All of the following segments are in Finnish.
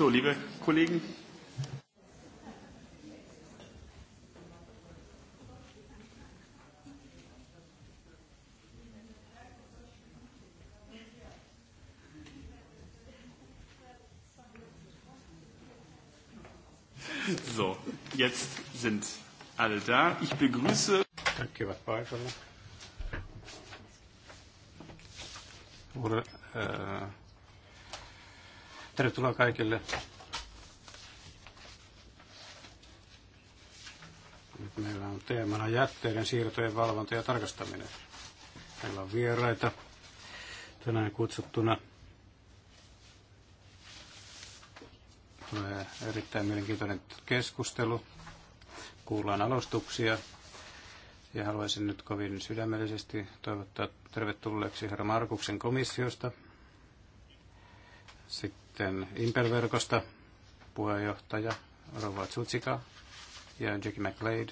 So, liebe Kollegen, So, jetzt sind alle da. Ich begrüße. Kaikki ovat paikalla. Oder. äh, eh, Tervetuloa kaikille. Nyt meillä on teemana jätteiden siirtojen valvonta ja tarkastaminen. Meillä on vieraita tänään kutsuttuna. Tulee erittäin mielenkiintoinen keskustelu. Kuullaan alustuksia ja haluaisin nyt kovin sydämellisesti toivottaa tervetulleeksi herra Markuksen komissiosta. Sitten sitten Imperverkosta puheenjohtaja Rova Tsutsika ja Jackie McLeod.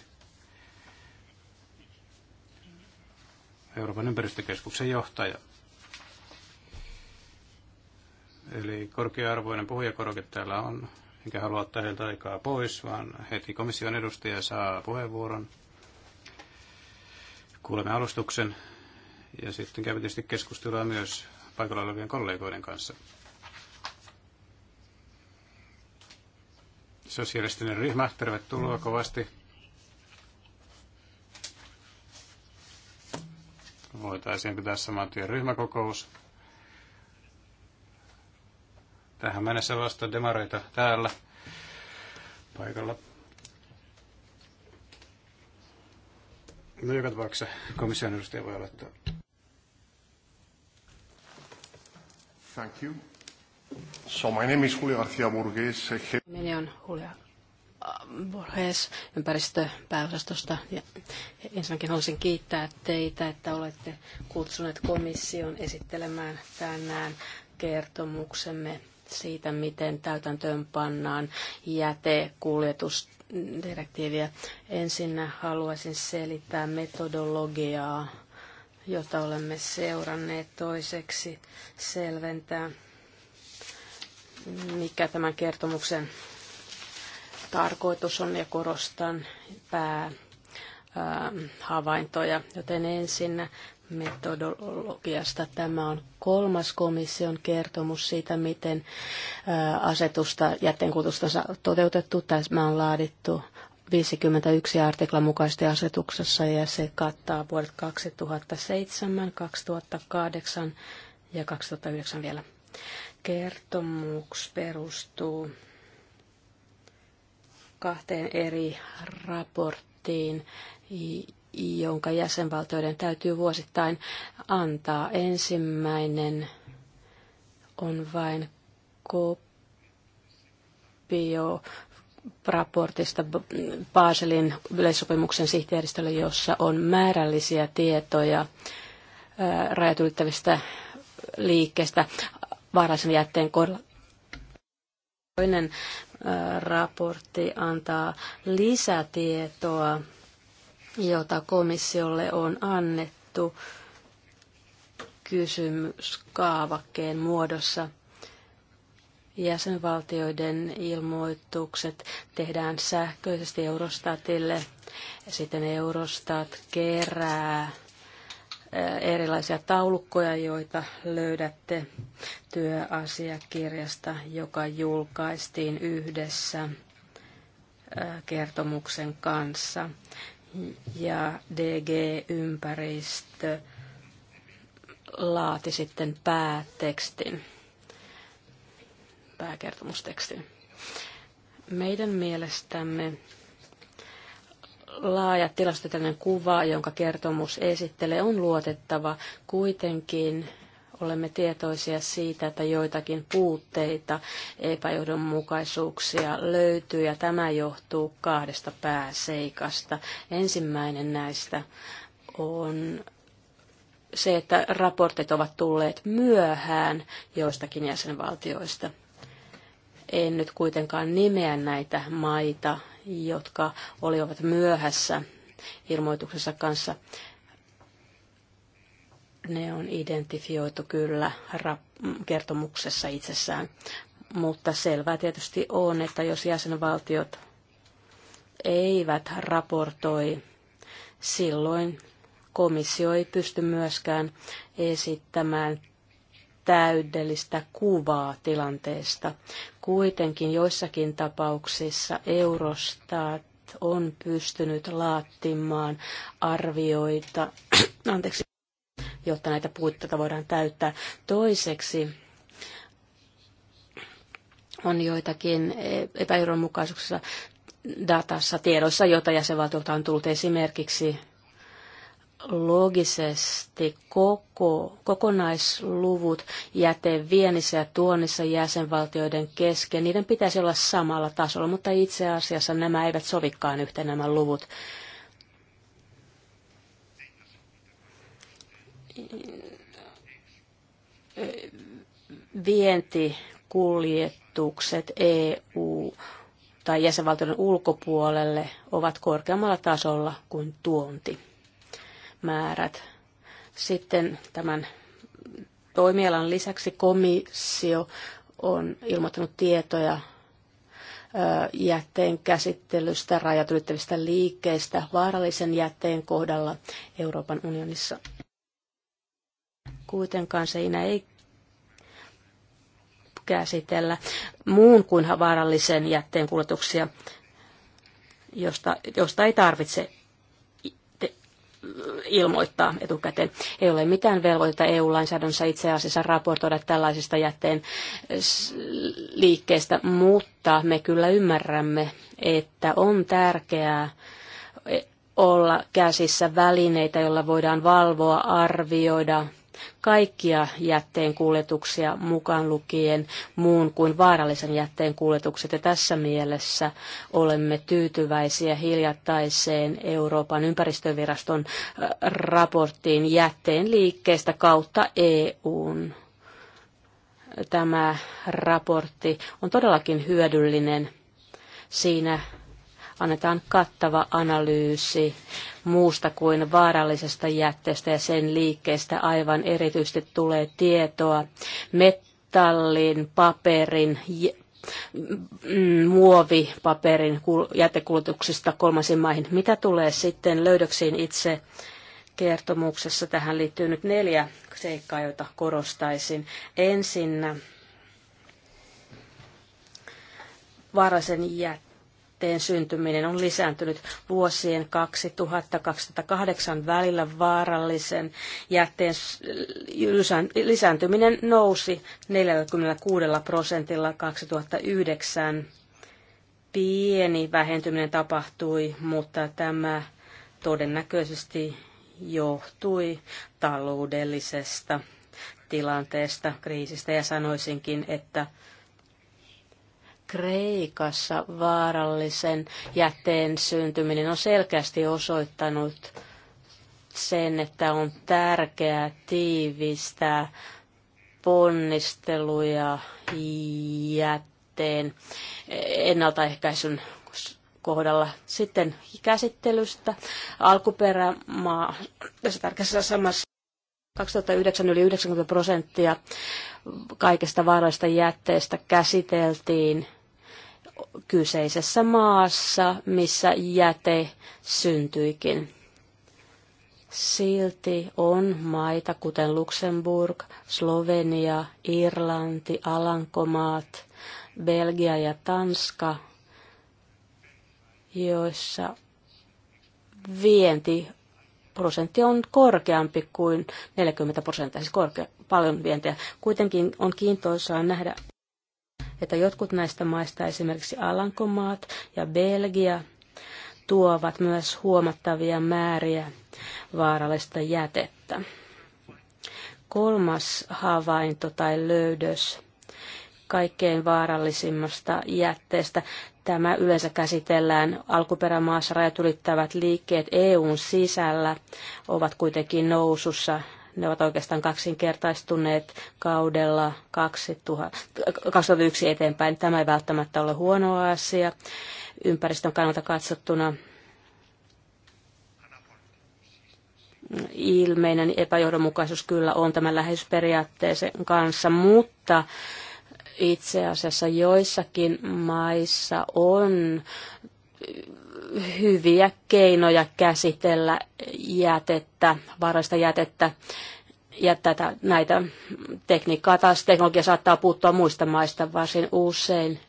Euroopan ympäristökeskuksen johtaja. Eli korkea-arvoinen puhujakoroke täällä on, enkä halua ottaa heiltä aikaa pois, vaan heti komission edustaja saa puheenvuoron. Kuulemme alustuksen ja sitten käy tietysti keskustelua myös paikalla olevien kollegoiden kanssa. sosialistinen ryhmä, tervetuloa kovasti. Voitaisiin pitää saman tien ryhmäkokous. Tähän mennessä vasta demareita täällä paikalla. No joka tapauksessa komission edustaja voi aloittaa. Thank you. So my name is Julio García Burgues. Nimeni on Julio äh, Borges ympäristöpääosastosta. Ja ensinnäkin haluaisin kiittää teitä, että olette kutsuneet komission esittelemään tänään kertomuksemme siitä, miten täytäntöön pannaan jätekuljetusdirektiiviä. Ensinnä haluaisin selittää metodologiaa, jota olemme seuranneet toiseksi selventää mikä tämän kertomuksen tarkoitus on ja korostan päähavaintoja, joten ensin metodologiasta. Tämä on kolmas komission kertomus siitä, miten asetusta jätteenkulutusta on toteutettu. Tämä on laadittu 51 artiklan mukaisesti asetuksessa ja se kattaa vuodet 2007, 2008 ja 2009 vielä. Kertomuks perustuu kahteen eri raporttiin, jonka jäsenvaltioiden täytyy vuosittain antaa. Ensimmäinen on vain kopio raportista Baselin yleissopimuksen sihteeristölle, jossa on määrällisiä tietoja rajat ylittävistä liikkeestä vaarallisen jätteen kohdalla. Toinen raportti antaa lisätietoa, jota komissiolle on annettu kysymyskaavakkeen muodossa. Jäsenvaltioiden ilmoitukset tehdään sähköisesti Eurostatille. Sitten Eurostat kerää erilaisia taulukkoja, joita löydätte työasiakirjasta, joka julkaistiin yhdessä kertomuksen kanssa. Ja DG-ympäristö laati sitten päätekstin, pääkertomustekstin. Meidän mielestämme laaja tilastotellinen kuva, jonka kertomus esittelee, on luotettava. Kuitenkin olemme tietoisia siitä, että joitakin puutteita, epäjohdonmukaisuuksia löytyy ja tämä johtuu kahdesta pääseikasta. Ensimmäinen näistä on se, että raportit ovat tulleet myöhään joistakin jäsenvaltioista. En nyt kuitenkaan nimeä näitä maita, jotka olivat myöhässä ilmoituksessa kanssa. Ne on identifioitu kyllä kertomuksessa itsessään, mutta selvää tietysti on, että jos jäsenvaltiot eivät raportoi, silloin komissio ei pysty myöskään esittämään täydellistä kuvaa tilanteesta. Kuitenkin joissakin tapauksissa Eurostat on pystynyt laattimaan arvioita, anteeksi, jotta näitä puutteita voidaan täyttää. Toiseksi on joitakin epäjohdonmukaisuuksia datassa, tiedossa, joita jäsenvaltiolta on tullut esimerkiksi loogisesti koko, kokonaisluvut jäteviennissä ja tuonnissa jäsenvaltioiden kesken, niiden pitäisi olla samalla tasolla, mutta itse asiassa nämä eivät sovikaan yhteen nämä luvut. Vientikuljetukset EU tai jäsenvaltioiden ulkopuolelle ovat korkeammalla tasolla kuin tuonti määrät. Sitten tämän toimialan lisäksi komissio on ilmoittanut tietoja jätteen käsittelystä, rajat ylittävistä liikkeistä vaarallisen jätteen kohdalla Euroopan unionissa. Kuitenkaan se ei käsitellä muun kuin vaarallisen jätteen kuljetuksia, josta, josta ei tarvitse ilmoittaa etukäteen. Ei ole mitään velvoitetta EU-lainsäädännössä itse asiassa raportoida tällaisista jätteen liikkeestä, mutta me kyllä ymmärrämme, että on tärkeää eh, olla käsissä välineitä, joilla voidaan valvoa, arvioida kaikkia jätteen kuljetuksia mukaan lukien muun kuin vaarallisen jätteen kuljetukset. Ja tässä mielessä olemme tyytyväisiä hiljattaiseen Euroopan ympäristöviraston äh, raporttiin jätteen liikkeestä kautta EUn. Tämä raportti on todellakin hyödyllinen siinä annetaan kattava analyysi muusta kuin vaarallisesta jätteestä ja sen liikkeestä aivan erityisesti tulee tietoa metallin, paperin, mm, muovipaperin jätekulutuksista kolmansiin maihin. Mitä tulee sitten löydöksiin itse kertomuksessa? Tähän liittyy nyt neljä seikkaa, joita korostaisin. Ensinnä varasen jätteen jätteen syntyminen on lisääntynyt vuosien 2000-2008 välillä vaarallisen jätteen lisääntyminen nousi 46 prosentilla 2009. Pieni vähentyminen tapahtui, mutta tämä todennäköisesti johtui taloudellisesta tilanteesta, kriisistä ja sanoisinkin, että Kreikassa vaarallisen jätteen syntyminen on selkeästi osoittanut sen, että on tärkeää tiivistää ponnisteluja jätteen ennaltaehkäisyn kohdalla. Sitten käsittelystä alkuperämaa tässä tärkeässä samassa 2009 yli 90 prosenttia kaikesta vaarallisesta jätteestä käsiteltiin kyseisessä maassa, missä jäte syntyikin. Silti on maita kuten Luxemburg, Slovenia, Irlanti, Alankomaat, Belgia ja Tanska, joissa vienti prosentti on korkeampi kuin 40 prosenttia, siis korkea, paljon vientiä. Kuitenkin on kiintoisaa nähdä, että jotkut näistä maista, esimerkiksi Alankomaat ja Belgia, tuovat myös huomattavia määriä vaarallista jätettä. Kolmas havainto tai löydös kaikkein vaarallisimmasta jätteestä. Tämä yleensä käsitellään alkuperämaassa rajat ylittävät liikkeet EUn sisällä ovat kuitenkin nousussa ne ovat oikeastaan kaksinkertaistuneet kaudella 2000, 2001 eteenpäin. Tämä ei välttämättä ole huono asia ympäristön kannalta katsottuna. Ilmeinen epäjohdonmukaisuus kyllä on tämän läheisyysperiaatteeseen kanssa, mutta itse asiassa joissakin maissa on hyviä keinoja käsitellä jätettä, varasta jätettä ja tätä, näitä tekniikkaa taas teknologia saattaa puuttua muista maista varsin usein.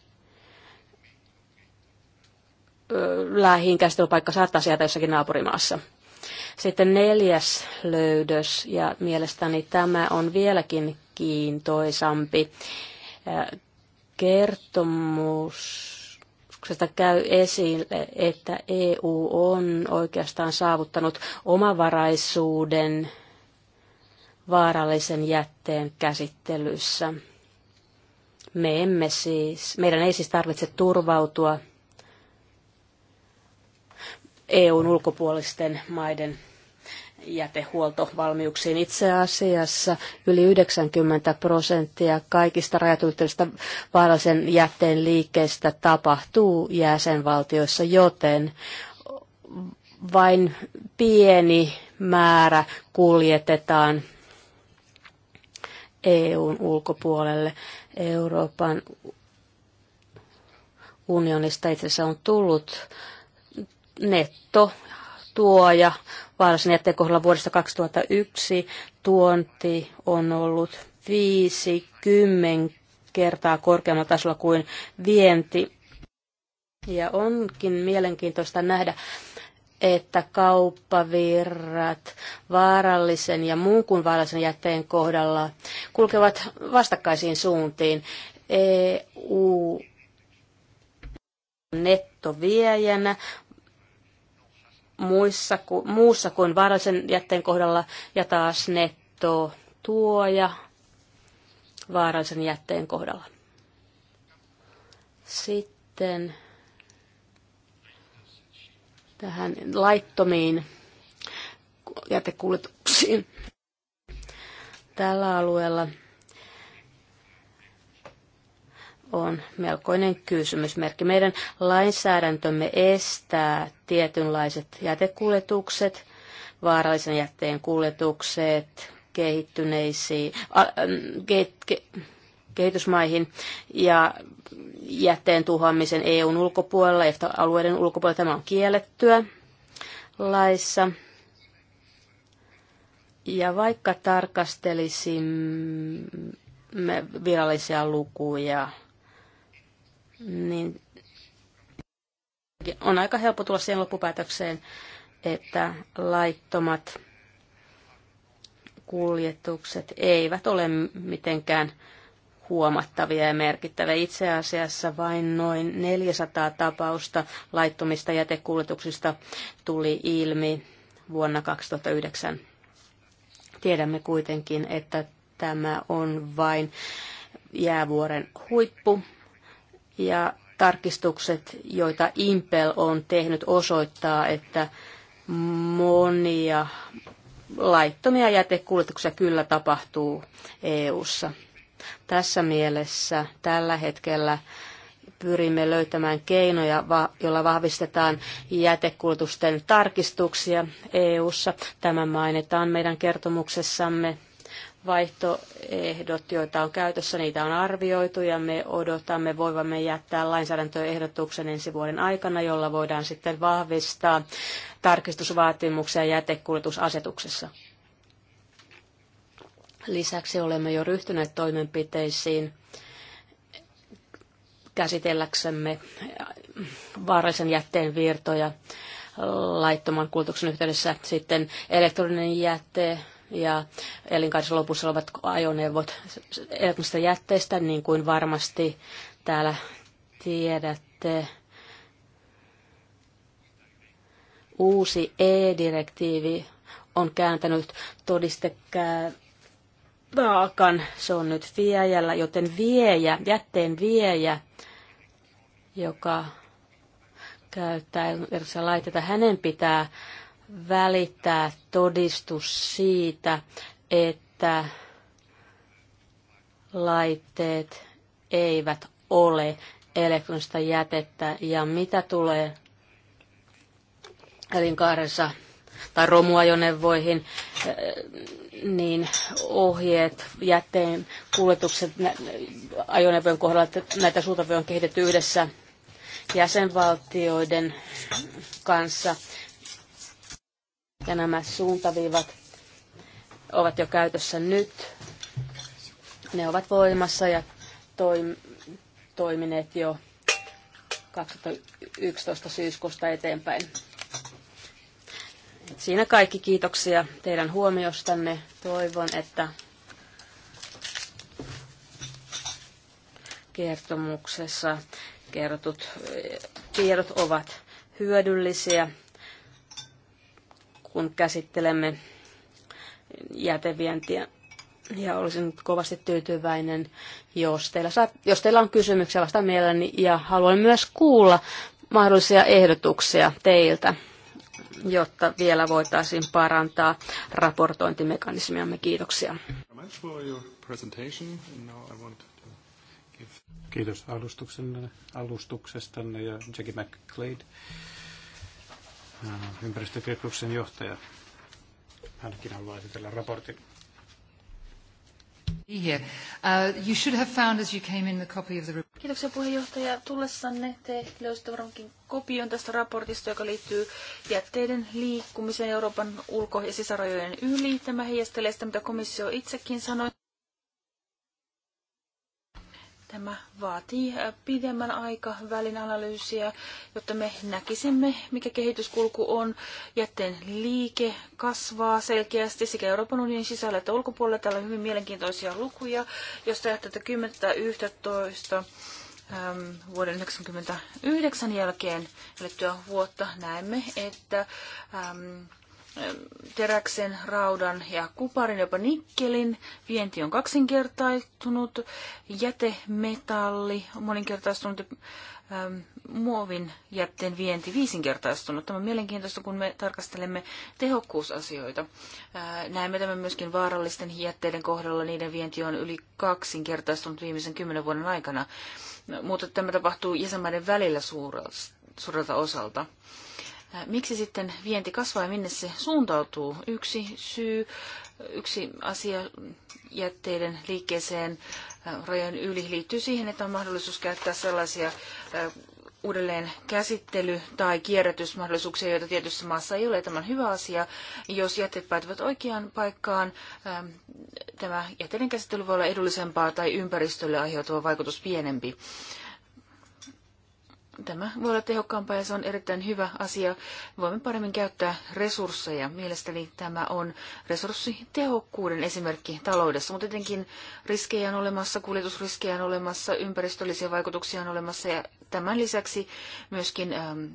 Lähin käsittelypaikka saattaa sieltä jossakin naapurimaassa. Sitten neljäs löydös, ja mielestäni tämä on vieläkin kiintoisampi kertomus tutkimuksesta käy esille, että EU on oikeastaan saavuttanut omavaraisuuden vaarallisen jätteen käsittelyssä. Me emme siis, meidän ei siis tarvitse turvautua EUn ulkopuolisten maiden jätehuoltovalmiuksiin. Itse asiassa yli 90 prosenttia kaikista rajatyyttelistä vaarallisen jätteen liikkeestä tapahtuu jäsenvaltioissa, joten vain pieni määrä kuljetetaan EUn ulkopuolelle. Euroopan unionista itse asiassa on tullut netto tuoja vaarallisen jätteen kohdalla vuodesta 2001 tuonti on ollut 50 kertaa korkeammalla tasolla kuin vienti. Ja onkin mielenkiintoista nähdä, että kauppavirrat vaarallisen ja muun kuin vaarallisen jätteen kohdalla kulkevat vastakkaisiin suuntiin. EU nettoviejänä, muissa, muussa kuin vaarallisen jätteen kohdalla ja taas netto tuoja vaarallisen jätteen kohdalla. Sitten tähän laittomiin jätekuljetuksiin tällä alueella on melkoinen kysymysmerkki. Meidän lainsäädäntömme estää tietynlaiset jätekuljetukset, vaarallisen jätteen kuljetukset kehittyneisiin, a, ke, ke, kehitysmaihin ja jätteen tuhoamisen EUn ulkopuolella ja alueiden ulkopuolella. Tämä on kiellettyä laissa. Ja vaikka tarkastelisimme virallisia lukuja, niin on aika helppo tulla siihen loppupäätökseen, että laittomat kuljetukset eivät ole mitenkään huomattavia ja merkittäviä. Itse asiassa vain noin 400 tapausta laittomista jätekuljetuksista tuli ilmi vuonna 2009. Tiedämme kuitenkin, että tämä on vain jäävuoren huippu ja tarkistukset, joita Impel on tehnyt, osoittaa, että monia laittomia jätekuljetuksia kyllä tapahtuu EU:ssa. Tässä mielessä tällä hetkellä pyrimme löytämään keinoja, joilla vahvistetaan jätekuljetusten tarkistuksia EU:ssa. Tämä mainitaan meidän kertomuksessamme vaihtoehdot, joita on käytössä, niitä on arvioitu ja me odotamme voivamme jättää lainsäädäntöehdotuksen ensi vuoden aikana, jolla voidaan sitten vahvistaa tarkistusvaatimuksia jätekuljetusasetuksessa. Lisäksi olemme jo ryhtyneet toimenpiteisiin käsitelläksemme vaarallisen jätteen virtoja laittoman kulutuksen yhteydessä. Sitten elektroninen jäte, ja elinkaarensa lopussa olevat ajoneuvot erilaisista jätteistä, niin kuin varmasti täällä tiedätte. Uusi E-direktiivi on kääntänyt todistekää vaakan Se on nyt viejällä, joten viejä, jätteen viejä, joka käyttää erilaisia laitteita, hänen pitää välittää todistus siitä, että laitteet eivät ole elektronista jätettä ja mitä tulee elinkaarensa tai romuajoneuvoihin, eh, niin ohjeet, jätteen kuljetukset ajoneuvojen kohdalla, että näitä suuntaviivoja on kehitetty yhdessä jäsenvaltioiden kanssa. Ja nämä suuntaviivat ovat jo käytössä nyt. Ne ovat voimassa ja toim- toimineet jo 2011 syyskuusta eteenpäin. Siinä kaikki kiitoksia teidän huomiostanne. Toivon, että kertomuksessa kerrotut eh, tiedot ovat hyödyllisiä kun käsittelemme jätevientiä. Ja olisin kovasti tyytyväinen, jos teillä, saat, jos teillä on kysymyksiä vasta mielelläni, ja haluan myös kuulla mahdollisia ehdotuksia teiltä, jotta vielä voitaisiin parantaa raportointimekanismiamme. Kiitoksia. Kiitos alustuksestanne ja Jackie McClade hän on ympäristökeskuksen johtaja. Hänkin haluaa esitellä raportin. Uh, Kiitoksia puheenjohtaja. Tullessanne te löysitte varmaankin kopion tästä raportista, joka liittyy jätteiden liikkumiseen Euroopan ulko- ja sisärajojen yli. Tämä heijastelee sitä, mitä komissio itsekin sanoi. Tämä vaatii pidemmän aikavälin analyysiä, jotta me näkisimme, mikä kehityskulku on. Jätteen liike kasvaa selkeästi sekä Euroopan unionin sisällä että ulkopuolella. Täällä on hyvin mielenkiintoisia lukuja, jos tätä 10 11 vuoden 1999 jälkeen elettyä vuotta näemme, että äm, teräksen, raudan ja kuparin, jopa nikkelin. Vienti on kaksinkertaistunut, jätemetalli on moninkertaistunut ähm, muovin jätteen vienti viisinkertaistunut. Tämä on mielenkiintoista, kun me tarkastelemme tehokkuusasioita. Äh, näemme tämän myöskin vaarallisten jätteiden kohdalla. Niiden vienti on yli kaksinkertaistunut viimeisen kymmenen vuoden aikana, mutta tämä tapahtuu jäsenmaiden välillä suurelta osalta. Miksi sitten vienti kasvaa ja minne se suuntautuu? Yksi syy, yksi asia jätteiden liikkeeseen rajan yli liittyy siihen, että on mahdollisuus käyttää sellaisia uudelleen käsittely- tai kierrätysmahdollisuuksia, joita tietyssä maassa ei ole. Tämä on hyvä asia. Jos jätteet päätyvät oikeaan paikkaan, tämä jätteiden käsittely voi olla edullisempaa tai ympäristölle aiheutuva vaikutus pienempi. Tämä voi olla tehokkaampaa ja se on erittäin hyvä asia. Voimme paremmin käyttää resursseja. Mielestäni tämä on resurssitehokkuuden esimerkki taloudessa, mutta tietenkin riskejä on olemassa, kuljetusriskejä on olemassa, ympäristöllisiä vaikutuksia on olemassa ja tämän lisäksi myöskin ähm,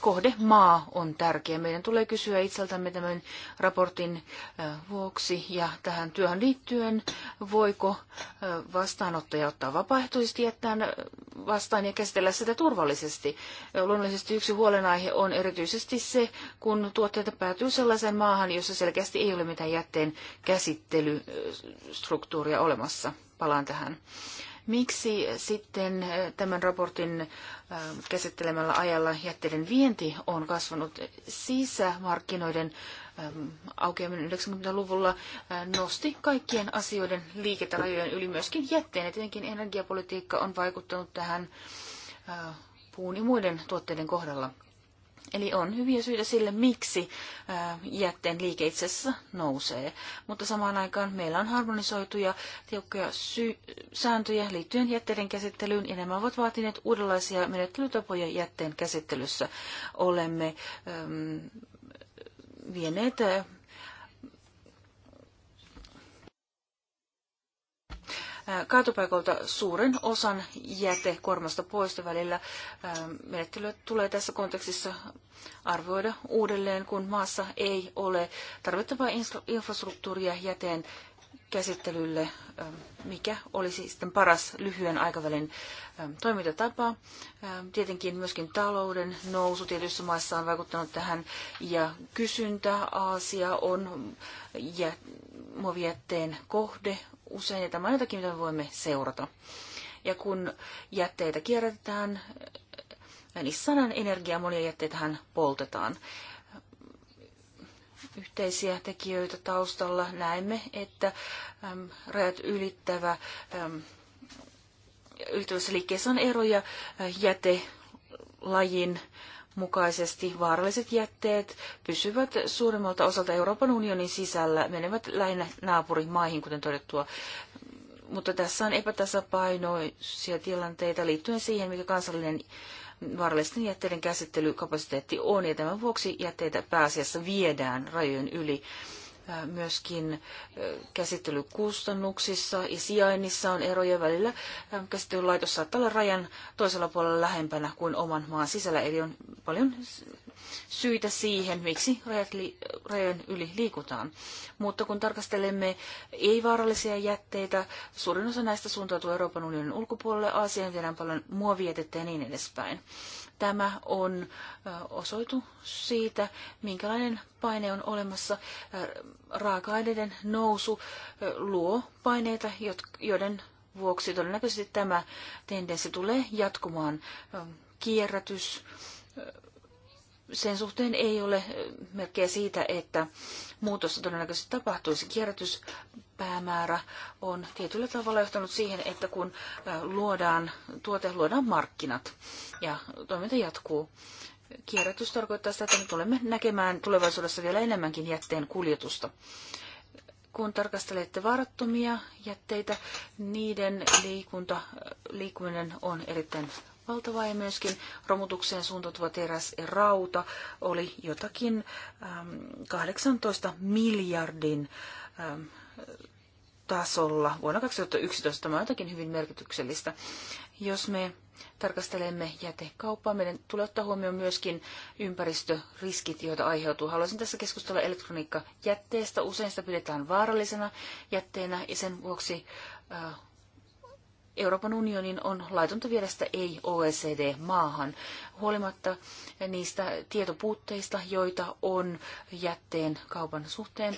Kohde maa on tärkeä. Meidän tulee kysyä itseltämme tämän raportin vuoksi ja tähän työhön liittyen, voiko vastaanottaja ottaa vapaaehtoisesti jättää vastaan ja käsitellä sitä turvallisesti. Luonnollisesti yksi huolenaihe on erityisesti se, kun tuotteita päätyy sellaiseen maahan, jossa selkeästi ei ole mitään jätteen käsittelystruktuuria olemassa. Palaan tähän. Miksi sitten eh, tämän raportin eh, käsittelemällä ajalla jätteiden vienti on kasvanut sisämarkkinoiden eh, aukeaminen 90-luvulla nosti kaikkien asioiden liiketarajojen yli myöskin jätteen. Ja tietenkin energiapolitiikka on vaikuttanut tähän puun ja muiden tuotteiden kohdalla. Eli on hyviä syitä sille, miksi jätteen liike itse asiassa nousee. Mutta samaan aikaan meillä on harmonisoituja tiukkoja sy- sääntöjä liittyen jätteiden käsittelyyn, ja nämä ovat vaatineet uudenlaisia menettelytapoja jätteen käsittelyssä. Olemme äm, vieneet kaatopaikalta suuren osan jätekuormasta poisto välillä. Menettelyä tulee tässä kontekstissa arvioida uudelleen, kun maassa ei ole tarvittavaa infrastruktuuria jäteen käsittelylle, mikä olisi sitten paras lyhyen aikavälin toimintatapa. Tietenkin myöskin talouden nousu tietyissä maissa on vaikuttanut tähän ja kysyntä Aasia on ja muovijätteen kohde usein, ja tämä on jotakin, mitä me voimme seurata. Ja kun jätteitä kierrätetään, niin sanan energiaa, monia jätteitähän poltetaan. Yhteisiä tekijöitä taustalla näemme, että äm, rajat ylittävä, äm, ylittävässä liikkeessä on eroja jätelajin mukaisesti vaaralliset jätteet pysyvät suurimmalta osalta Euroopan unionin sisällä, menevät lähinnä naapurimaihin, kuten todettua. Mutta tässä on epätasapainoisia tilanteita liittyen siihen, mikä kansallinen vaarallisten jätteiden käsittelykapasiteetti on, ja tämän vuoksi jätteitä pääasiassa viedään rajojen yli myöskin käsittelykustannuksissa ja sijainnissa on eroja välillä. Käsittelylaitos saattaa olla rajan toisella puolella lähempänä kuin oman maan sisällä, eli on paljon syitä siihen, miksi rajat li- rajan yli liikutaan. Mutta kun tarkastelemme ei-vaarallisia jätteitä, suurin osa näistä suuntautuu Euroopan unionin ulkopuolelle, Aasiaan viedään paljon muovijätettä ja niin edespäin. Tämä on osoitu siitä, minkälainen paine on olemassa. Raaka-aineiden nousu luo paineita, joiden vuoksi todennäköisesti tämä tendenssi tulee jatkumaan. Kierrätys sen suhteen ei ole merkkejä siitä, että muutosta todennäköisesti tapahtuisi. Kierrätyspäämäärä on tietyllä tavalla johtanut siihen, että kun luodaan tuote, luodaan markkinat ja toiminta jatkuu. Kierrätys tarkoittaa sitä, että me tulemme näkemään tulevaisuudessa vielä enemmänkin jätteen kuljetusta. Kun tarkastelette vaarattomia jätteitä, niiden liikunta, liikkuminen on erittäin valtava ja myöskin romutukseen suuntautuva teräs ja rauta oli jotakin 18 ähm, miljardin ähm, tasolla vuonna 2011. Tämä on jotakin hyvin merkityksellistä. Jos me tarkastelemme jätekauppaa, meidän tulee ottaa huomioon myöskin ympäristöriskit, joita aiheutuu. Haluaisin tässä keskustella elektroniikkajätteestä. Usein sitä pidetään vaarallisena jätteenä ja sen vuoksi äh, Euroopan unionin on laitonta viedä sitä ei-OECD-maahan, huolimatta niistä tietopuutteista, joita on jätteen kaupan suhteen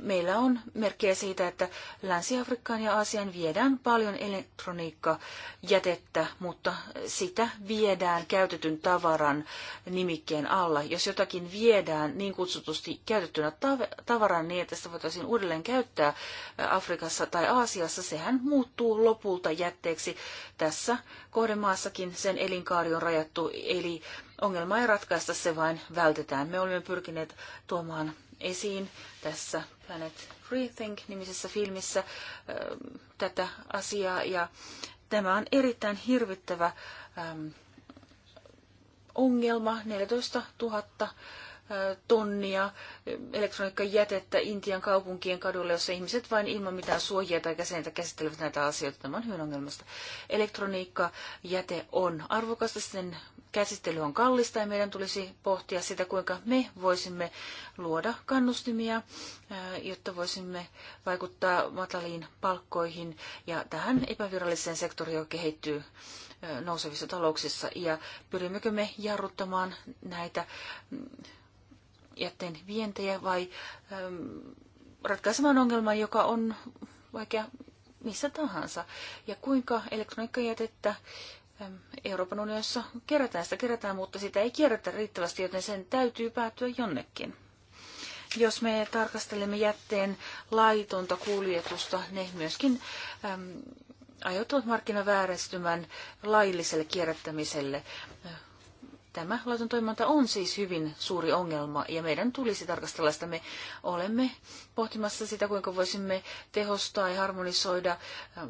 meillä on merkkejä siitä, että Länsi-Afrikkaan ja Aasiaan viedään paljon elektroniikkajätettä, mutta sitä viedään käytetyn tavaran nimikkeen alla. Jos jotakin viedään niin kutsutusti käytettynä tavaran niin, että sitä voitaisiin uudelleen käyttää Afrikassa tai Aasiassa, sehän muuttuu lopulta jätteeksi. Tässä kohdemaassakin sen elinkaari on rajattu, eli ongelma ei ratkaista, se vain vältetään. Me olemme pyrkineet tuomaan esiin tässä Planet Rethink-nimisessä filmissä ähm, tätä asiaa. Ja tämä on erittäin hirvittävä ähm, ongelma, 14 000 äh, tonnia äh, elektroniikkajätettä Intian kaupunkien kadulle, jossa ihmiset vain ilman mitään suojia tai käsintä käsittelevät näitä asioita. Tämä on hyvin ongelmasta. Elektroniikkajäte on arvokasta, sen käsittely on kallista ja meidän tulisi pohtia sitä, kuinka me voisimme luoda kannustimia, äh, jotta voisimme vaikuttaa mataliin palkkoihin ja tähän epäviralliseen sektoriin, joka kehittyy äh, nousevissa talouksissa. Ja pyrimmekö me jarruttamaan näitä mm, jätteen vientejä vai ähm, ratkaisemaan ongelman, joka on vaikea missä tahansa. Ja kuinka elektroniikkajätettä jätettä Ähm, Euroopan unionissa kerätään sitä kerätään, mutta sitä ei kierrätä riittävästi, joten sen täytyy päätyä jonnekin. Jos me tarkastelemme jätteen laitonta kuljetusta, ne myöskin äm, aiheuttavat markkinavääristymän lailliselle kierrättämiselle. Tämä laiton toiminta on siis hyvin suuri ongelma ja meidän tulisi tarkastella sitä. Me olemme pohtimassa sitä, kuinka voisimme tehostaa ja harmonisoida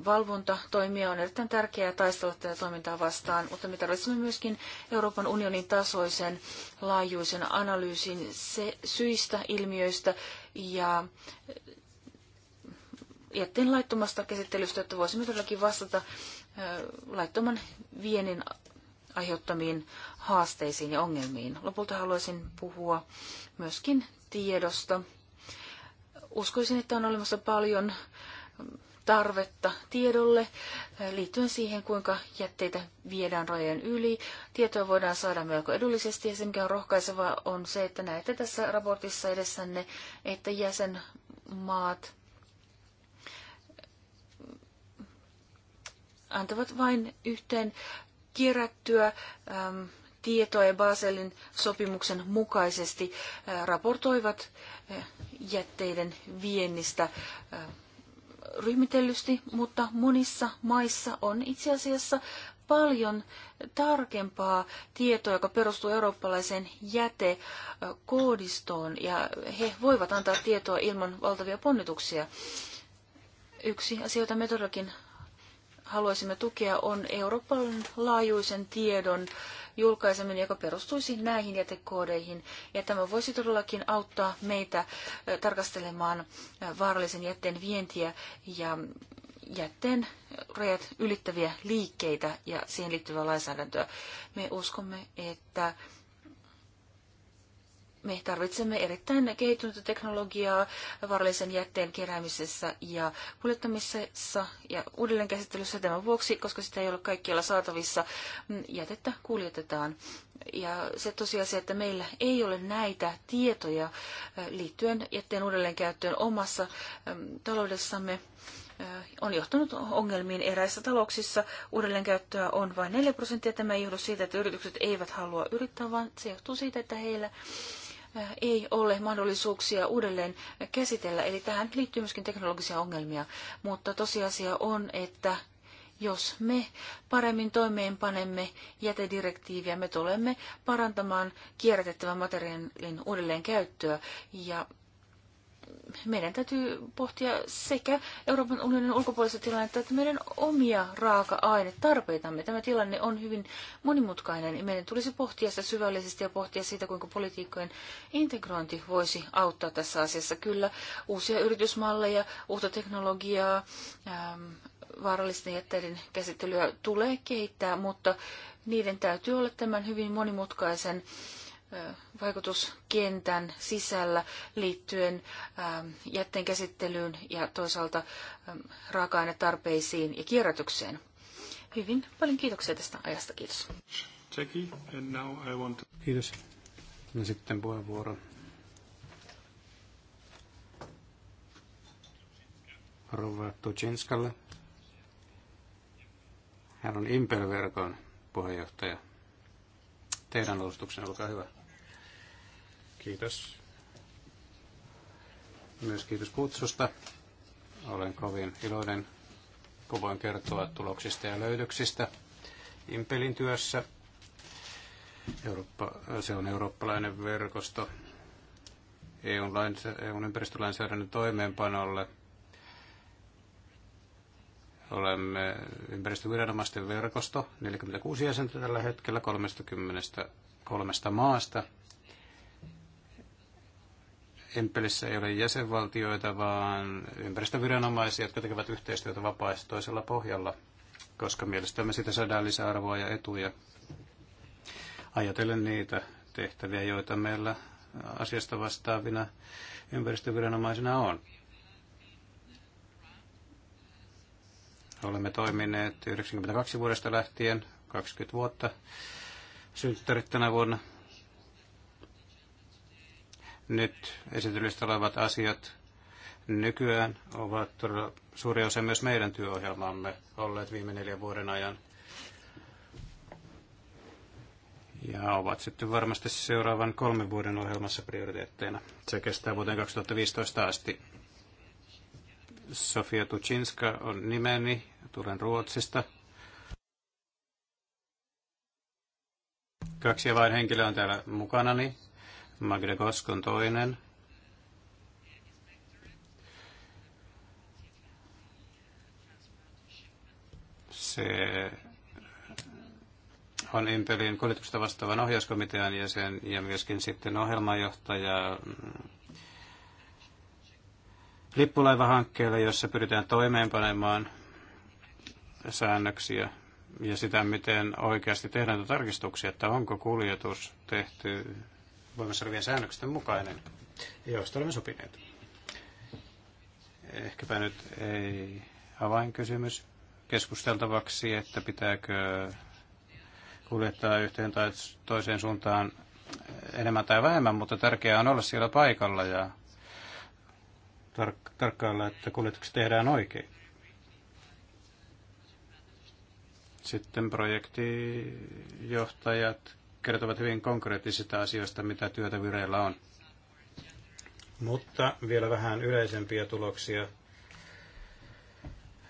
valvontatoimia. On erittäin tärkeää taistella tätä toimintaa vastaan, mutta me tarvitsemme myöskin Euroopan unionin tasoisen laajuisen analyysin se, syistä, ilmiöistä ja jätteen laittomasta käsittelystä, että voisimme todellakin vastata laittoman viennin aiheuttamiin haasteisiin ja ongelmiin. Lopulta haluaisin puhua myöskin tiedosta. Uskoisin, että on olemassa paljon tarvetta tiedolle liittyen siihen, kuinka jätteitä viedään rajojen yli. Tietoa voidaan saada melko edullisesti ja se, mikä on rohkaisevaa, on se, että näette tässä raportissa edessänne, että jäsenmaat antavat vain yhteen kerättyä ähm, tietoa Baselin sopimuksen mukaisesti äh, raportoivat äh, jätteiden viennistä äh, ryhmitellysti, mutta monissa maissa on itse asiassa paljon tarkempaa tietoa, joka perustuu eurooppalaiseen jätekoodistoon, ja he voivat antaa tietoa ilman valtavia ponnituksia. Yksi asia, jota me todellakin haluaisimme tukea, on Euroopan laajuisen tiedon julkaiseminen, joka perustuisi näihin jätekoodeihin. Ja tämä voisi todellakin auttaa meitä tarkastelemaan vaarallisen jätteen vientiä ja jätteen rajat ylittäviä liikkeitä ja siihen liittyvää lainsäädäntöä. Me uskomme, että me tarvitsemme erittäin kehittynyttä teknologiaa vaarallisen jätteen keräämisessä ja kuljettamisessa ja uudelleenkäsittelyssä tämän vuoksi, koska sitä ei ole kaikkialla saatavissa, mm, jätettä kuljetetaan. Ja se tosiasia, että meillä ei ole näitä tietoja liittyen jätteen uudelleenkäyttöön omassa taloudessamme, on johtanut ongelmiin eräissä talouksissa. Uudelleenkäyttöä on vain 4 prosenttia. Tämä ei johdu siitä, että yritykset eivät halua yrittää, vaan se johtuu siitä, että heillä ei ole mahdollisuuksia uudelleen käsitellä. Eli tähän liittyy myöskin teknologisia ongelmia, mutta tosiasia on, että jos me paremmin toimeenpanemme jätedirektiiviä, me tulemme parantamaan kierrätettävän materiaalin uudelleen käyttöä ja meidän täytyy pohtia sekä Euroopan unionin ulkopuolista tilannetta että meidän omia raaka-ainetarpeitamme. Tämä tilanne on hyvin monimutkainen ja meidän tulisi pohtia sitä syvällisesti ja pohtia siitä, kuinka politiikkojen integrointi voisi auttaa tässä asiassa. Kyllä uusia yritysmalleja, uutta teknologiaa, ähm, vaarallisten jätteiden käsittelyä tulee kehittää, mutta niiden täytyy olla tämän hyvin monimutkaisen äh, vaikutuskentän sisällä liittyen jätteen käsittelyyn ja toisaalta raaka-ainetarpeisiin ja kierrätykseen. Hyvin paljon kiitoksia tästä ajasta. Kiitos. Kiitos. Ja sitten puheenvuoro. Rova Tuchinskalle. Hän on Imperverkon puheenjohtaja. Teidän alustuksen, olkaa hyvä. Kiitos. Myös kiitos kutsusta. Olen kovin iloinen, kun voin kertoa tuloksista ja löydöksistä Impelin työssä. Eurooppa, se on eurooppalainen verkosto EUn, lainsä, EUn ympäristölainsäädännön toimeenpanolle. Olemme ympäristöviranomaisten verkosto, 46 jäsentä tällä hetkellä 33 maasta – Empelissä ei ole jäsenvaltioita, vaan ympäristöviranomaisia, jotka tekevät yhteistyötä toisella pohjalla, koska mielestämme sitä saadaan lisäarvoa ja etuja ajatellen niitä tehtäviä, joita meillä asiasta vastaavina ympäristöviranomaisina on. Olemme toimineet 92 vuodesta lähtien, 20 vuotta synttärit tänä vuonna – nyt esitellistä olevat asiat nykyään ovat todella suuri osa myös meidän työohjelmamme olleet viime neljän vuoden ajan. Ja ovat sitten varmasti seuraavan kolmen vuoden ohjelmassa prioriteetteina. Se kestää vuoteen 2015 asti. Sofia Tuchinska on nimeni, tulen Ruotsista. Kaksi henkilöä on täällä mukanani. Magde Goskon toinen. Se on Impelin kuljetuksesta vastaavan ohjauskomitean jäsen ja myöskin sitten ohjelmanjohtaja lippulaivahankkeella, jossa pyritään toimeenpanemaan säännöksiä ja sitä, miten oikeasti tehdään tarkistuksia, että onko kuljetus tehty voimassa olevien säännöksien mukainen, joista olemme sopineet. Ehkäpä nyt ei avainkysymys keskusteltavaksi, että pitääkö kuljettaa yhteen tai toiseen suuntaan enemmän tai vähemmän, mutta tärkeää on olla siellä paikalla ja tar- tarkkailla, että kuljetukset tehdään oikein. Sitten projektijohtajat kertovat hyvin konkreettisista asioista, mitä työtä vireillä on. Mutta vielä vähän yleisempiä tuloksia,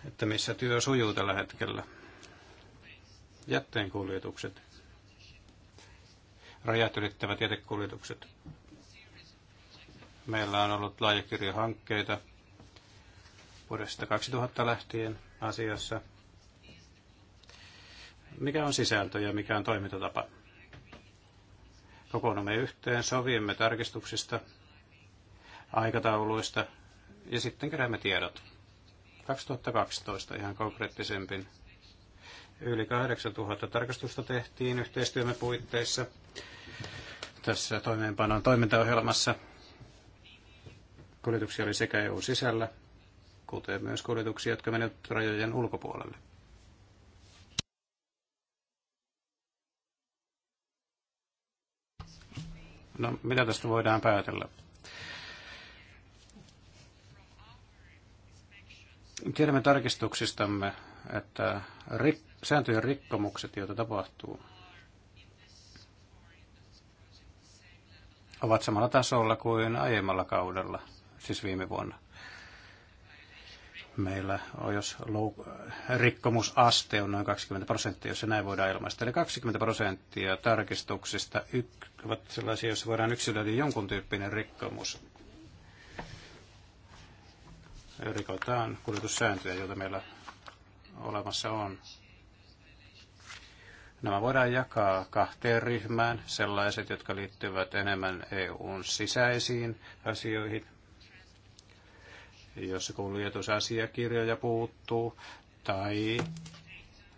että missä työ sujuu tällä hetkellä. Jätteenkuljetukset. Rajat ylittävät jätekuljetukset. Meillä on ollut laajakirjahankkeita vuodesta 2000 lähtien asiassa. Mikä on sisältö ja mikä on toimintatapa? kokoonnumme yhteen, sovimme tarkistuksista, aikatauluista ja sitten keräämme tiedot. 2012 ihan konkreettisempin. Yli 8000 tarkastusta tehtiin yhteistyömme puitteissa tässä toimeenpanon toimintaohjelmassa. Kuljetuksia oli sekä EU-sisällä, kuten myös kuljetuksia, jotka menivät rajojen ulkopuolelle. No, mitä tästä voidaan päätellä? Tiedämme tarkistuksistamme, että rik- sääntöjen rikkomukset, joita tapahtuu, ovat samalla tasolla kuin aiemmalla kaudella, siis viime vuonna meillä on, jos rikkomusaste on noin 20 prosenttia, jos se näin voidaan ilmaista. Eli 20 prosenttia tarkistuksista ovat sellaisia, joissa voidaan yksilöidä jonkun tyyppinen rikkomus. Rikotaan kuljetussääntöjä, joita meillä olemassa on. Nämä voidaan jakaa kahteen ryhmään, sellaiset, jotka liittyvät enemmän EUn sisäisiin asioihin, se kuljetusasiakirjoja puuttuu tai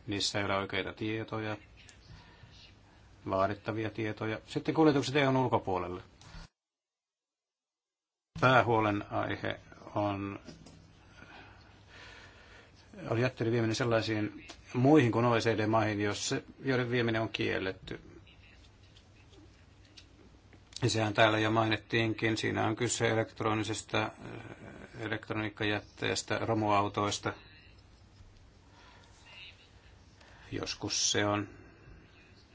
niissä ei ole oikeita tietoja, vaadittavia tietoja. Sitten kuljetukset EUn ulkopuolelle. Päähuolen aihe on, on jätteiden vieminen sellaisiin muihin kuin OECD-maihin, joiden vieminen on kielletty. Ja sehän täällä jo mainittiinkin, siinä on kyse elektronisesta elektroniikkajätteestä, romuautoista. Joskus se on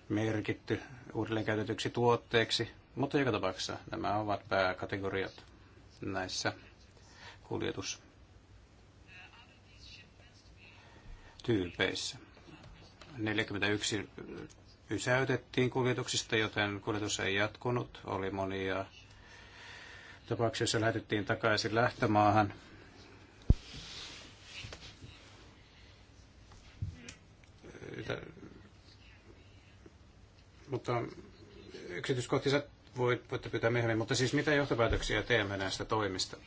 merkitty uudelleenkäytetyksi tuotteeksi, mutta joka tapauksessa nämä ovat pääkategoriat näissä kuljetustyypeissä. 41 pysäytettiin kuljetuksista, joten kuljetus ei jatkunut. Oli monia tapauksessa lähetettiin takaisin lähtömaahan. Mutta yksityiskohtaisesti voit, voitte pyytää myöhemmin, mutta siis mitä johtopäätöksiä teemme näistä toimista?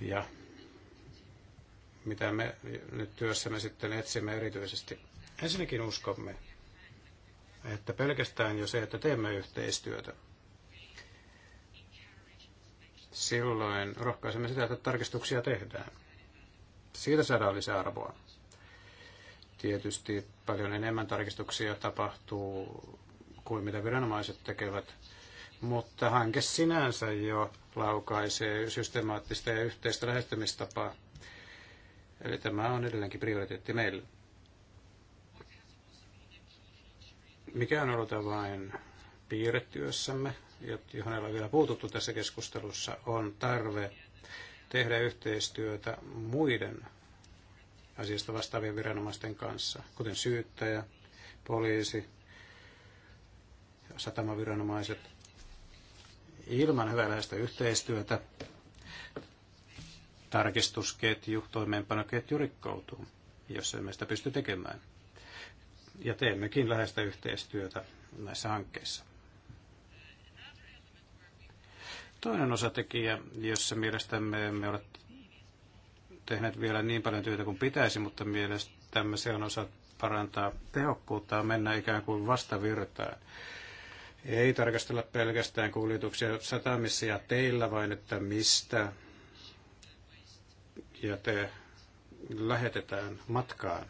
Ja mitä me nyt työssämme sitten etsimme erityisesti? Ensinnäkin uskomme, että pelkästään jo se, että teemme yhteistyötä – silloin rohkaisemme sitä, että tarkistuksia tehdään. Siitä saadaan lisäarvoa. Tietysti paljon enemmän tarkistuksia tapahtuu kuin mitä viranomaiset tekevät, mutta hanke sinänsä jo laukaisee systemaattista ja yhteistä lähestymistapaa. Eli tämä on edelleenkin prioriteetti meille. Mikä on ollut avain piirretyössämme? johon ei ole vielä puututtu tässä keskustelussa, on tarve tehdä yhteistyötä muiden asiasta vastaavien viranomaisten kanssa, kuten syyttäjä, poliisi, satamaviranomaiset. Ilman hyvänlaista yhteistyötä tarkistusketju, toimeenpanoketju rikkoutuu, jos emme sitä pysty tekemään. Ja teemmekin läheistä yhteistyötä näissä hankkeissa. Toinen osatekijä, jossa mielestämme emme ole tehneet vielä niin paljon työtä kuin pitäisi, mutta mielestämme se on osa parantaa tehokkuutta, mennä ikään kuin vastavirtaan. Ei tarkastella pelkästään kuljetuksia satamissa ja teillä, vaan että mistä ja te lähetetään matkaan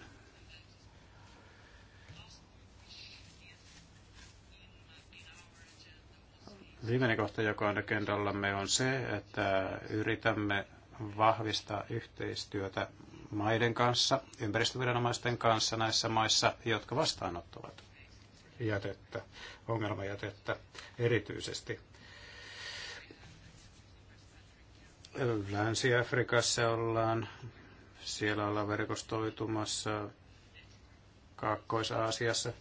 Viimeinen kohta, joka on agendallamme, on se, että yritämme vahvistaa yhteistyötä maiden kanssa, ympäristöviranomaisten kanssa näissä maissa, jotka vastaanottavat jätettä, ongelmajätettä erityisesti. Länsi-Afrikassa ollaan, siellä ollaan verkostoitumassa, Kaakkois-Aasiassa.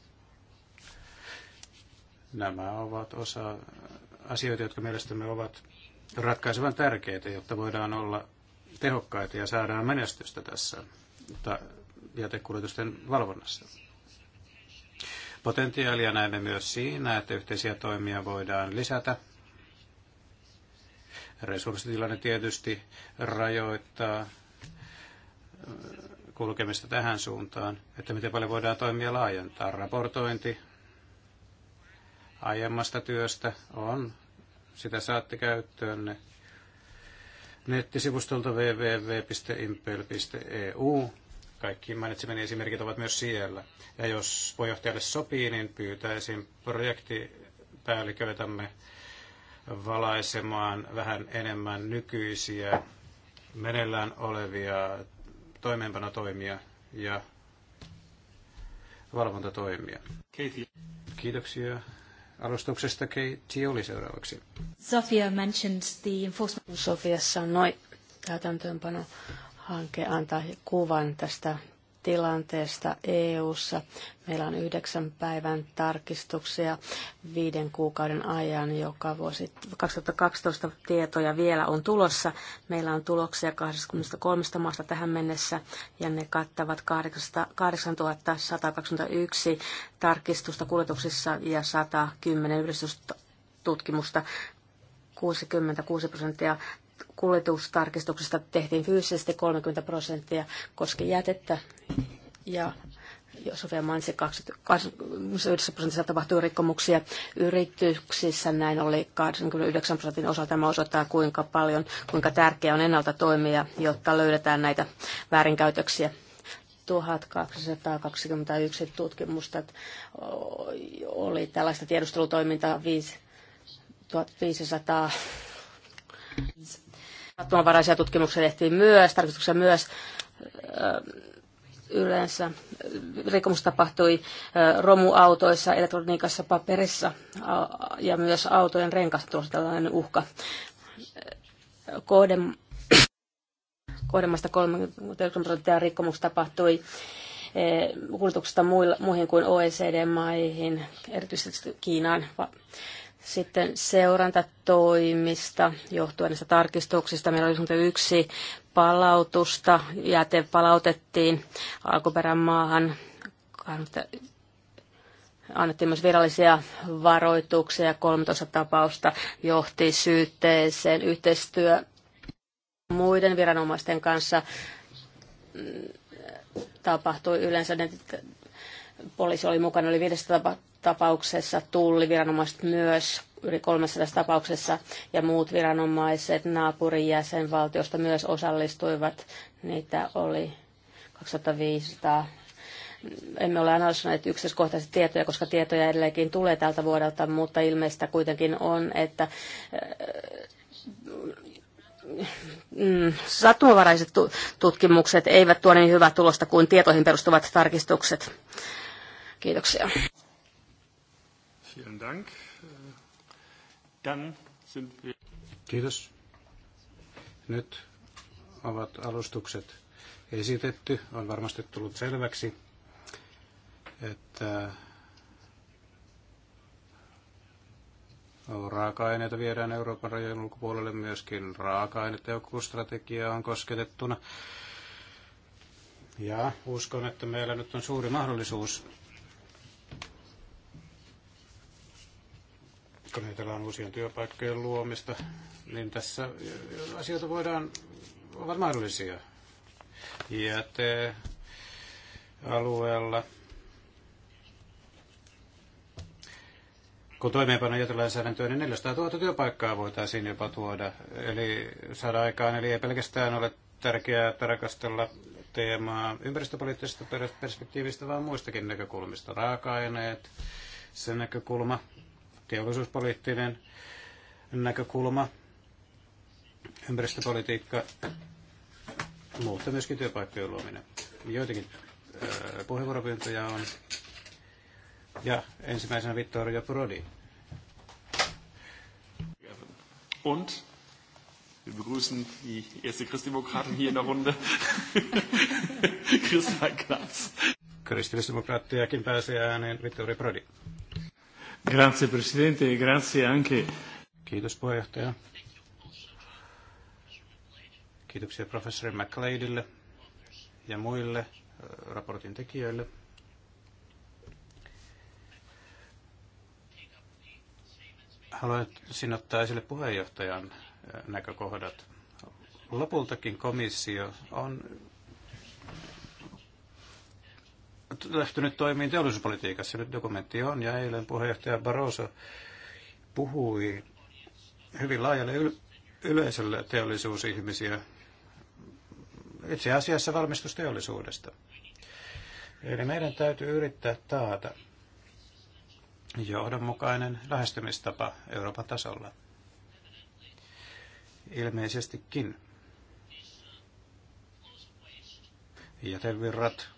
Nämä ovat osa asioita, jotka mielestämme ovat ratkaisevan tärkeitä, jotta voidaan olla tehokkaita ja saadaan menestystä tässä jätekuljetusten valvonnassa. Potentiaalia näemme myös siinä, että yhteisiä toimia voidaan lisätä. Resurssitilanne tietysti rajoittaa äh, kulkemista tähän suuntaan, että miten paljon voidaan toimia laajentaa. Raportointi aiemmasta työstä on. Sitä saatte ne nettisivustolta www.impel.eu. Kaikki mainitsemani esimerkit ovat myös siellä. Ja jos puheenjohtajalle sopii, niin pyytäisin projektipäälliköitämme valaisemaan vähän enemmän nykyisiä meneillään olevia toimeenpanotoimia ja valvontatoimia. Kiitoksia alustuksesta Katie oli seuraavaksi. Sofia mentioned the enforcement. Sofia sanoi, täytäntöönpano hanke antaa kuvan tästä tilanteesta EU:ssa. Meillä on yhdeksän päivän tarkistuksia viiden kuukauden ajan, joka vuosi 2012 tietoja vielä on tulossa. Meillä on tuloksia 23 maasta tähän mennessä ja ne kattavat 8121 tarkistusta kuljetuksissa ja 110 yhdistystutkimusta. 66 prosenttia kuljetustarkistuksesta tehtiin fyysisesti 30 prosenttia koski jätettä ja Sofia Mansi 29 prosentissa tapahtui rikkomuksia yrityksissä. Näin oli 89 prosentin osalta. Tämä osoittaa, kuinka paljon, kuinka tärkeää on ennalta toimia, jotta löydetään näitä väärinkäytöksiä. 1221 tutkimusta oli tällaista tiedustelutoimintaa 5, 1500 Sattumanvaraisia tutkimuksia tehtiin myös, tarkistuksia myös yleensä. Rikomus tapahtui romuautoissa, elektroniikassa, paperissa ja myös autojen renkaista tällainen uhka. Kohden, kohdemasta 30 prosenttia rikkomuksista tapahtui kulutuksesta muihin kuin OECD-maihin, erityisesti Kiinaan sitten seurantatoimista johtuen näistä tarkistuksista. Meillä oli yksi palautusta. Jäte palautettiin alkuperämaahan. Annettiin myös virallisia varoituksia. 13 tapausta johti syytteeseen. Yhteistyö muiden viranomaisten kanssa tapahtui yleensä Poliisi oli mukana yli 500 tapauksessa, tulliviranomaiset myös yli 300 tapauksessa ja muut viranomaiset naapurin jäsenvaltiosta myös osallistuivat. Niitä oli 2500 emme ole analysoineet yksityiskohtaisia tietoja, koska tietoja edelleenkin tulee tältä vuodelta, mutta ilmeistä kuitenkin on, että äh, mm, sattumavaraiset tutkimukset eivät tuo niin hyvää tulosta kuin tietoihin perustuvat tarkistukset. Kiitoksia. Kiitos. Nyt ovat alustukset esitetty. On varmasti tullut selväksi, että Raaka-aineita viedään Euroopan rajojen ulkopuolelle myöskin raaka-ainetehokkuusstrategia on kosketettuna. Ja uskon, että meillä nyt on suuri mahdollisuus kun ajatellaan uusien työpaikkojen luomista, niin tässä asioita voidaan, ovat mahdollisia. Jäte alueella. Kun toimeenpano jätelainsäädäntöä, niin 400 000 työpaikkaa voitaisiin jopa tuoda, eli saada aikaan. Eli ei pelkästään ole tärkeää tarkastella teemaa ympäristöpoliittisesta perspektiivistä, vaan muistakin näkökulmista. Raaka-aineet, sen näkökulma, teollisuuspoliittinen näkökulma, ympäristöpolitiikka, mutta myöskin työpaikkojen luominen. Joitakin puheenvuoropyyntöjä on. Ja ensimmäisenä Vittorio Prodi. Und wir begrüßen die erste Christdemokraten hier in der Runde, Christian Klatz. Kristillisdemokraattiakin pääsee ääneen Vittorio Prodi. Grazie Presidente, e grazie anche. Kiitos puheenjohtaja. Kiitoksia professori McLeodille ja muille äh, raportin tekijöille. Haluaisin ottaa esille puheenjohtajan äh, näkökohdat. Lopultakin komissio on lähtenyt toimiin teollisuuspolitiikassa. Nyt dokumentti on, ja eilen puheenjohtaja Barroso puhui hyvin laajalle yleisölle teollisuusihmisiä itse asiassa valmistusteollisuudesta. Eli meidän täytyy yrittää taata johdonmukainen lähestymistapa Euroopan tasolla. Ilmeisestikin. Jätevirrat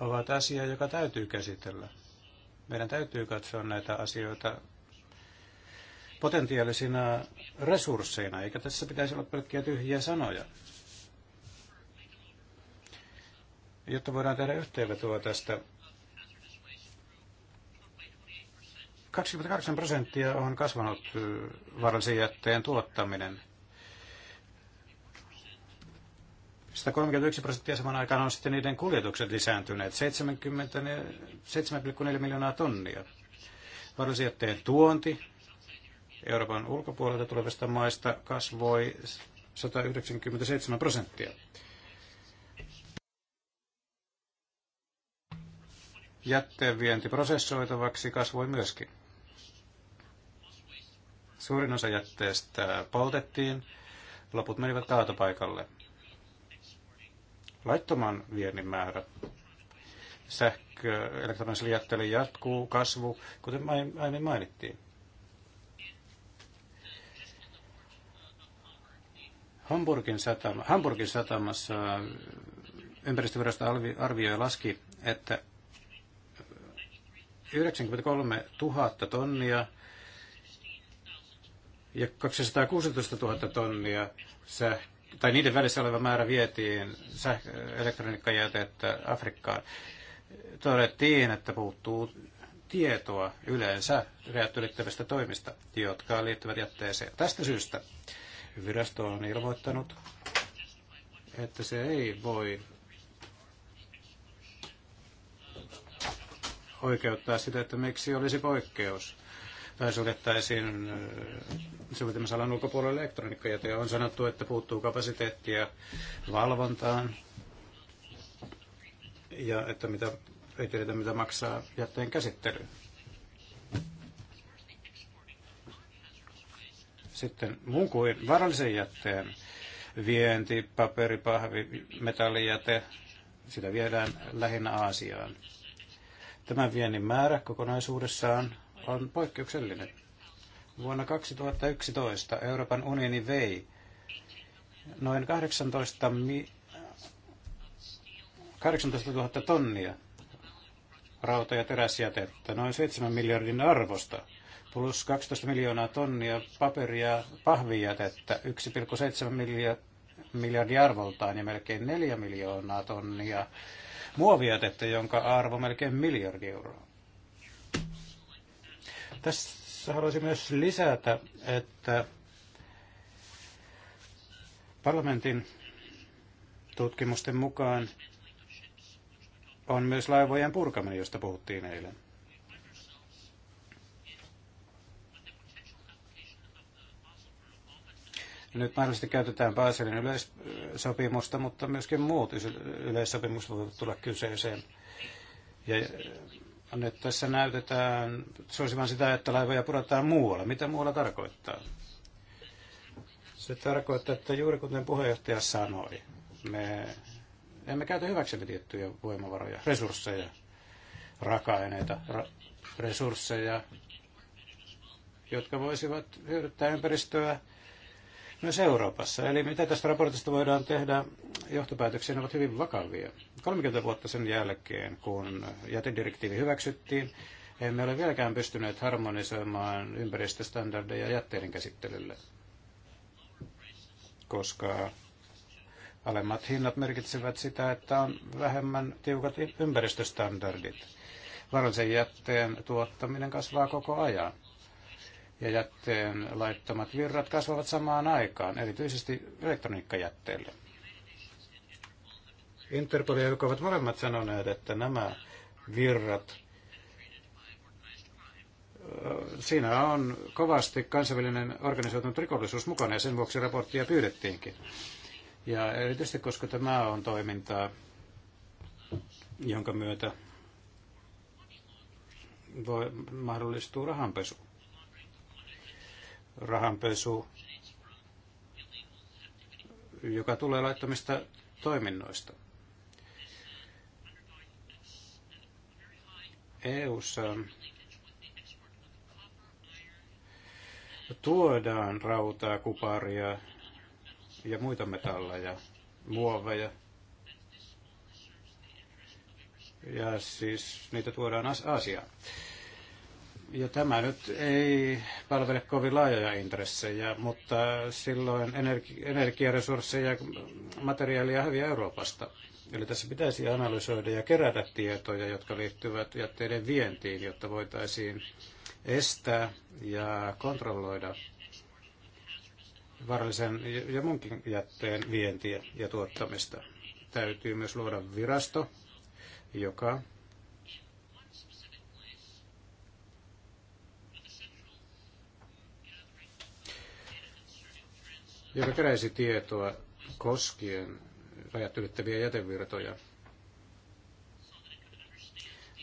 ovat asia, joka täytyy käsitellä. Meidän täytyy katsoa näitä asioita potentiaalisina resursseina, eikä tässä pitäisi olla pelkkiä tyhjiä sanoja. Jotta voidaan tehdä yhteenvetoa tästä 28 prosenttia on kasvanut vaarallisen jätteen tuottaminen 131 prosenttia saman aikaan on sitten niiden kuljetukset lisääntyneet, 7,4 miljoonaa tonnia. Varallisjätteen tuonti Euroopan ulkopuolelta tulevista maista kasvoi 197 prosenttia. Jätteen vienti prosessoitavaksi kasvoi myöskin. Suurin osa jätteestä poltettiin, loput menivät kaatopaikalle. Laittoman viennin määrä sähkö elektroniselle jätteelle jatkuu kasvu, kuten aiemmin mainittiin. Hamburgin, satama, Hamburgin satamassa ympäristövirasto arvioi laski, että 93 000 tonnia ja 216 000 tonnia sähköä tai niiden välissä oleva määrä vietiin sähkö- elektroniikkajätettä Afrikkaan. Todettiin, että puuttuu tietoa yleensä rajat toimista, jotka liittyvät jätteeseen. Tästä syystä virasto on ilmoittanut, että se ei voi oikeuttaa sitä, että miksi olisi poikkeus tai suljettaisiin äh, soveltamisalan ulkopuolelle elektroniikkajäte. On sanottu, että puuttuu kapasiteettia valvontaan ja että mitä, ei tiedetä, mitä maksaa jätteen käsittely. Sitten muun kuin varallisen jätteen vienti, paperi, pahvi, metallijäte, sitä viedään lähinnä Aasiaan. Tämän viennin määrä kokonaisuudessaan on poikkeuksellinen. Vuonna 2011 Euroopan unioni vei noin 18, mi- 18 000 tonnia rauta- ja teräsjätettä noin 7 miljardin arvosta, plus 12 miljoonaa tonnia paperia pahvijätettä 1,7 miljardia miljardia arvoltaan ja melkein 4 miljoonaa tonnia muovijätettä, jonka arvo melkein miljardi euroa. Tässä haluaisin myös lisätä, että parlamentin tutkimusten mukaan on myös laivojen purkaminen, josta puhuttiin eilen. Nyt mahdollisesti käytetään Baselin yleissopimusta, mutta myöskin muut yleissopimukset voivat tulla kyseeseen. Ja on, että tässä näytetään vain sitä, että laivoja pudotetaan muualla. Mitä muualla tarkoittaa? Se tarkoittaa, että juuri kuten puheenjohtaja sanoi, me emme käytä hyväksemme tiettyjä voimavaroja, resursseja, raaka-aineita, ra- resursseja, jotka voisivat hyödyttää ympäristöä myös Euroopassa. Eli mitä tästä raportista voidaan tehdä? Johtopäätöksiä ne ovat hyvin vakavia. 30 vuotta sen jälkeen, kun jätedirektiivi hyväksyttiin, emme ole vieläkään pystyneet harmonisoimaan ympäristöstandardeja jätteiden käsittelylle, koska alemmat hinnat merkitsevät sitä, että on vähemmän tiukat ympäristöstandardit. Varallisen jätteen tuottaminen kasvaa koko ajan ja jätteen laittomat virrat kasvavat samaan aikaan, erityisesti elektroniikkajätteelle. Interpol ja YK ovat molemmat sanoneet, että nämä virrat, siinä on kovasti kansainvälinen organisoitunut rikollisuus mukana ja sen vuoksi raporttia pyydettiinkin. Ja erityisesti koska tämä on toimintaa, jonka myötä voi, mahdollistuu rahanpesu rahanpesu, joka tulee laittomista toiminnoista. EU:ssa tuodaan rautaa, kuparia ja muita metalleja, muoveja. Ja siis niitä tuodaan Aasiaan. Ja tämä nyt ei palvele kovin laajoja intressejä, mutta silloin energi- energiaresursseja ja materiaalia häviää Euroopasta. Eli tässä pitäisi analysoida ja kerätä tietoja, jotka liittyvät jätteiden vientiin, jotta voitaisiin estää ja kontrolloida vaarallisen ja munkin jätteen vientiä ja tuottamista. Täytyy myös luoda virasto, joka joka keräisi tietoa koskien rajat ylittäviä jätevirtoja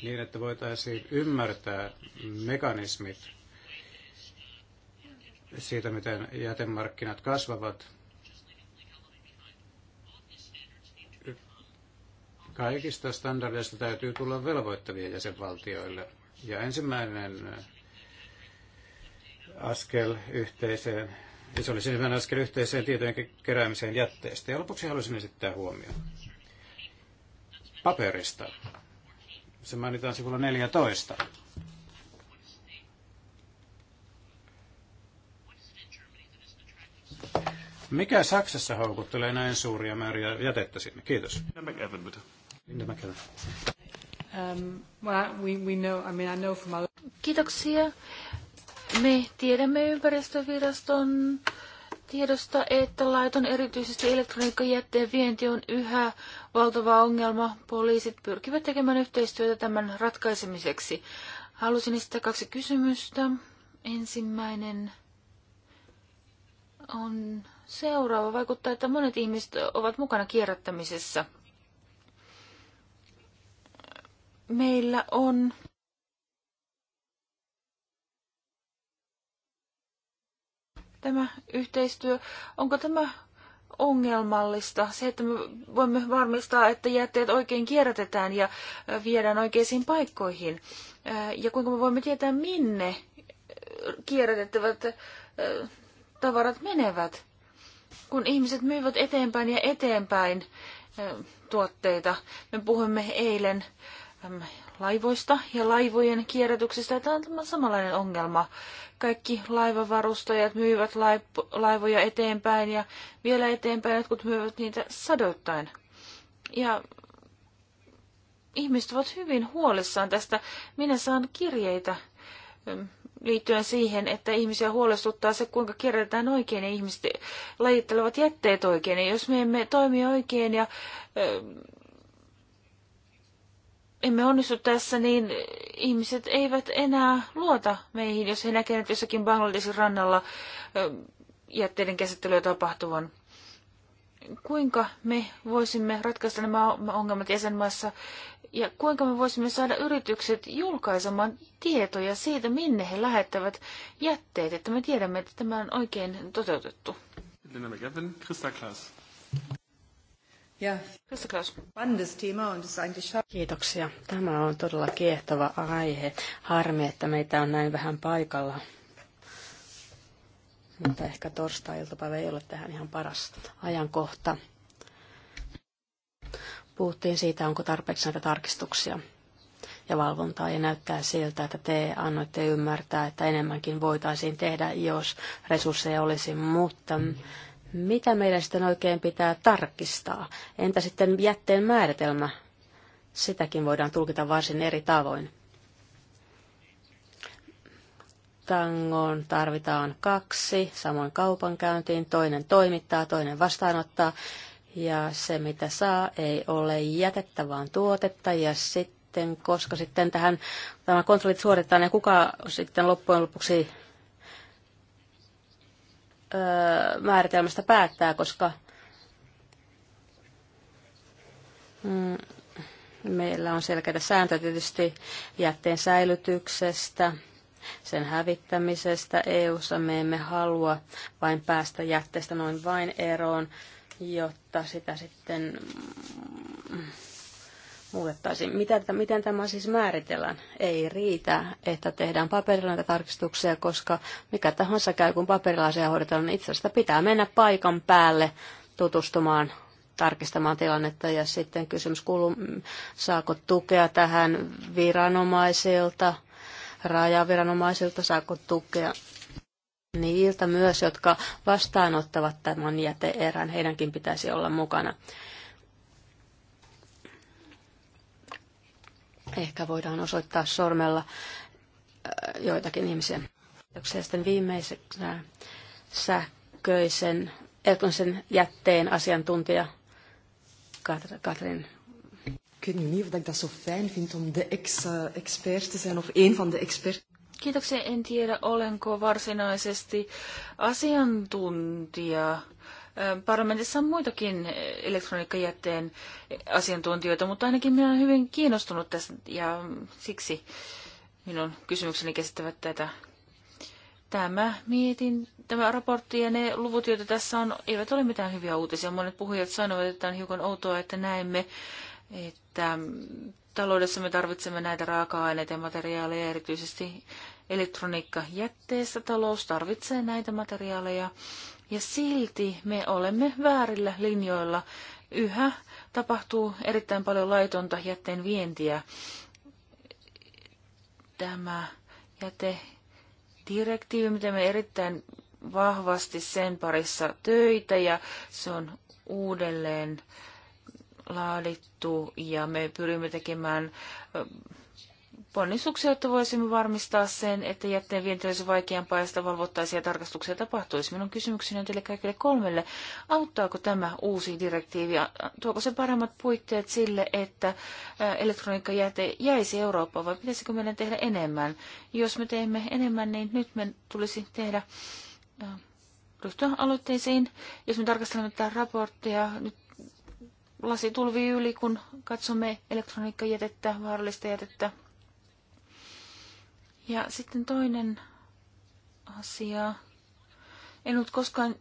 niin, että voitaisiin ymmärtää mekanismit siitä, miten jätemarkkinat kasvavat. Kaikista standardeista täytyy tulla velvoittavia jäsenvaltioille. Ja ensimmäinen askel yhteiseen ja se olisi ensimmäinen askel yhteiseen tietojen keräämiseen jätteestä. Ja lopuksi haluaisin esittää huomioon paperista. Se mainitaan sivulla 14. Mikä Saksassa houkuttelee näin suuria määriä jätettä sinne? Kiitos. Linda McEvan. Um, Kiitoksia. Me tiedämme ympäristöviraston tiedosta, että laiton erityisesti elektroniikkajätteen vienti on yhä valtava ongelma. Poliisit pyrkivät tekemään yhteistyötä tämän ratkaisemiseksi. Halusin esittää kaksi kysymystä. Ensimmäinen on seuraava. Vaikuttaa, että monet ihmiset ovat mukana kierrättämisessä. Meillä on tämä yhteistyö, onko tämä ongelmallista, se, että me voimme varmistaa, että jätteet oikein kierrätetään ja viedään oikeisiin paikkoihin. Ja kuinka me voimme tietää, minne kierrätettävät tavarat menevät, kun ihmiset myyvät eteenpäin ja eteenpäin tuotteita. Me puhumme eilen laivoista ja laivojen kierrätyksestä. Tämä on tämä samanlainen ongelma. Kaikki laivavarustajat myyvät laivoja eteenpäin ja vielä eteenpäin jotkut myyvät niitä sadoittain. Ja ihmiset ovat hyvin huolissaan tästä. Minä saan kirjeitä mm, liittyen siihen, että ihmisiä huolestuttaa se, kuinka kierrätetään oikein ja ihmiset lajittelevat jätteet oikein. Ja jos me emme toimi oikein ja mm, emme onnistu tässä, niin ihmiset eivät enää luota meihin, jos he näkevät jossakin Bangladesin rannalla jätteiden käsittelyä tapahtuvan. Kuinka me voisimme ratkaista nämä ongelmat jäsenmaissa ja kuinka me voisimme saada yritykset julkaisemaan tietoja siitä, minne he lähettävät jätteet, että me tiedämme, että tämä on oikein toteutettu. Krista Klaas. Ja. Kiitoksia. Tämä on todella kiehtova aihe. Harmi, että meitä on näin vähän paikalla. Mutta ehkä torstai-iltapäivä ei ole tähän ihan paras ajankohta. Puhuttiin siitä, onko tarpeeksi näitä tarkistuksia ja valvontaa, ja näyttää siltä, että te annoitte ymmärtää, että enemmänkin voitaisiin tehdä, jos resursseja olisi, mutta mitä meidän sitten oikein pitää tarkistaa? Entä sitten jätteen määritelmä? Sitäkin voidaan tulkita varsin eri tavoin. Tangoon tarvitaan kaksi, samoin kaupankäyntiin, toinen toimittaa, toinen vastaanottaa. Ja se, mitä saa, ei ole jätettä, vaan tuotetta. Ja sitten, koska sitten tähän tämä kontrollit suoritetaan ja kuka sitten loppujen lopuksi määritelmästä päättää, koska mm, meillä on selkeitä sääntöjä tietysti jätteen säilytyksestä, sen hävittämisestä. EU-ssa me emme halua vain päästä jätteestä noin vain eroon, jotta sitä sitten muutettaisiin. Miten, miten tämä siis määritellään? Ei riitä, että tehdään paperilla näitä tarkistuksia, koska mikä tahansa käy, kun paperilaisia hoidetaan, niin itse asiassa pitää mennä paikan päälle tutustumaan tarkistamaan tilannetta ja sitten kysymys kuuluu, mm, saako tukea tähän viranomaisilta, rajaviranomaisilta, saako tukea niiltä myös, jotka vastaanottavat tämän jäteerän, heidänkin pitäisi olla mukana. Ehkä voidaan osoittaa sormella äh, joitakin ihmisiä. Kiitoksia sitten viimeisenä sähköisen elektronisen jätteen asiantuntija Katrin Ik weet nu niet of ik dat zo fijn vind om de ex-expert eh, te zijn of een van de experts. Kiitoksia. En tiedä, olenko varsinaisesti asiantuntija Parlamentissa on muitakin elektroniikkajätteen asiantuntijoita, mutta ainakin minä olen hyvin kiinnostunut tästä ja siksi minun kysymykseni käsittävät tätä. Tämä mietin, tämä raportti ja ne luvut, joita tässä on, eivät ole mitään hyviä uutisia. Monet puhujat sanovat, että on hiukan outoa, että näemme, että taloudessa me tarvitsemme näitä raaka-aineita ja materiaaleja, erityisesti elektroniikkajätteessä talous tarvitsee näitä materiaaleja ja silti me olemme väärillä linjoilla. Yhä tapahtuu erittäin paljon laitonta jätteen vientiä. Tämä jätedirektiivi, mitä me erittäin vahvasti sen parissa töitä ja se on uudelleen laadittu ja me pyrimme tekemään ponnistuksia, jotta voisimme varmistaa sen, että jätteen vienti olisi vaikeampaa ja sitä valvottaisia tarkastuksia tapahtuisi. Minun kysymykseni on teille kaikille kolmelle. Auttaako tämä uusi direktiivi? Tuoko se paremmat puitteet sille, että elektroniikkajäte jäisi Eurooppaan vai pitäisikö meidän tehdä enemmän? Jos me teemme enemmän, niin nyt me tulisi tehdä ryhtyä aloitteisiin. Jos me tarkastelemme tätä raporttia, nyt lasi tulvii yli, kun katsomme elektroniikkajätettä, vaarallista jätettä, ja sitten toinen asia. En ollut koskaan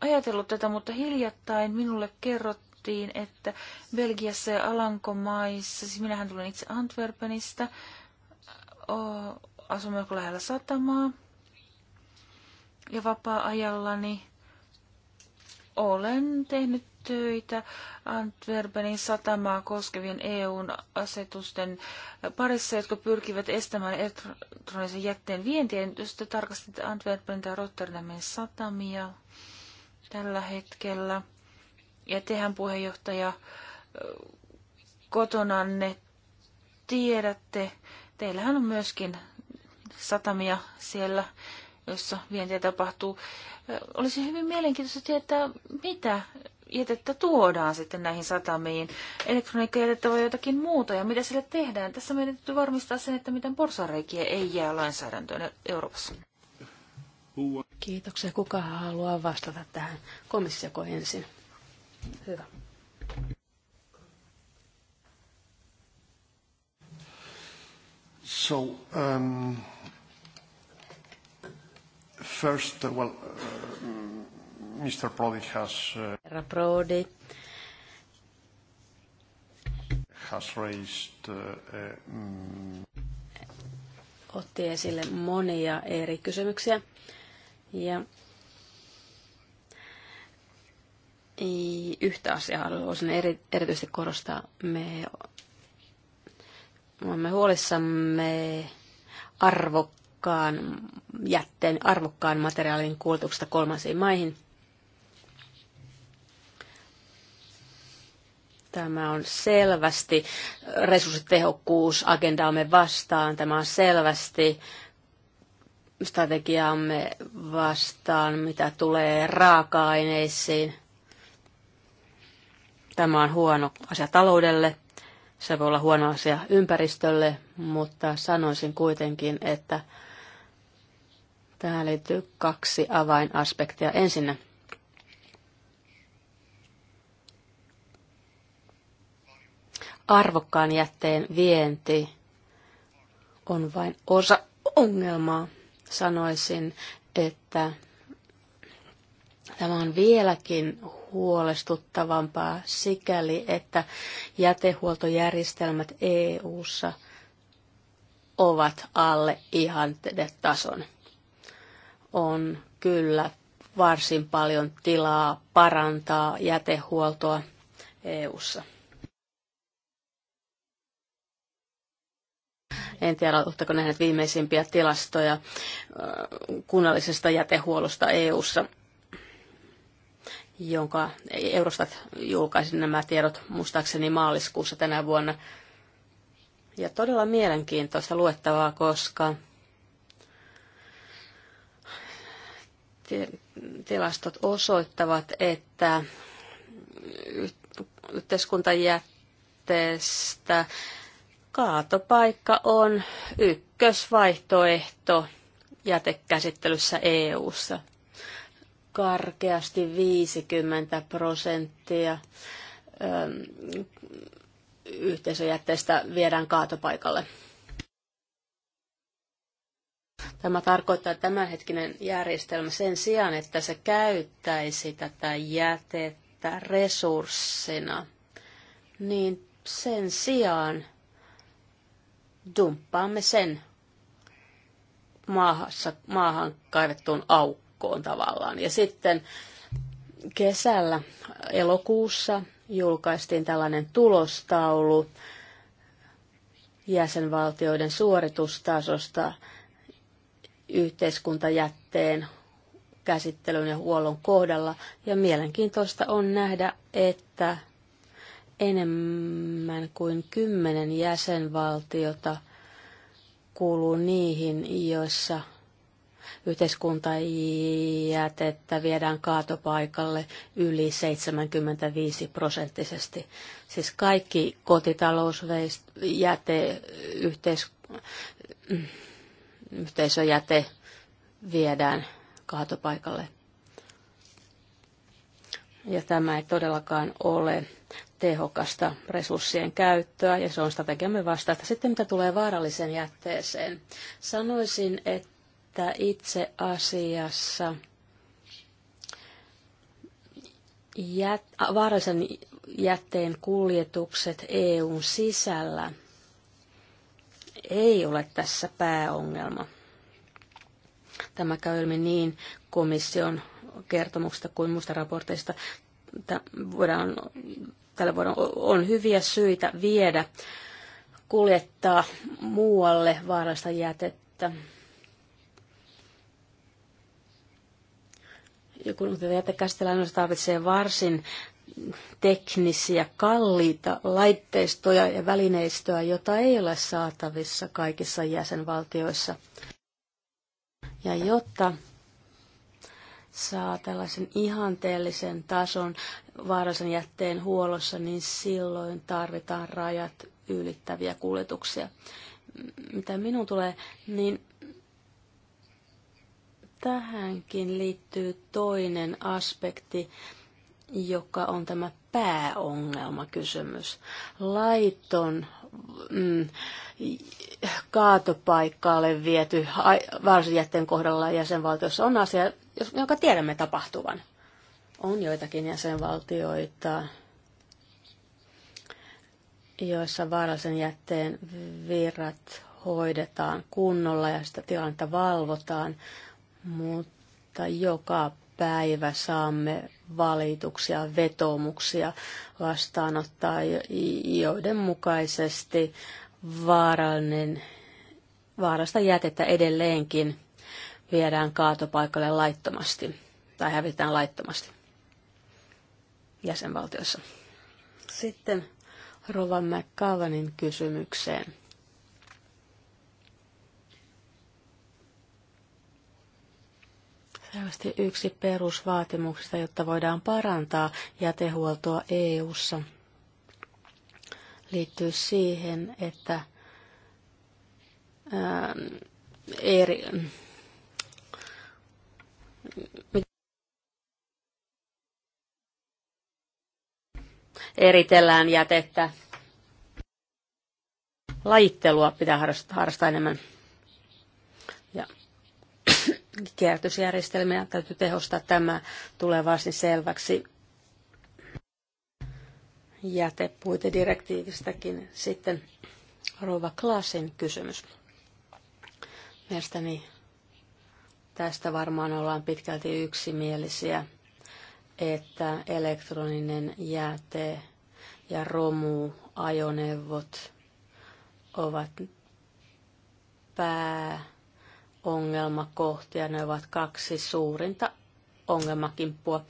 ajatellut tätä, mutta hiljattain minulle kerrottiin, että Belgiassa ja Alankomaissa, siis minähän tulen itse Antwerpenistä, asun melko lähellä satamaa, ja vapaa-ajallani olen tehnyt töitä Antwerpenin satamaa koskevien EUn asetusten parissa, jotka pyrkivät estämään elektronisen jätteen vientiä. Jos te tarkastatte Antwerpenin tai Rotterdamin satamia tällä hetkellä, ja tehän puheenjohtaja kotonanne tiedätte, teillähän on myöskin satamia siellä, jossa vientiä tapahtuu. Olisi hyvin mielenkiintoista tietää, mitä jätettä tuodaan sitten näihin satamiin, elektroniikkajätettä vai jotakin muuta, ja mitä sille tehdään. Tässä meidän täytyy varmistaa sen, että miten porsareikiä ei jää lainsäädäntöön Euroopassa. Kiitoksia. Kuka haluaa vastata tähän? Komissioko ensin? Hyvä. So, um, first, uh, well, uh, Mr. Prodi has... Uh, Herra Prodi has raised, uh, uh, mm, otti esille monia eri kysymyksiä ja yhtä asiaa haluaisin eri, erityisesti korostaa. Me olemme huolissamme arvokkaan jätteen, arvokkaan materiaalin kuljetuksesta kolmansiin maihin. Tämä on selvästi resurssitehokkuusagendaamme vastaan. Tämä on selvästi strategiaamme vastaan, mitä tulee raaka-aineisiin. Tämä on huono asia taloudelle. Se voi olla huono asia ympäristölle, mutta sanoisin kuitenkin, että tähän liittyy kaksi avainaspektia. Ensinnä arvokkaan jätteen vienti on vain osa ongelmaa. Sanoisin, että tämä on vieläkin huolestuttavampaa sikäli, että jätehuoltojärjestelmät EU:ssa ovat alle ihan tason. On kyllä varsin paljon tilaa parantaa jätehuoltoa EU:ssa. En tiedä, oletteko nähneet viimeisimpiä tilastoja kunnallisesta jätehuollosta EU-ssa jonka Eurostat julkaisi nämä tiedot muistaakseni maaliskuussa tänä vuonna. Ja todella mielenkiintoista luettavaa, koska tilastot osoittavat, että yhteiskuntajätteestä Kaatopaikka on ykkösvaihtoehto jätekäsittelyssä EU:ssa. Karkeasti 50 prosenttia ähm, yhteisöjätteistä viedään kaatopaikalle. Tämä tarkoittaa, että tämänhetkinen järjestelmä sen sijaan, että se käyttäisi tätä jätettä resurssina, niin sen sijaan dumppaamme sen maahassa, maahan kaivettuun aukkoon tavallaan. Ja sitten kesällä elokuussa julkaistiin tällainen tulostaulu jäsenvaltioiden suoritustasosta yhteiskuntajätteen käsittelyn ja huollon kohdalla. Ja mielenkiintoista on nähdä, että enemmän kuin kymmenen jäsenvaltiota kuuluu niihin, joissa jätettä viedään kaatopaikalle yli 75 prosenttisesti. Siis kaikki kotitalousjäte, yhteis, yhteisöjäte viedään kaatopaikalle. Ja tämä ei todellakaan ole tehokasta resurssien käyttöä ja se on strategiamme vastaista. Sitten mitä tulee vaaralliseen jätteeseen, sanoisin, että itse asiassa jät, vaarallisen jätteen kuljetukset EUn sisällä ei ole tässä pääongelma. Tämä käy ilmi niin komission kertomuksesta kuin muista raporteista. Tämä voidaan tällä vuonna on hyviä syitä viedä, kuljettaa muualle vaarallista jätettä. Ja kun tätä jätekäsitellään, niin se tarvitsee varsin teknisiä, kalliita laitteistoja ja välineistöä, jota ei ole saatavissa kaikissa jäsenvaltioissa. Ja jotta saa tällaisen ihanteellisen tason vaarallisen jätteen huollossa, niin silloin tarvitaan rajat ylittäviä kuljetuksia. Mitä minun tulee, niin tähänkin liittyy toinen aspekti, joka on tämä pääongelmakysymys. Laiton mm, kaatopaikkaalle viety varsinjätteen kohdalla jäsenvaltiossa on asia, jonka tiedämme tapahtuvan. On joitakin jäsenvaltioita, joissa vaarallisen jätteen virrat hoidetaan kunnolla ja sitä tilannetta valvotaan, mutta joka päivä saamme valituksia, vetomuksia vastaanottaa, joiden mukaisesti vaarallinen, vaarasta jätettä edelleenkin viedään kaatopaikalle laittomasti tai hävitetään laittomasti jäsenvaltiossa. Sitten Rovan McCavanin kysymykseen selvästi yksi perusvaatimuksista, jotta voidaan parantaa jätehuoltoa EU:ssa liittyy siihen, että ää, ähm, eri, eritellään jätettä. Lajittelua pitää harrastaa enemmän kierrätysjärjestelmiä täytyy tehostaa. Tämä tulee varsin selväksi jätepuitedirektiivistäkin. Sitten Rova Klaasin kysymys. Mielestäni tästä varmaan ollaan pitkälti yksimielisiä, että elektroninen jäte ja romu, ajoneuvot ovat pää ongelmakohtia. Ne ovat kaksi suurinta ongelmakimppua.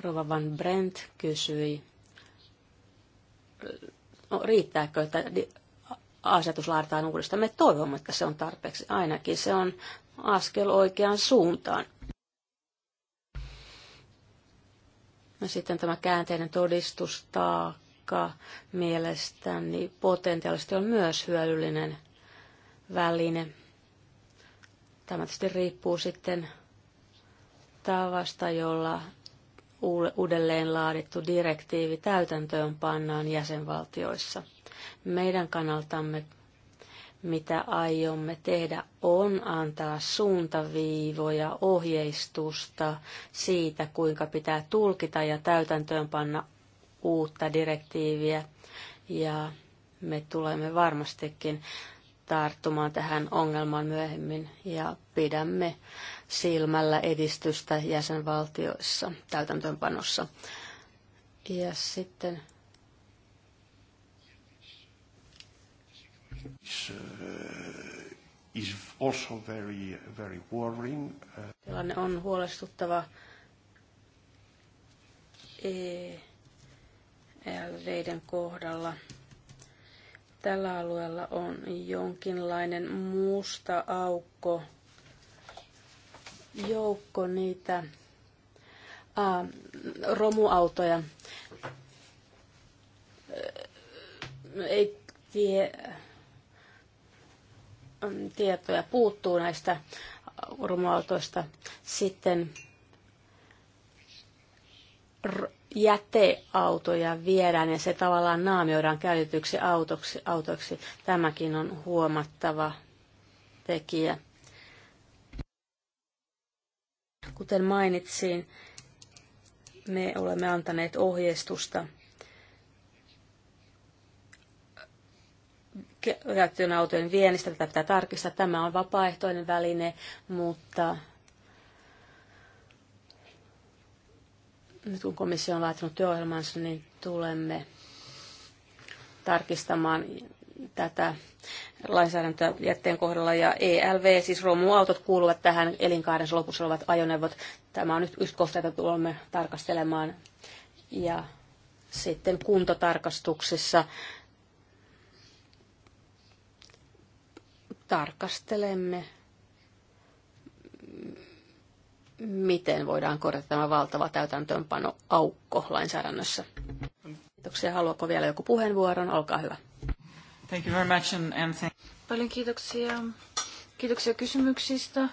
Rova Van Brent kysyi, no, riittääkö, että asetus laaditaan uudestaan. Me toivomme, että se on tarpeeksi. Ainakin se on askel oikeaan suuntaan. Ja sitten tämä käänteinen todistustaakka joka mielestäni potentiaalisesti on myös hyödyllinen väline. Tämä tietysti riippuu sitten tavasta, jolla uudelleen laadittu direktiivi täytäntöön pannaan jäsenvaltioissa. Meidän kannaltamme mitä aiomme tehdä, on antaa suuntaviivoja, ohjeistusta siitä, kuinka pitää tulkita ja täytäntöönpanna uutta direktiiviä ja me tulemme varmastikin tarttumaan tähän ongelmaan myöhemmin ja pidämme silmällä edistystä jäsenvaltioissa täytäntöönpanossa. Ja sitten is uh, also very, very worrying. Uh, tilanne on huolestuttava. E- ELViden kohdalla. Tällä alueella on jonkinlainen musta aukko, joukko niitä aa, romuautoja. Ei tie, tietoja puuttuu näistä romuautoista. Sitten jäteautoja viedään ja se tavallaan naamioidaan käytetyksi autoksi, autoksi. Tämäkin on huomattava tekijä. Kuten mainitsin, me olemme antaneet ohjeistusta käyttöön autojen viennistä. Tätä pitää tarkistaa. Tämä on vapaaehtoinen väline, mutta nyt kun komissio on laatinut työohjelmansa, niin tulemme tarkistamaan tätä lainsäädäntöä jätteen kohdalla. Ja ELV, siis romuautot, kuuluvat tähän elinkaaren lopussa olevat ajoneuvot. Tämä on nyt yksi kohta, jota tulemme tarkastelemaan. Ja sitten kuntotarkastuksissa tarkastelemme miten voidaan korjata tämä valtava aukko lainsäädännössä. Kiitoksia. Haluatko vielä joku puheenvuoron? Olkaa hyvä. Thank you very much and, and thank... Paljon kiitoksia. Kiitoksia kysymyksistä.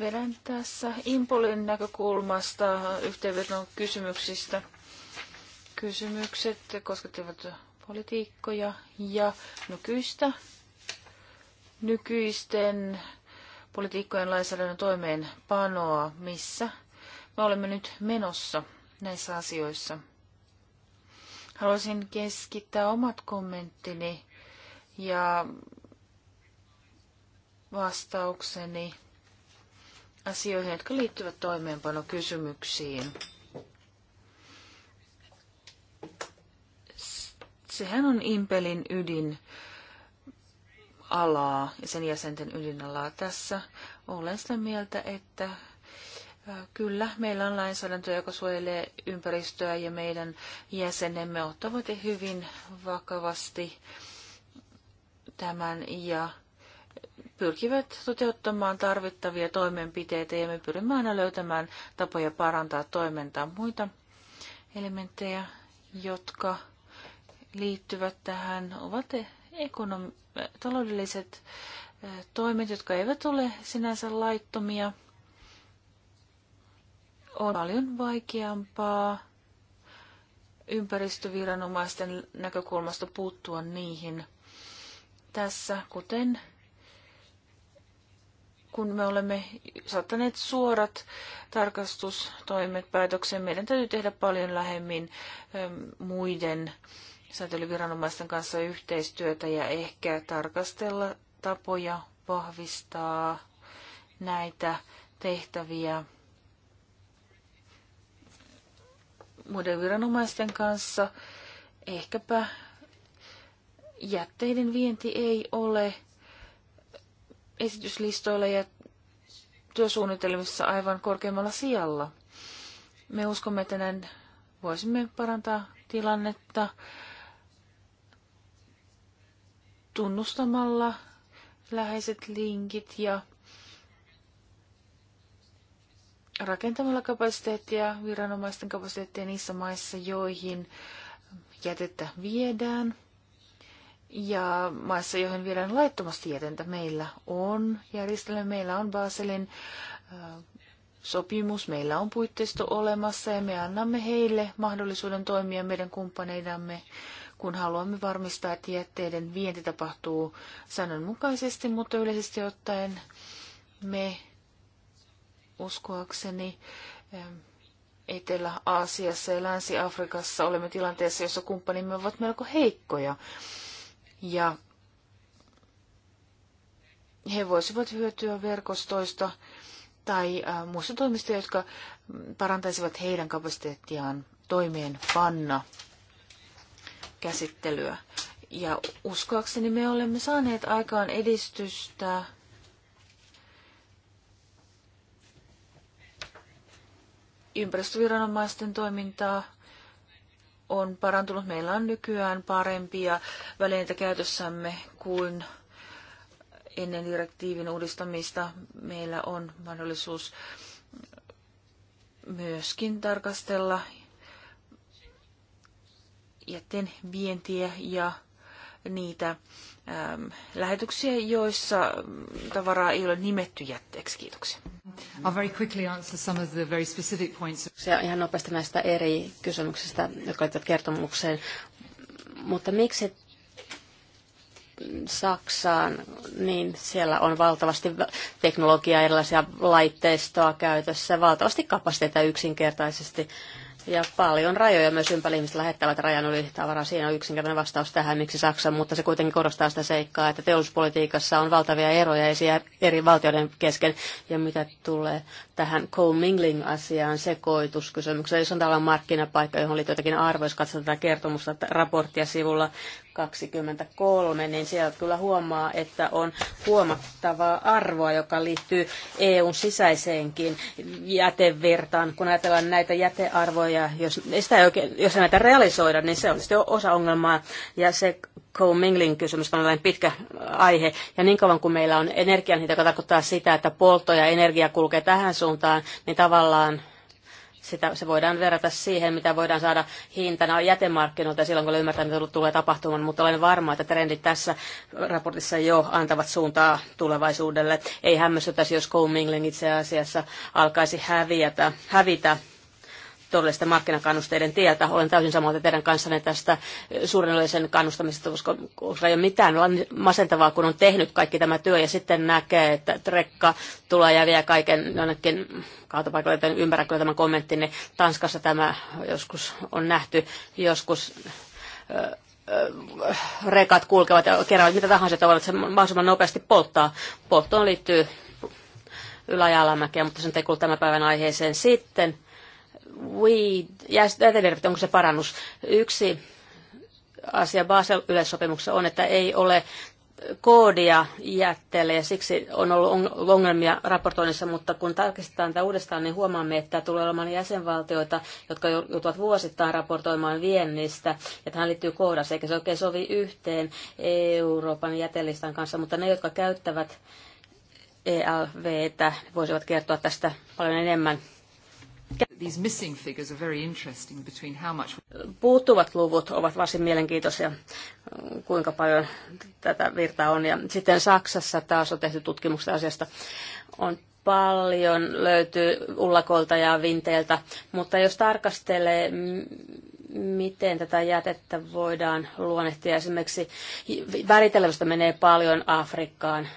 Vedän tässä Impolin näkökulmasta yhteenvedon kysymyksistä. Kysymykset koskettivat politiikkoja ja nykyistä, nykyisten politiikkojen lainsäädännön toimeenpanoa, missä me olemme nyt menossa näissä asioissa. Haluaisin keskittää omat kommenttini ja vastaukseni asioihin, jotka liittyvät toimeenpanokysymyksiin. Sehän on impelin ydin alaa ja sen jäsenten ydinalaa tässä. Olen sitä mieltä, että Kyllä, meillä on lainsäädäntö, joka suojelee ympäristöä ja meidän jäsenemme ottavat hyvin vakavasti tämän ja pyrkivät toteuttamaan tarvittavia toimenpiteitä ja me pyrimme aina löytämään tapoja parantaa toimintaa muita elementtejä, jotka liittyvät tähän, ovat ekonomi- taloudelliset toimet, jotka eivät ole sinänsä laittomia, on paljon vaikeampaa ympäristöviranomaisten näkökulmasta puuttua niihin tässä, kuten kun me olemme saattaneet suorat tarkastustoimet päätökseen, meidän täytyy tehdä paljon lähemmin muiden säätelyviranomaisten kanssa yhteistyötä ja ehkä tarkastella tapoja vahvistaa näitä tehtäviä muiden viranomaisten kanssa. Ehkäpä jätteiden vienti ei ole esityslistoilla ja työsuunnitelmissa aivan korkeimmalla sijalla. Me uskomme, että näin voisimme parantaa tilannetta tunnustamalla läheiset linkit ja rakentamalla kapasiteettia, viranomaisten kapasiteettia niissä maissa, joihin jätettä viedään. Ja maissa, joihin viedään laittomasti jätettä, meillä on järjestelmä, meillä on Baselin sopimus, meillä on puitteisto olemassa ja me annamme heille mahdollisuuden toimia meidän kumppaneidamme kun haluamme varmistaa, että jätteiden vienti tapahtuu sananmukaisesti, mutta yleisesti ottaen me uskoakseni Etelä-Aasiassa ja Länsi-Afrikassa olemme tilanteessa, jossa kumppanimme ovat melko heikkoja. Ja he voisivat hyötyä verkostoista tai muista toimista, jotka parantaisivat heidän kapasiteettiaan panna käsittelyä. Ja uskoakseni me olemme saaneet aikaan edistystä ympäristöviranomaisten toimintaa on parantunut. Meillä on nykyään parempia välineitä käytössämme kuin ennen direktiivin uudistamista. Meillä on mahdollisuus myöskin tarkastella jätteen vientiä ja niitä äm, lähetyksiä, joissa mm, tavaraa ei ole nimetty jätteeksi. Kiitoksia. I'll very quickly answer some of the very specific points. Se on ihan nopeasti näistä eri kysymyksistä, jotka liittyvät kertomukseen. Mutta miksi Saksaan, niin siellä on valtavasti teknologiaa, erilaisia laitteistoa käytössä, valtavasti kapasiteettia yksinkertaisesti ja paljon rajoja myös ympäri ihmiset lähettävät rajan yli tavaraa. Siinä on yksinkertainen vastaus tähän, miksi Saksa, mutta se kuitenkin korostaa sitä seikkaa, että teollisuuspolitiikassa on valtavia eroja eri valtioiden kesken. Ja mitä tulee tähän commingling-asiaan sekoituskysymykseen. Jos on tällainen markkinapaikka, johon liittyy jotakin arvoja, jos katsotaan tätä kertomusta raporttia sivulla 23, niin siellä kyllä huomaa, että on huomattavaa arvoa, joka liittyy EUn sisäiseenkin jätevirtaan. Kun ajatellaan näitä jätearvoja, jos, sitä ei oikein, jos ei näitä realisoida, niin se on sitten osa ongelmaa. Ja se co-mingling kysymys on tällainen pitkä aihe. Ja niin kauan kuin meillä on energian hinta, joka tarkoittaa sitä, että poltto ja energia kulkee tähän suuntaan, niin tavallaan sitä, se voidaan verrata siihen, mitä voidaan saada hintana jätemarkkinoilta silloin, kun ymmärtää, mitä tulee tapahtumaan. Mutta olen varma, että trendit tässä raportissa jo antavat suuntaa tulevaisuudelle. Ei hämmästytäisi, jos co-mingling itse asiassa alkaisi häviätä, hävitä todellisten markkinakannusteiden tietä. Olen täysin samaa mieltä teidän kanssanne tästä suurennollisen kannustamisesta, koska, koska ei ole mitään masentavaa, kun on tehnyt kaikki tämä työ ja sitten näkee, että trekka tulee ja vie kaiken jonnekin kaatopaikalle, joten ymmärrän kyllä tämän kommentin, Niin Tanskassa tämä joskus on nähty, joskus rekat kulkevat ja keräävät mitä tahansa, että se mahdollisimman nopeasti polttaa. Polttoon liittyy ylä- ja alamäkeä, mutta sen tekuu tämän päivän aiheeseen sitten weed, jäteveret, onko se parannus? Yksi asia Basel-yleissopimuksessa on, että ei ole koodia jätteelle ja siksi on ollut ongelmia raportoinnissa, mutta kun tarkistetaan tätä uudestaan, niin huomaamme, että tulee olemaan jäsenvaltioita, jotka joutuvat vuosittain raportoimaan viennistä ja tähän liittyy koodassa, eikä se oikein sovi yhteen Euroopan jätelistan kanssa, mutta ne, jotka käyttävät ELVtä, voisivat kertoa tästä paljon enemmän these missing figures are very interesting between how much... Puuttuvat luvut ovat varsin mielenkiintoisia, kuinka paljon tätä virtaa on. Ja sitten Saksassa taas on tehty tutkimusta asiasta. On paljon löytyy ullakolta ja vinteiltä, mutta jos tarkastelee, miten tätä jätettä voidaan luonnehtia, esimerkiksi väritelevästä menee paljon Afrikkaan,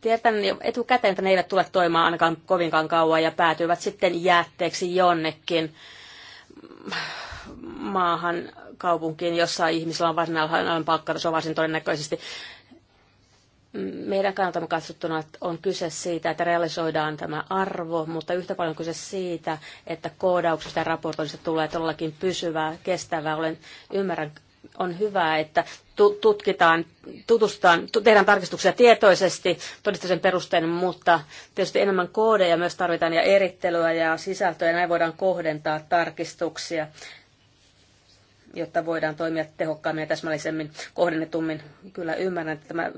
tietän jo etukäteen, että ne eivät tule toimimaan ainakaan kovinkaan kauan ja päätyvät sitten jäätteeksi jonnekin maahan kaupunkiin, jossa ihmisillä on varsin alhainen palkkataso varsin todennäköisesti. Meidän kannaltamme katsottuna on kyse siitä, että realisoidaan tämä arvo, mutta yhtä paljon kyse siitä, että koodauksesta ja raportoinnista tulee todellakin pysyvää, kestävää. Olen ymmärrän on hyvä, että tutkitaan, tutustutaan, tehdään tarkistuksia tietoisesti todistuksen perusteen, mutta tietysti enemmän koodeja myös tarvitaan ja erittelyä ja sisältöä, ja näin voidaan kohdentaa tarkistuksia, jotta voidaan toimia tehokkaammin ja täsmällisemmin kohdennetummin. Kyllä ymmärrän, että tämä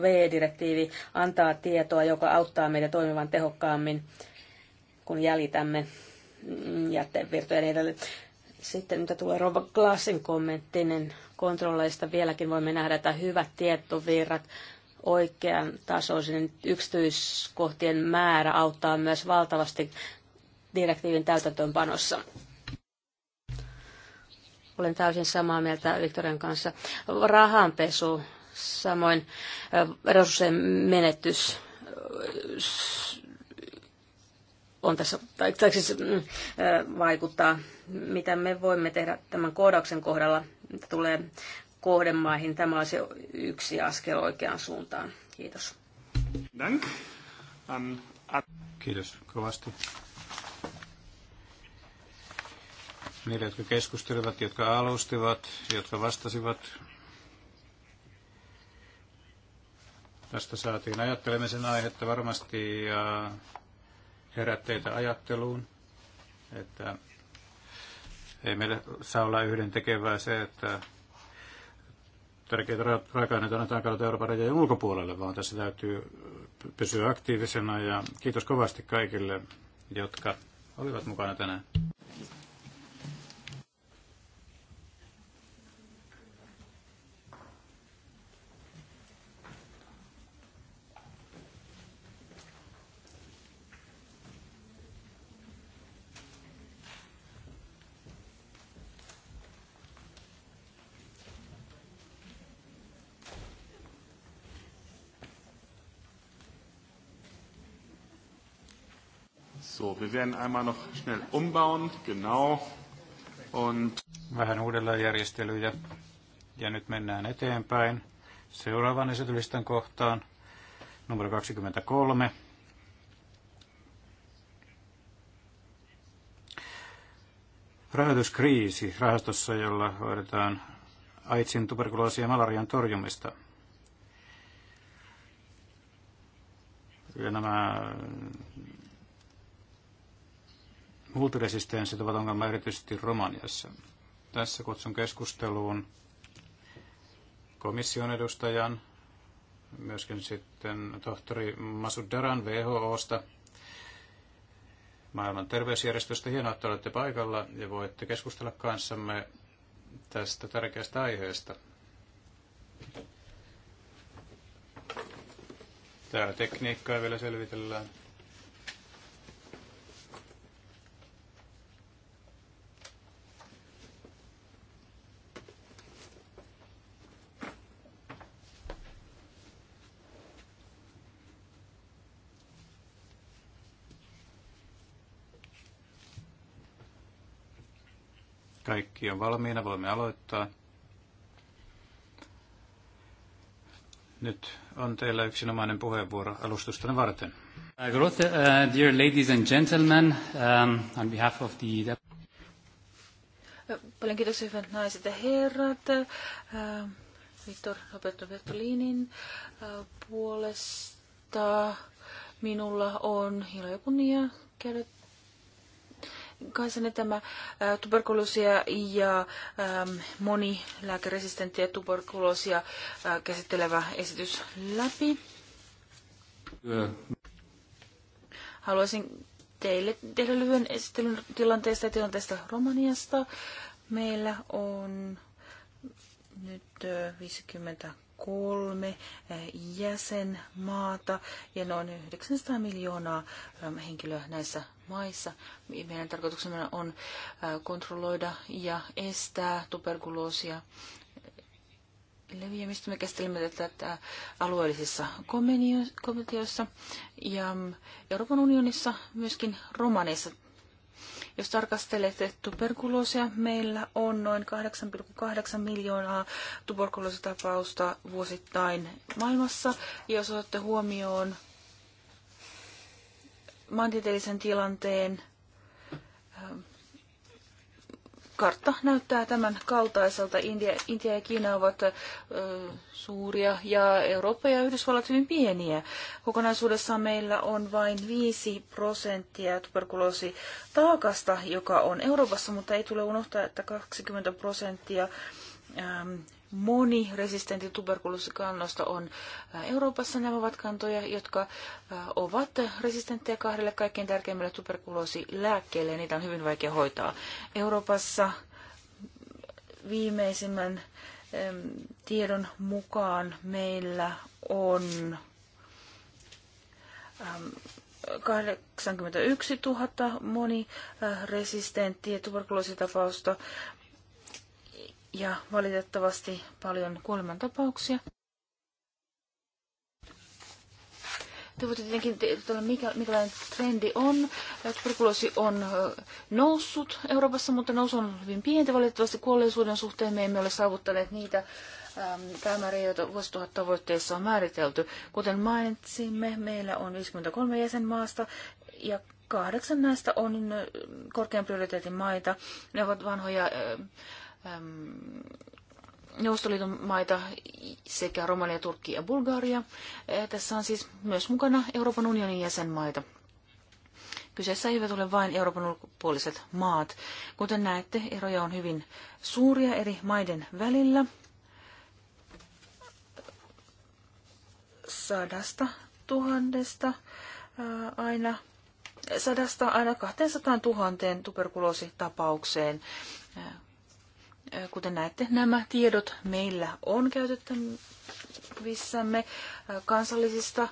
VE-direktiivi antaa tietoa, joka auttaa meitä toimivan tehokkaammin, kun jäljitämme jätevirtoja ja niin edelleen. Sitten mitä tulee Rova Glassin kommenttiin, niin kontrolleista vieläkin voimme nähdä, että hyvät tietovirrat oikean tasoisen yksityiskohtien määrä auttaa myös valtavasti direktiivin täytäntöönpanossa. Olen täysin samaa mieltä Viktorian kanssa. Rahanpesu, samoin resurssien menetys on tässä, tai, tai siis, mm, vaikuttaa, mitä me voimme tehdä tämän koodauksen kohdalla, mitä tulee kohdemaihin. Tämä on se yksi askel oikeaan suuntaan. Kiitos. Dank. Kiitos kovasti. Niille, jotka keskustelivat, jotka alustivat, jotka vastasivat. Tästä saatiin ajattelemisen aihetta varmasti ja herätteitä ajatteluun, että ei meillä saa olla yhden tekevää se, että tärkeitä raaka-aineita annetaan kautta Euroopan rajojen ulkopuolelle, vaan tässä täytyy pysyä aktiivisena ja kiitos kovasti kaikille, jotka olivat mukana tänään. werden einmal noch schnell umbauen, genau. Und Vähän järjestelyjä. Ja nyt mennään eteenpäin seuraavan esitylistan kohtaan, numero 23. Rahoituskriisi rahastossa, jolla hoidetaan AIDSin, tuberkuloosin ja malarian torjumista. Ja nämä multiresistenssit ovat ongelma erityisesti Romaniassa. Tässä kutsun keskusteluun komission edustajan, myöskin sitten tohtori Masud Daran WHOsta, maailman terveysjärjestöstä. Hienoa, että olette paikalla ja voitte keskustella kanssamme tästä tärkeästä aiheesta. Täällä tekniikkaa vielä selvitellään. kaikki on valmiina, voimme aloittaa. Nyt on teillä yksinomainen puheenvuoro alustustanne varten. Uh, Grote, uh, dear ladies and gentlemen, um, on behalf of the... Paljon kiitoksia hyvät naiset ja herrat. Uh, Vittor Roberto Bertolinin uh, puolesta minulla on ilo ja kunnia käydä kansanne tämä tuberkuloosia ja monilääkeresistenttiä tuberkuloosia käsittelevä esitys läpi. Haluaisin teille tehdä lyhyen esittelyn tilanteesta ja tilanteesta Romaniasta. Meillä on nyt 50 kolme eh, jäsenmaata ja noin 900 miljoonaa ehm, henkilöä näissä maissa. Meidän tarkoituksena on eh, kontrolloida ja estää tuberkuloosia leviämistä. Me käsittelemme tätä eh, alueellisissa komiteoissa ja mm, Euroopan unionissa myöskin romaneissa jos tarkastelette tuberkuloosia, meillä on noin 8,8 miljoonaa tuberkuloositapausta vuosittain maailmassa. Ja jos otatte huomioon maantieteellisen tilanteen, kartta näyttää tämän kaltaiselta. India, Intia ja Kiina ovat ö, suuria ja Eurooppa ja Yhdysvallat hyvin pieniä. Kokonaisuudessaan meillä on vain 5 prosenttia tuberkuloositaakasta, joka on Euroopassa, mutta ei tule unohtaa, että 20 prosenttia moni resistentti tuberkuloosikannasta on Euroopassa. Nämä ovat kantoja, jotka ovat resistenttejä kahdelle kaikkein tärkeimmälle tuberkuloosilääkkeelle ja niitä on hyvin vaikea hoitaa. Euroopassa viimeisimmän tiedon mukaan meillä on 81 000 moniresistenttiä tuberkuloositapausta ja valitettavasti paljon kuolemantapauksia. Te voitte tietenkin tietää, mikä, mikälainen trendi on. Tuberkuloosi on noussut Euroopassa, mutta nousu on hyvin pientä. Valitettavasti kuolleisuuden suhteen me emme ole saavuttaneet niitä päämääriä, joita vuosituhattavoitteissa on määritelty. Kuten mainitsimme, meillä on 53 jäsenmaasta ja kahdeksan näistä on korkean prioriteetin maita. Ne ovat vanhoja Ähm, Neuvostoliiton maita sekä Romania, Turkki ja Bulgaria. Äh, tässä on siis myös mukana Euroopan unionin jäsenmaita. Kyseessä eivät ole vain Euroopan ulkopuoliset maat. Kuten näette, eroja on hyvin suuria eri maiden välillä. Sadasta tuhannesta äh, aina sadasta aina 200 000 tuberkuloositapaukseen äh, Kuten näette, nämä tiedot meillä on käytettävissämme kansallisista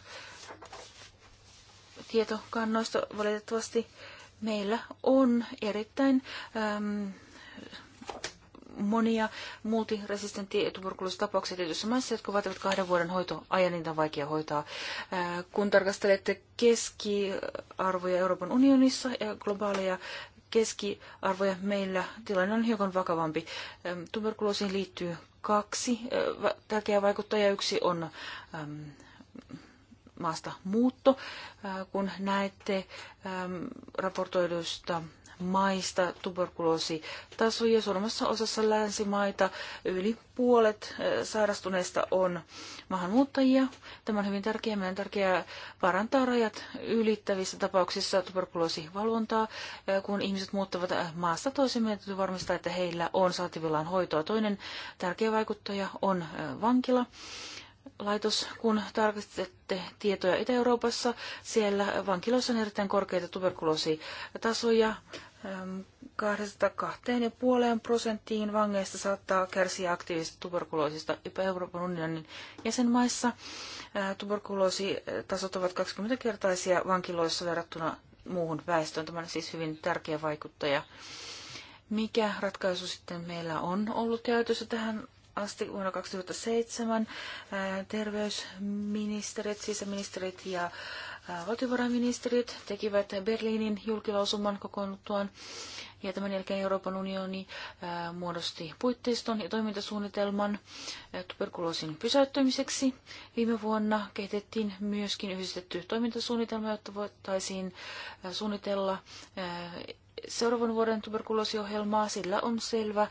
tietokannoista. Valitettavasti meillä on erittäin äm, monia multiresistenttiä tuberkuloositapauksia tietyissä maissa, jotka vaativat kahden vuoden hoitoajan, niitä on vaikea hoitaa. Kun tarkastelette keskiarvoja Euroopan unionissa ja globaaleja keskiarvoja. Meillä tilanne on hiukan vakavampi. Tuberkuloosiin liittyy kaksi tärkeää vaikuttajaa. Yksi on maasta muutto, kun näette raportoidusta maista tuberkuloositasoja. suurimmassa osassa länsimaita yli puolet eh, sairastuneista on maahanmuuttajia. Tämä on hyvin tärkeää. Meidän on tärkeää parantaa rajat ylittävissä tapauksissa tuberkuloosivalvontaa. Eh, kun ihmiset muuttavat eh, maasta toiseen, meidän täytyy varmistaa, että heillä on saatavillaan hoitoa. Toinen tärkeä vaikuttaja on vankila laitos, kun tarkistatte tietoja Itä-Euroopassa. Siellä vankiloissa on erittäin korkeita tuberkuloositasoja puoleen prosenttiin vangeista saattaa kärsiä aktiivisesta tuberkuloosista jopa Euroopan unionin jäsenmaissa. Tuberkuloositasot ovat 20-kertaisia vankiloissa verrattuna muuhun väestöön. Tämä on siis hyvin tärkeä vaikuttaja. Mikä ratkaisu sitten meillä on ollut käytössä tähän asti vuonna 2007? Terveysministerit, sisäministerit ja valtiovarainministerit tekivät Berliinin julkilausuman kokoonnuttuaan ja tämän jälkeen Euroopan unioni äh, muodosti puitteiston ja toimintasuunnitelman äh, tuberkuloosin pysäyttämiseksi. Viime vuonna kehitettiin myöskin yhdistetty toimintasuunnitelma, jotta voitaisiin äh, suunnitella seuraavan vuoden tuberkuloosiohjelmaa. Sillä on selvä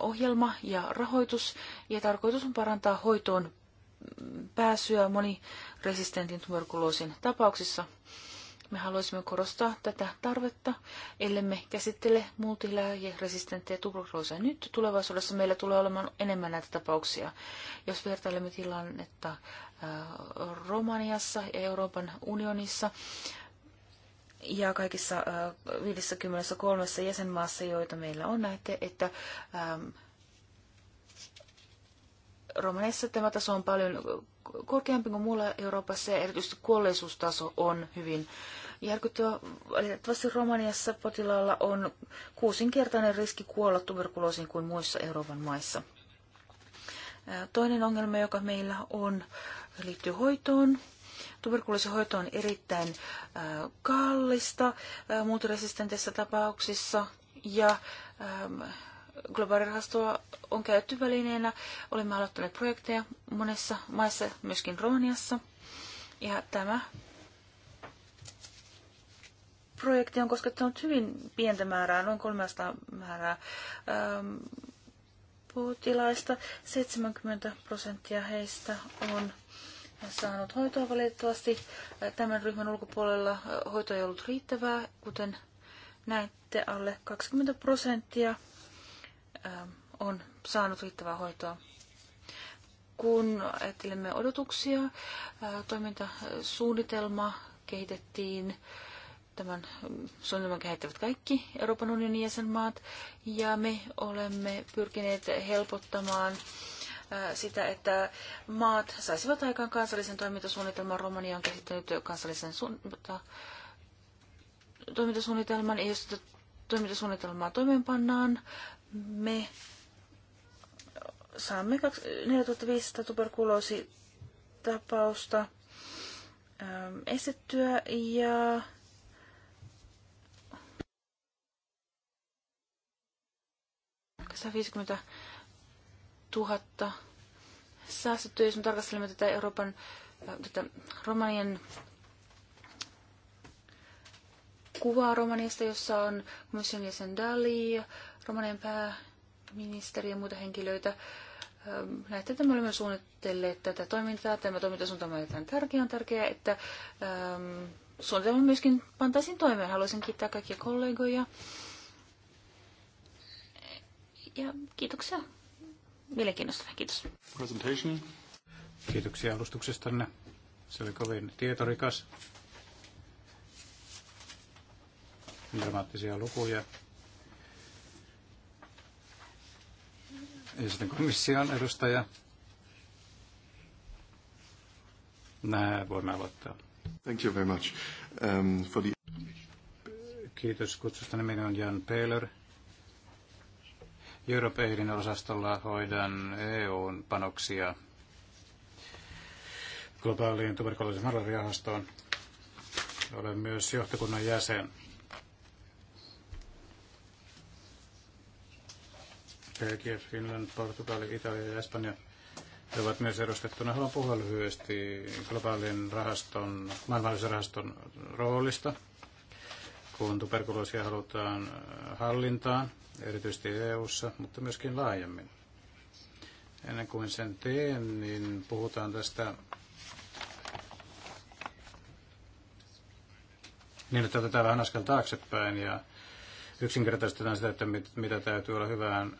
ohjelma ja rahoitus ja tarkoitus on parantaa hoitoon pääsyä moniresistentin tuberkuloosin tapauksissa. Me haluaisimme korostaa tätä tarvetta, ellemme käsittele multilääjeresistenttejä tuberkuloosia nyt. Tulevaisuudessa meillä tulee olemaan enemmän näitä tapauksia. Jos vertailemme tilannetta äh, Romaniassa ja Euroopan unionissa, ja kaikissa 53 äh, jäsenmaassa, joita meillä on, näette, että ähm, romaneissa tämä taso on paljon korkeampi kuin muulla Euroopassa ja erityisesti kuolleisuustaso on hyvin järkyttävä. Valitettavasti Romaniassa potilaalla on kuusinkertainen riski kuolla tuberkuloosiin kuin muissa Euroopan maissa. Toinen ongelma, joka meillä on, liittyy hoitoon. Tuberkuloosihoito on erittäin kallista muuntoresistenteissä tapauksissa ja globaalirahastoa on käytetty välineenä. Olemme aloittaneet projekteja monessa maissa, myöskin Romaniassa. Ja tämä projekti on koskettanut hyvin pientä määrää, noin 300 määrää ähm, potilaista. 70 prosenttia heistä on saanut hoitoa valitettavasti. Äh, tämän ryhmän ulkopuolella äh, hoito ei ollut riittävää, kuten näette alle 20 prosenttia Ähm, on saanut riittävää hoitoa. Kun ajattelemme odotuksia, äh, toimintasuunnitelma kehitettiin tämän mm, suunnitelman kehittävät kaikki Euroopan unionin jäsenmaat, ja me olemme pyrkineet helpottamaan äh, sitä, että maat saisivat aikaan kansallisen toimintasuunnitelman. Romania on kehittänyt kansallisen suunta. Tota, toimintasuunnitelman, ja jos toimintasuunnitelmaa toimeenpannaan, me saamme 4500 tuberkuloositapausta ähm, estettyä ja viisikymmentä tuhatta säästettyä, jos me tarkastelemme tätä Euroopan, äh, tätä Romanian kuvaa Romaniasta, jossa on komission jäsen Dali, Romanian pääministeri ja muita henkilöitä. Ähm, näette, että me olemme suunnitelleet tätä toimintaa. Tämä toimintasuunta on erittäin tärkeä. On tärkeää, että ähm, suunnitelma myöskin pantaisiin toimeen. Haluaisin kiittää kaikkia kollegoja. Ja kiitoksia mielenkiinnosta. Kiitos. Presentation. Kiitoksia alustuksestanne. Se oli kovin tietorikas. Dramaattisia lukuja. esitän komission edustaja. Nää voimme aloittaa. Thank you very much um, for the... Kiitos kutsusta. Nimeni on Jan Peeler. Europeidin osastolla hoidan EUn panoksia globaaliin tuberkuloisen malariahastoon. Olen myös johtokunnan jäsen Tsekia, Finland, Portugali, Italia ja Espanja he ovat myös edustettuna. Haluan puhua lyhyesti globaalin rahaston, maailmallisen rahaston roolista, kun tuberkuloosia halutaan äh, hallintaan, erityisesti EU-ssa, mutta myöskin laajemmin. Ennen kuin sen teen, niin puhutaan tästä niin, että otetaan vähän askel taaksepäin ja yksinkertaistetaan sitä, että mit, mitä täytyy olla hyvään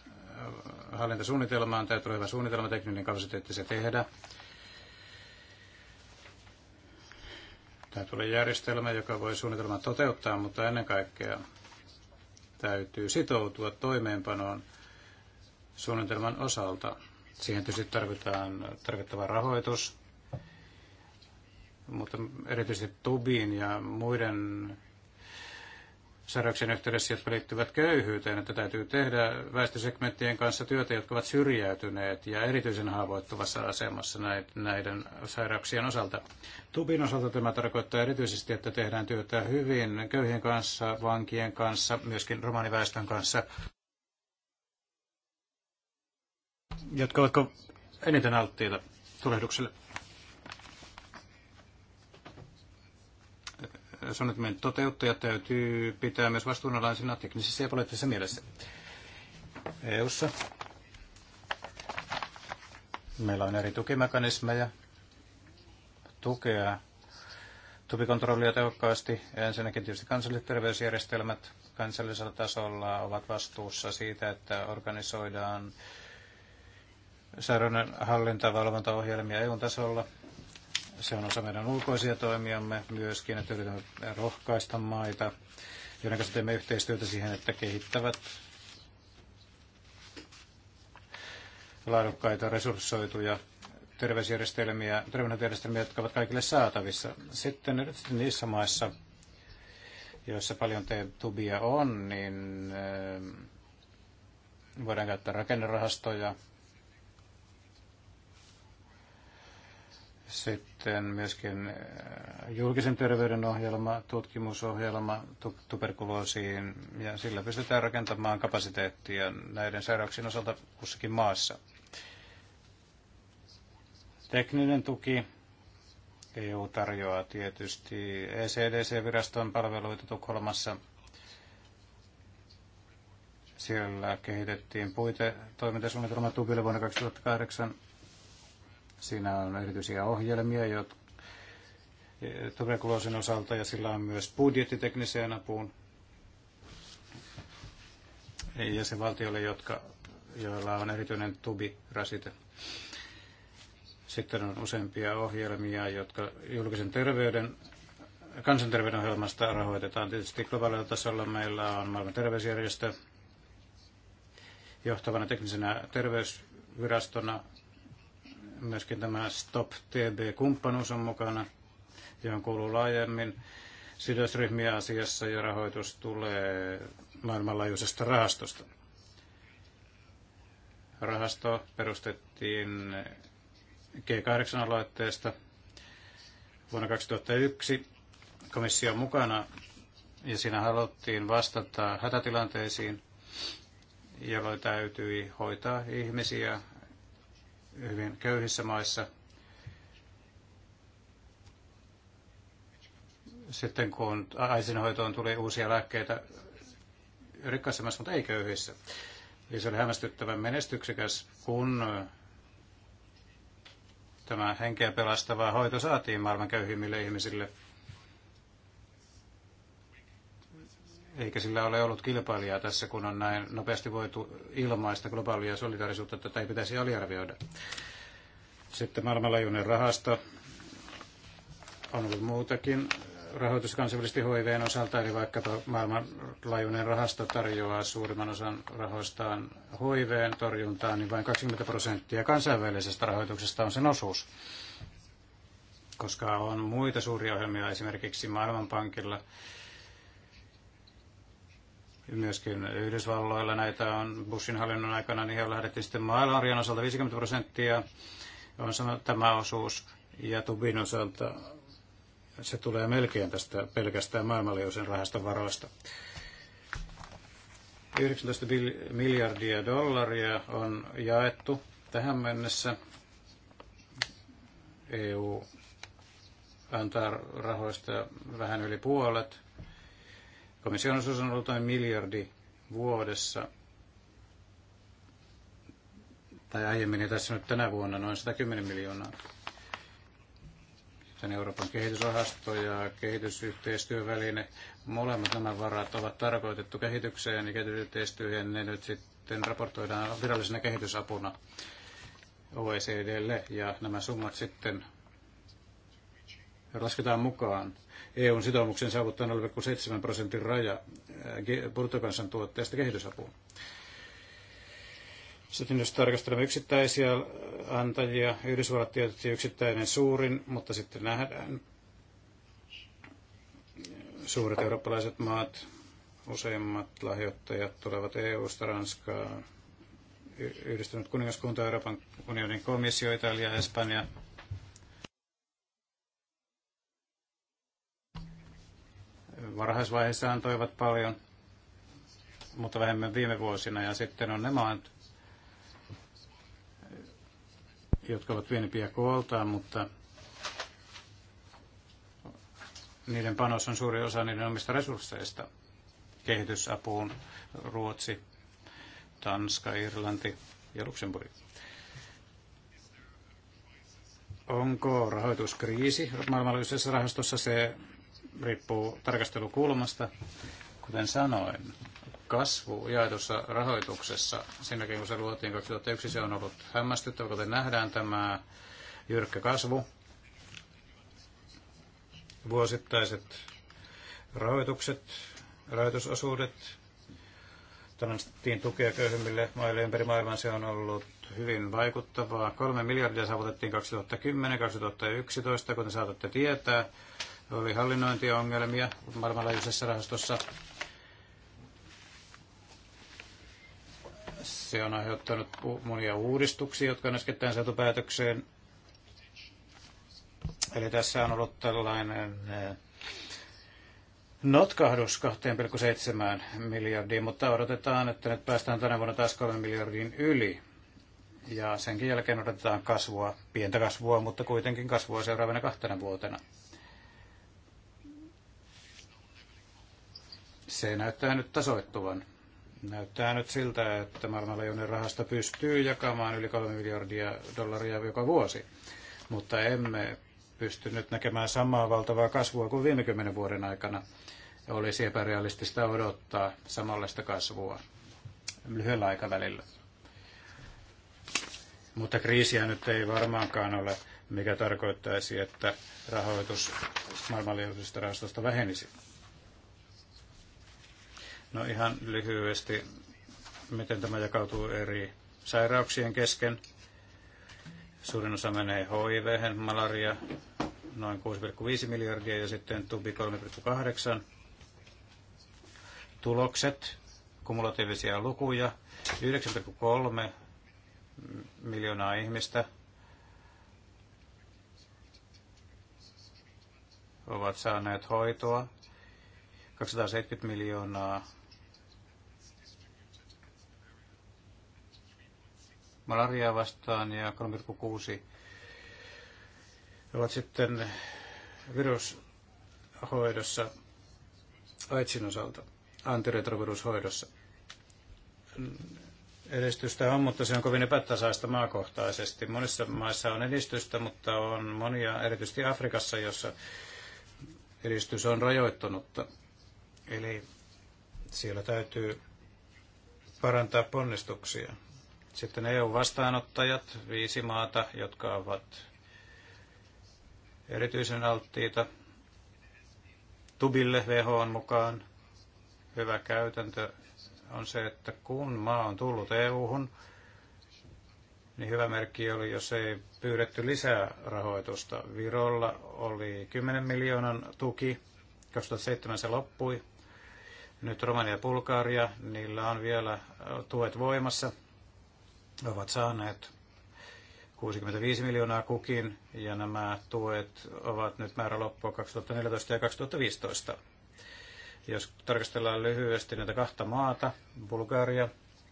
hallintasuunnitelmaan. Täytyy olla hyvä suunnitelma, tekninen kapasiteetti se tehdä. Täytyy olla järjestelmä, joka voi suunnitelman toteuttaa, mutta ennen kaikkea täytyy sitoutua toimeenpanoon suunnitelman osalta. Siihen tietysti tarvitaan tarvittava rahoitus, mutta erityisesti tubiin ja muiden säädöksen yhteydessä, jotka liittyvät köyhyyteen, että täytyy tehdä väestösegmenttien kanssa työtä, jotka ovat syrjäytyneet ja erityisen haavoittuvassa asemassa näiden sairauksien osalta. Tubin osalta tämä tarkoittaa erityisesti, että tehdään työtä hyvin köyhien kanssa, vankien kanssa, myöskin romaniväestön kanssa, jotka ovat eniten alttiita tulehdukselle. suunnitelmien toteuttajat täytyy pitää myös vastuunalaisina teknisessä ja poliittisessa mielessä. EUssa meillä on eri tukimekanismeja tukea tupikontrollia tehokkaasti. Ensinnäkin tietysti kansalliset terveysjärjestelmät kansallisella tasolla ovat vastuussa siitä, että organisoidaan sairauden hallinta- ja valvontaohjelmia EU-tasolla se on osa meidän ulkoisia toimiamme myöskin, että yritämme rohkaista maita, joiden kanssa teemme yhteistyötä siihen, että kehittävät laadukkaita, resurssoituja terveysjärjestelmiä, terveydenhoitojärjestelmiä, jotka ovat kaikille saatavissa. Sitten erityisesti niissä maissa, joissa paljon tubia on, niin eh, voidaan käyttää rakennerahastoja, Sitten myöskin äh, julkisen terveyden ohjelma, tutkimusohjelma tuberkuloosiin ja sillä pystytään rakentamaan kapasiteettia näiden sairauksien osalta kussakin maassa. Tekninen tuki. EU tarjoaa tietysti ECDC-viraston palveluita Tukholmassa. Siellä kehitettiin puite Tubille vuonna 2008 Siinä on erityisiä ohjelmia jotka, tuberkuloosin osalta ja sillä on myös budjettitekniseen apuun valtiolle, jotka, joilla on erityinen tubi-rasite. Sitten on useampia ohjelmia, jotka julkisen terveyden kansanterveyden ohjelmasta rahoitetaan. Tietysti globaalilla tasolla meillä on maailman terveysjärjestö johtavana teknisenä terveysvirastona Myöskin tämä Stop TB-kumppanuus on mukana, johon kuuluu laajemmin sidosryhmiä asiassa ja rahoitus tulee maailmanlaajuisesta rahastosta. Rahasto perustettiin G8-aloitteesta vuonna 2001 komission mukana ja siinä haluttiin vastata hätätilanteisiin, jolloin täytyi hoitaa ihmisiä hyvin köyhissä maissa. Sitten kun aisinhoitoon tuli uusia lääkkeitä rikkaissa maissa, mutta ei köyhissä. Eli se oli hämmästyttävän menestyksekäs, kun tämä henkeä pelastava hoito saatiin maailman köyhimmille ihmisille – eikä sillä ole ollut kilpailijaa tässä, kun on näin nopeasti voitu ilmaista globaalia solidaarisuutta, tätä ei pitäisi aliarvioida. Sitten maailmanlaajuinen rahasto on ollut muutakin rahoitus kansainvälisesti hoiveen osalta, eli vaikkapa maailmanlaajuinen rahasto tarjoaa suurimman osan rahoistaan hoiveen torjuntaan, niin vain 20 prosenttia kansainvälisestä rahoituksesta on sen osuus. Koska on muita suuria ohjelmia esimerkiksi Maailmanpankilla, Myöskin Yhdysvalloilla näitä on Bushin hallinnon aikana, niin he lähdettiin sitten maailmanrian osalta 50 prosenttia on tämä osuus. Ja Tubin osalta se tulee melkein tästä pelkästään maailmanlaajuisen rahaston varoista. 19 miljardia dollaria on jaettu tähän mennessä. EU antaa rahoista vähän yli puolet Komission osuus on ollut noin miljardi vuodessa, tai aiemmin ja tässä nyt tänä vuonna noin 110 miljoonaa. Sitten Euroopan kehitysrahasto ja kehitysyhteistyöväline, molemmat nämä varat ovat tarkoitettu kehitykseen ja kehitysyhteistyöhön, ne nyt sitten raportoidaan virallisena kehitysapuna OECDlle ja nämä summat sitten lasketaan mukaan EUn sitoumuksen saavuttaa 0,7 prosentin raja äh, bruttokansantuotteesta kehitysapuun. Sitten jos tarkastelemme yksittäisiä äh, antajia, Yhdysvallat tietysti yksittäinen suurin, mutta sitten nähdään suuret eurooppalaiset maat, useimmat lahjoittajat tulevat EU-sta, Ranskaa, Yhdistynyt kuningaskunta, Euroopan unionin komissio, Italia, Espanja, varhaisvaiheessa antoivat paljon, mutta vähemmän viime vuosina. Ja sitten on ne maat, jotka ovat pienempiä kooltaan, mutta niiden panos on suuri osa niiden omista resursseista kehitysapuun. Ruotsi, Tanska, Irlanti ja Luxemburg. Onko rahoituskriisi maailmanlaajuisessa rahastossa? Se riippuu tarkastelukulmasta. Kuten sanoin, kasvu jaetussa rahoituksessa, siinäkin kun se luotiin 2001, se on ollut hämmästyttävä, kuten nähdään tämä jyrkkä kasvu. Vuosittaiset rahoitukset, rahoitusosuudet, annettiin tukea köyhimmille maille ympäri maailman. Se on ollut hyvin vaikuttavaa. Kolme miljardia saavutettiin 2010-2011, kuten saatatte tietää. Oli hallinnointiongelmia maailmanlaajuisessa rahastossa. Se on aiheuttanut monia uudistuksia, jotka on äskettäin saatu päätökseen. Eli tässä on ollut tällainen eh, notkahdus 2,7 miljardiin, mutta odotetaan, että nyt päästään tänä vuonna taas 3 miljardin yli. Ja senkin jälkeen odotetaan kasvua, pientä kasvua, mutta kuitenkin kasvua seuraavana kahtena vuotena. se näyttää nyt tasoittuvan. Näyttää nyt siltä, että maailmanlaajuinen rahasto pystyy jakamaan yli 3 miljardia dollaria joka vuosi, mutta emme pysty nyt näkemään samaa valtavaa kasvua kuin viime kymmenen vuoden aikana. Olisi epärealistista odottaa samanlaista kasvua lyhyellä aikavälillä. Mutta kriisiä nyt ei varmaankaan ole, mikä tarkoittaisi, että rahoitus maailmanlaajuisesta rahastosta vähenisi. No ihan lyhyesti, miten tämä jakautuu eri sairauksien kesken. Suurin osa menee HIV, malaria, noin 6,5 miljardia ja sitten tubi 3,8. Tulokset, kumulatiivisia lukuja, 9,3 miljoonaa ihmistä ovat saaneet hoitoa, 270 miljoonaa malaria vastaan ja 3,6 ovat sitten virushoidossa AIDSin osalta, antiretrovirushoidossa. Edistystä on, mutta se on kovin epätasaista maakohtaisesti. Monissa maissa on edistystä, mutta on monia, erityisesti Afrikassa, jossa edistys on rajoittunutta. Eli siellä täytyy parantaa ponnistuksia. Sitten EU-vastaanottajat, viisi maata, jotka ovat erityisen alttiita tubille WHOn mukaan. Hyvä käytäntö on se, että kun maa on tullut EU-hun, niin hyvä merkki oli, jos ei pyydetty lisää rahoitusta. Virolla oli 10 miljoonan tuki, 2007 se loppui. Nyt Romania ja Bulgaria, niillä on vielä tuet voimassa ovat saaneet 65 miljoonaa kukin, ja nämä tuet ovat nyt määrä loppua 2014 ja 2015. Jos tarkastellaan lyhyesti näitä kahta maata, Bulgaria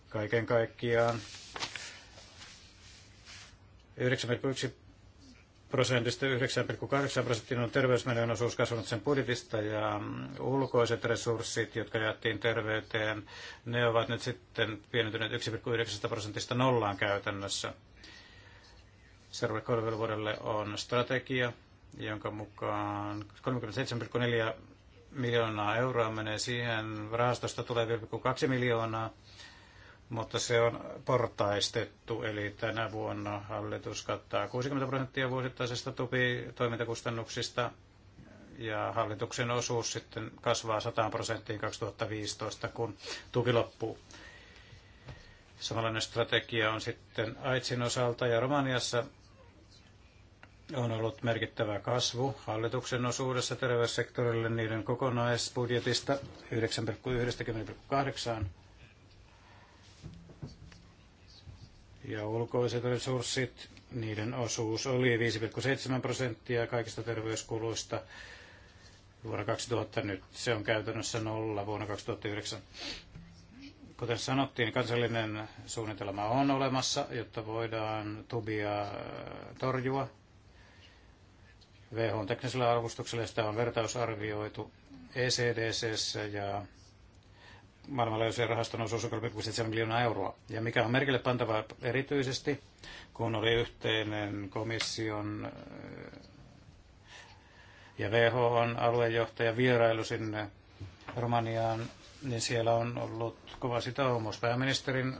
kaiken kaikkiaan 9,1 prosentista 9,8 prosenttiin on terveysmenojen osuus kasvanut sen budjetista ja mm, ulkoiset resurssit, jotka jaettiin terveyteen, ne ovat nyt sitten pienentyneet 1,9 prosentista nollaan käytännössä. Seuraavalle vuodelle on strategia, jonka mukaan 37,4 miljoonaa euroa menee siihen. Rahastosta tulee 1,2 miljoonaa mutta se on portaistettu, eli tänä vuonna hallitus kattaa 60 prosenttia vuosittaisesta tupi toimintakustannuksista ja hallituksen osuus sitten kasvaa 100 prosenttiin 2015, kun tuki loppuu. Samanlainen strategia on sitten Aitsin osalta ja Romaniassa on ollut merkittävä kasvu hallituksen osuudessa terveyssektorille niiden kokonaisbudjetista 99 108 Ja ulkoiset resurssit, niiden osuus oli 5,7 prosenttia kaikista terveyskuluista vuonna 2000 nyt. Se on käytännössä nolla vuonna 2009. Kuten sanottiin, niin kansallinen suunnitelma on olemassa, jotta voidaan tubia äh, torjua. on teknisellä arvostuksella sitä on vertausarvioitu ECDC ja maailmanlaajuisen rahaston osuus on 3,7 miljoonaa euroa. Ja mikä on merkille pantava erityisesti, kun oli yhteinen komission äh, ja WHOn aluejohtaja vierailu sinne Romaniaan, niin siellä on ollut kova sitoumus pääministerin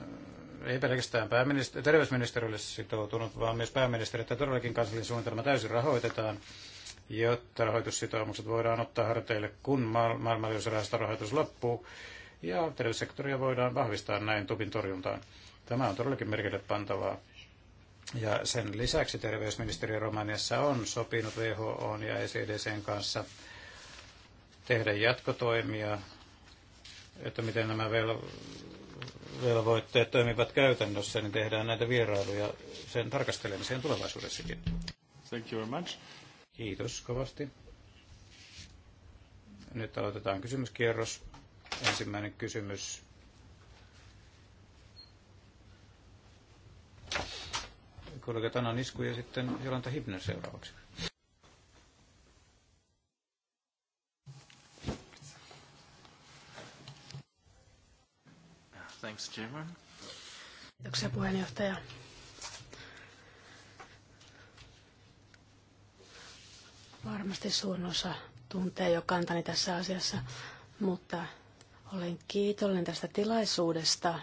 ei pelkästään pääministeri, terveysministeriölle sitoutunut, vaan myös pääministeri, että todellakin kansallinen suunnitelma täysin rahoitetaan, jotta rahoitussitoumukset voidaan ottaa harteille, kun maailmanlaajuisen rahoitus loppuu ja terveyssektoria voidaan vahvistaa näin tupin torjuntaan. Tämä on todellakin merkille pantavaa. Ja sen lisäksi terveysministeriö Romaniassa on sopinut WHO ja ECDCn kanssa tehdä jatkotoimia, että miten nämä velvoitteet toimivat käytännössä, niin tehdään näitä vierailuja sen tarkastelemiseen tulevaisuudessakin. Thank you very much. Kiitos kovasti. Nyt aloitetaan kysymyskierros. Ensimmäinen kysymys. Kollega Tanan isku ja sitten Jolanta Hibner seuraavaksi. Thanks, Chairman. Kiitoksia puheenjohtaja. Varmasti suurin osa tuntee jo kantani tässä asiassa, mutta olen kiitollinen tästä tilaisuudesta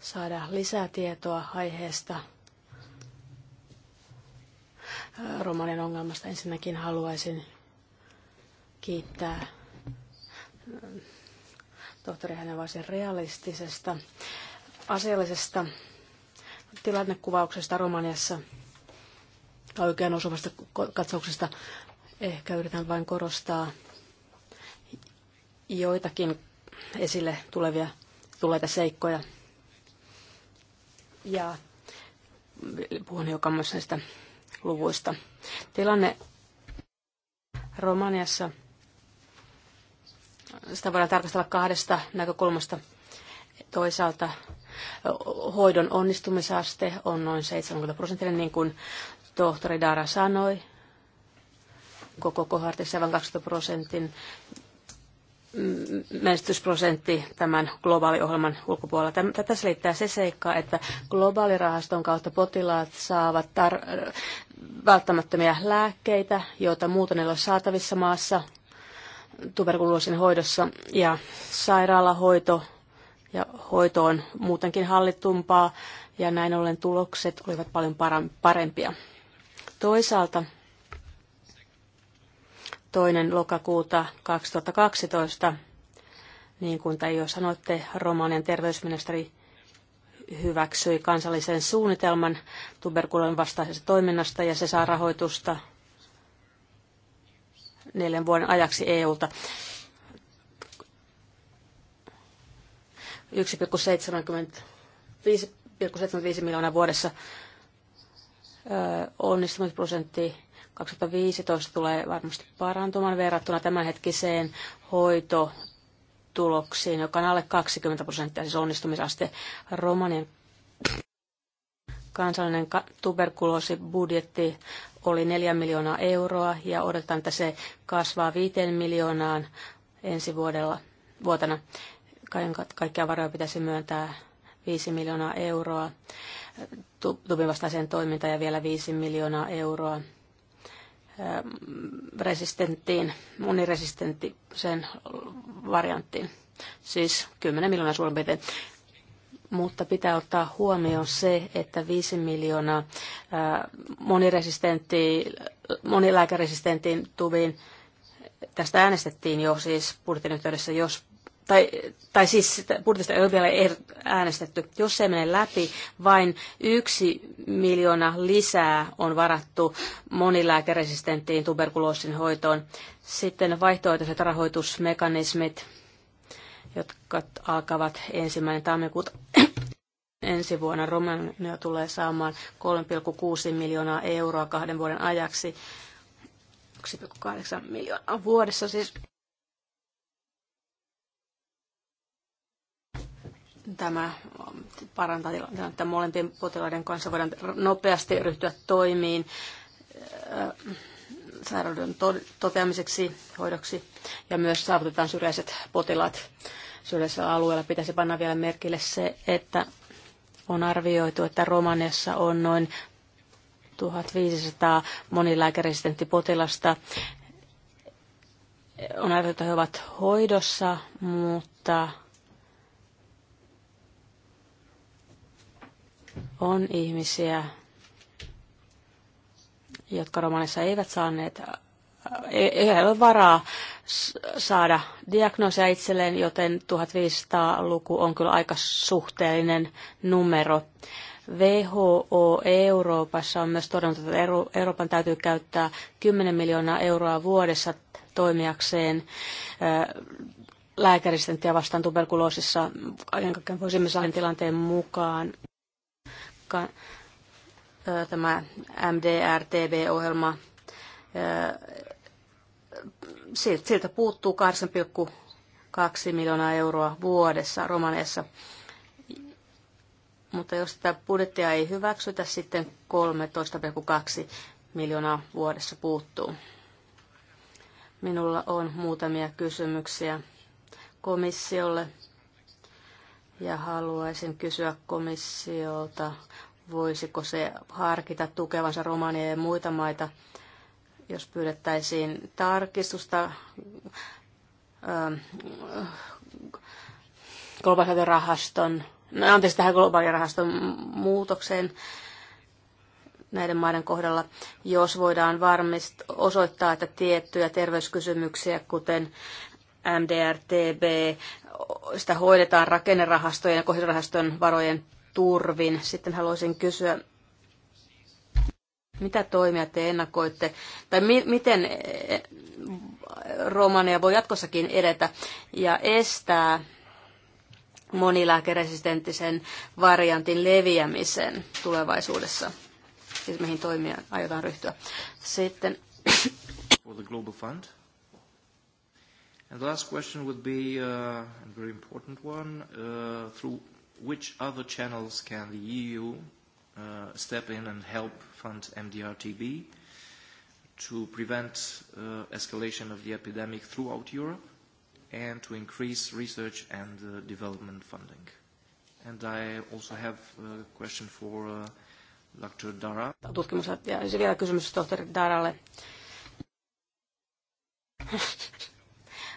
saada lisää tietoa aiheesta. Romanien ongelmasta ensinnäkin haluaisin kiittää tohtori hänen varsin realistisesta, asiallisesta tilannekuvauksesta Romaniassa oikean osuvasta katsauksesta. Ehkä yritän vain korostaa joitakin esille tulevia tuleita seikkoja. Ja puhun hiukan myös näistä luvuista. Tilanne Romaniassa, sitä voidaan tarkastella kahdesta näkökulmasta. Toisaalta hoidon onnistumisaste on noin 70 prosenttinen, niin kuin tohtori Dara sanoi, koko kohortissa vain 20 prosentin menestysprosentti tämän globaaliohjelman ulkopuolella. Tätä selittää se seikka, että globaalirahaston kautta potilaat saavat tar- välttämättömiä lääkkeitä, joita muuten ei ole saatavissa maassa tuberkuloosin hoidossa ja sairaalahoito ja hoito on muutenkin hallitumpaa ja näin ollen tulokset olivat paljon parempia. Toisaalta toinen lokakuuta 2012, niin kuin tai jo sanoitte, Romanian terveysministeri hyväksyi kansallisen suunnitelman tuberkuloosin vastaisesta toiminnasta ja se saa rahoitusta neljän vuoden ajaksi EUlta. 1,75 miljoonaa vuodessa onnistumisprosentti 2015 tulee varmasti parantumaan verrattuna tämänhetkiseen hoitotuloksiin, joka on alle 20 prosenttia, siis onnistumisaste Romanian kansallinen tuberkuloosibudjetti oli 4 miljoonaa euroa ja odotetaan, että se kasvaa 5 miljoonaan ensi vuodella, vuotena. Kaiken, kaikkia varoja pitäisi myöntää 5 miljoonaa euroa tubin vastaiseen toimintaan ja vielä 5 miljoonaa euroa Ähm, resistenttiin, moniresistenttiseen varianttiin. Siis 10 miljoonaa suurin piirtein. Mutta pitää ottaa huomioon se, että 5 miljoonaa äh, monilääkäresistenttiin tuviin, tästä äänestettiin jo siis budjetin yhteydessä, jos tai, tai siis budjetista ei ole vielä äänestetty. Jos se menee läpi, vain yksi miljoona lisää on varattu monilääkeresistenttiin tuberkuloosin hoitoon. Sitten vaihtoehtoiset rahoitusmekanismit, jotka alkavat ensimmäinen tammikuuta ensi vuonna. Romania tulee saamaan 3,6 miljoonaa euroa kahden vuoden ajaksi. 1,8 miljoonaa vuodessa siis. Tämä parantaa tilannetta molempien potilaiden kanssa. Voidaan nopeasti ryhtyä toimiin äh, sairauden toteamiseksi, hoidoksi ja myös saavutetaan syrjäiset potilaat. Syrjäisellä alueella pitäisi panna vielä merkille se, että on arvioitu, että Romaniassa on noin 1500 potilasta, On arvioitu, että he ovat hoidossa, mutta on ihmisiä, jotka romanissa eivät saaneet, ei ole varaa saada diagnoosia itselleen, joten 1500-luku on kyllä aika suhteellinen numero. WHO Euroopassa on myös todennut, että Euroopan täytyy käyttää 10 miljoonaa euroa vuodessa toimijakseen lääkärisistentiä vastaan tuberkuloosissa. Kaiken kaikkiaan voisimme saada tilanteen mukaan koska tämä MDR-TV-ohjelma, siltä puuttuu 8,2 miljoonaa euroa vuodessa romaneessa. Mutta jos tätä budjettia ei hyväksytä, sitten 13,2 miljoonaa vuodessa puuttuu. Minulla on muutamia kysymyksiä komissiolle ja haluaisin kysyä komissiolta, voisiko se harkita tukevansa Romania ja muita maita, jos pyydettäisiin tarkistusta ähm, rahaston? no anteeksi tähän rahaston muutokseen näiden maiden kohdalla, jos voidaan varmist, osoittaa, että tiettyjä terveyskysymyksiä, kuten MDRTB, sitä hoidetaan rakennerahastojen ja kohderahaston varojen turvin. Sitten haluaisin kysyä, mitä toimia te ennakoitte, tai mi- miten e, Romania voi jatkossakin edetä ja estää monilääkeresistenttisen variantin leviämisen tulevaisuudessa, siis mihin toimia aiotaan ryhtyä. Sitten... For the Global Fund. And the last question would be, uh, a very important one, uh, through which other channels can the EU uh, step in and help fund MDR-TB to prevent uh, escalation of the epidemic throughout Europe and to increase research and uh, development funding? And I also have a question for uh, Dr. Dara. Tutkimus ja vielä kysymys tohtori Daralle.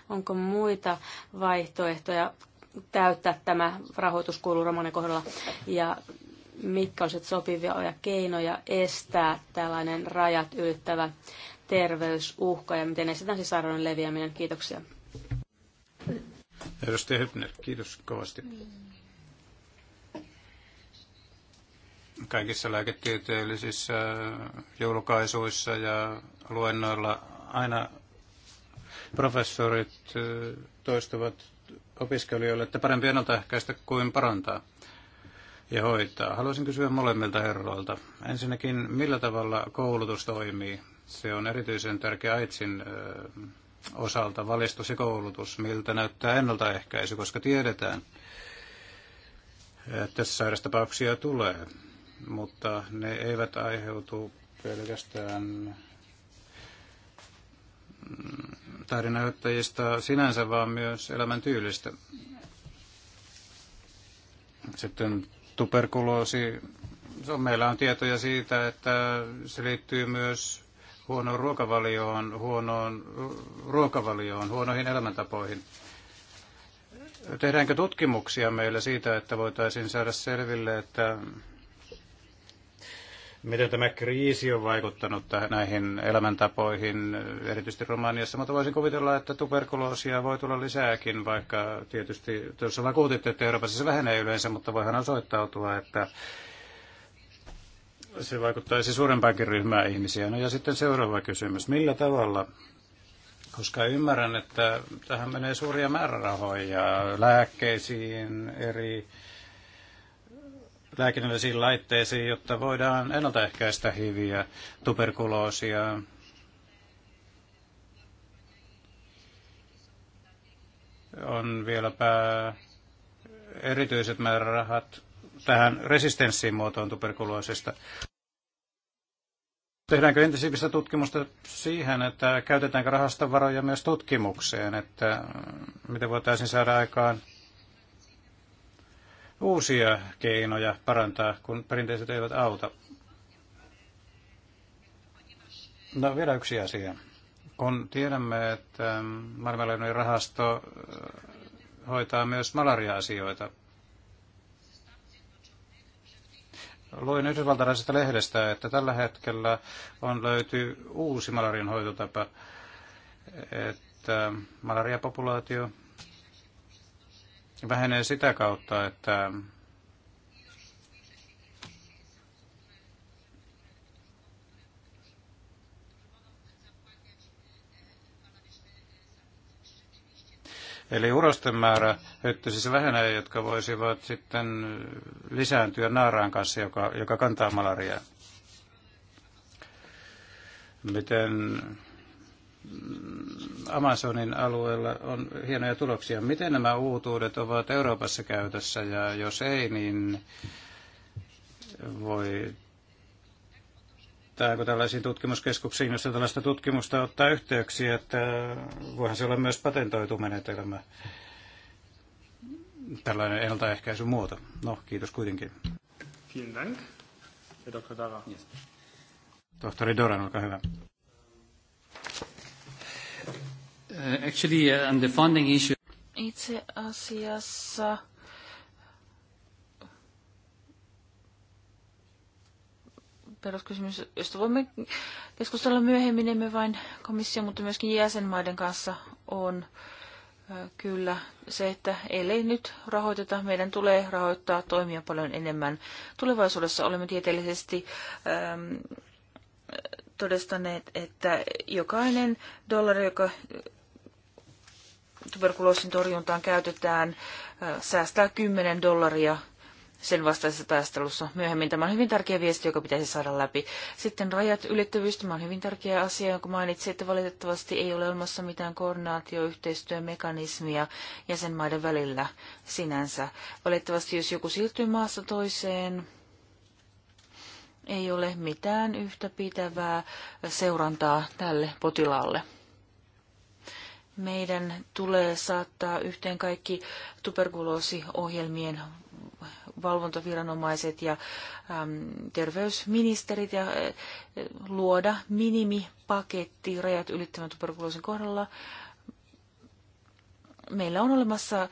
Onko muita vaihtoehtoja täyttää tämä rahoituskulu Romanen kohdalla ja mitkä olisivat sopivia keinoja estää tällainen rajat ylittävä terveysuhka ja miten estetään siis sairauden leviäminen. Kiitoksia. Edustaja Hypner, kiitos kovasti. Kaikissa lääketieteellisissä julkaisuissa ja luennoilla aina professorit toistuvat opiskelijoille, että parempi ennaltaehkäistä kuin parantaa ja hoitaa. Haluaisin kysyä molemmilta herroilta. Ensinnäkin, millä tavalla koulutus toimii? Se on erityisen tärkeä AIDSin osalta, valistus ja koulutus. Miltä näyttää ennaltaehkäisy, koska tiedetään, että sairastapauksia tulee, mutta ne eivät aiheutu pelkästään mm, taidenäyttäjistä sinänsä, vaan myös elämäntyylistä. Sitten tuberkuloosi, meillä on tietoja siitä, että se liittyy myös huonoon ruokavalioon, huonoon ruokavalioon, huonoihin elämäntapoihin. Tehdäänkö tutkimuksia meillä siitä, että voitaisiin saada selville, että miten tämä kriisi on vaikuttanut näihin elämäntapoihin, erityisesti Romaniassa, mutta voisin kuvitella, että tuberkuloosia voi tulla lisääkin, vaikka tietysti tuossa vakuutitte, että Euroopassa se vähenee yleensä, mutta voihan osoittautua, että se vaikuttaisi suurempaankin ryhmään ihmisiä. No ja sitten seuraava kysymys, millä tavalla koska ymmärrän, että tähän menee suuria määrärahoja lääkkeisiin, eri lääkinnällisiin laitteisiin, jotta voidaan ennaltaehkäistä hiviä, tuberkuloosia, on vieläpä erityiset määrärahat tähän resistenssiin muotoon tuberkuloosista. Tehdäänkö intensiivistä tutkimusta siihen, että käytetäänkö rahasta myös tutkimukseen, että miten voitaisiin saada aikaan uusia keinoja parantaa, kun perinteiset eivät auta. No vielä yksi asia. Kun tiedämme, että maailmanlainen rahasto äh, hoitaa myös malaria-asioita, Luin yhdysvaltalaisesta lehdestä, että tällä hetkellä on löyty uusi malarian hoitotapa, että malariapopulaatio vähenee sitä kautta, että Eli urosten määrä siis vähenee, jotka voisivat sitten lisääntyä naaraan kanssa, joka, joka kantaa malariaa. Miten Amazonin alueella on hienoja tuloksia. Miten nämä uutuudet ovat Euroopassa käytössä ja jos ei, niin voi Tääkö tällaisiin tutkimuskeskuksiin, jos tällaista tutkimusta ottaa yhteyksiä, että voihan se olla myös patentoitu menetelmä, tällainen ennaltaehkäisyn muoto. No, kiitos kuitenkin. Vielen Dank. Herr Dr. Dara. Yes. Tohtori Doran, olkaa hyvä. Uh, actually, uh, on the funding issue. Itse asiassa peruskysymys, josta voimme keskustella myöhemmin, emme vain komissio, mutta myöskin jäsenmaiden kanssa on kyllä se, että ellei nyt rahoiteta, meidän tulee rahoittaa toimia paljon enemmän. Tulevaisuudessa olemme tieteellisesti ähm, todistaneet, että jokainen dollari, joka tuberkuloosin torjuntaan käytetään, säästää 10 dollaria sen vastaisessa taistelussa myöhemmin. Tämä on hyvin tärkeä viesti, joka pitäisi saada läpi. Sitten rajat ylittävyys, tämä on hyvin tärkeä asia, jonka mainitsin, että valitettavasti ei ole olemassa mitään koordinaatioyhteistyömekanismia jäsenmaiden välillä sinänsä. Valitettavasti jos joku siirtyy maasta toiseen, ei ole mitään yhtä pitävää seurantaa tälle potilaalle meidän tulee saattaa yhteen kaikki tuberkuloosiohjelmien valvontaviranomaiset ja äm, terveysministerit ja ä, luoda minimipaketti rajat ylittävän tuberkuloosin kohdalla. Meillä on olemassa ä,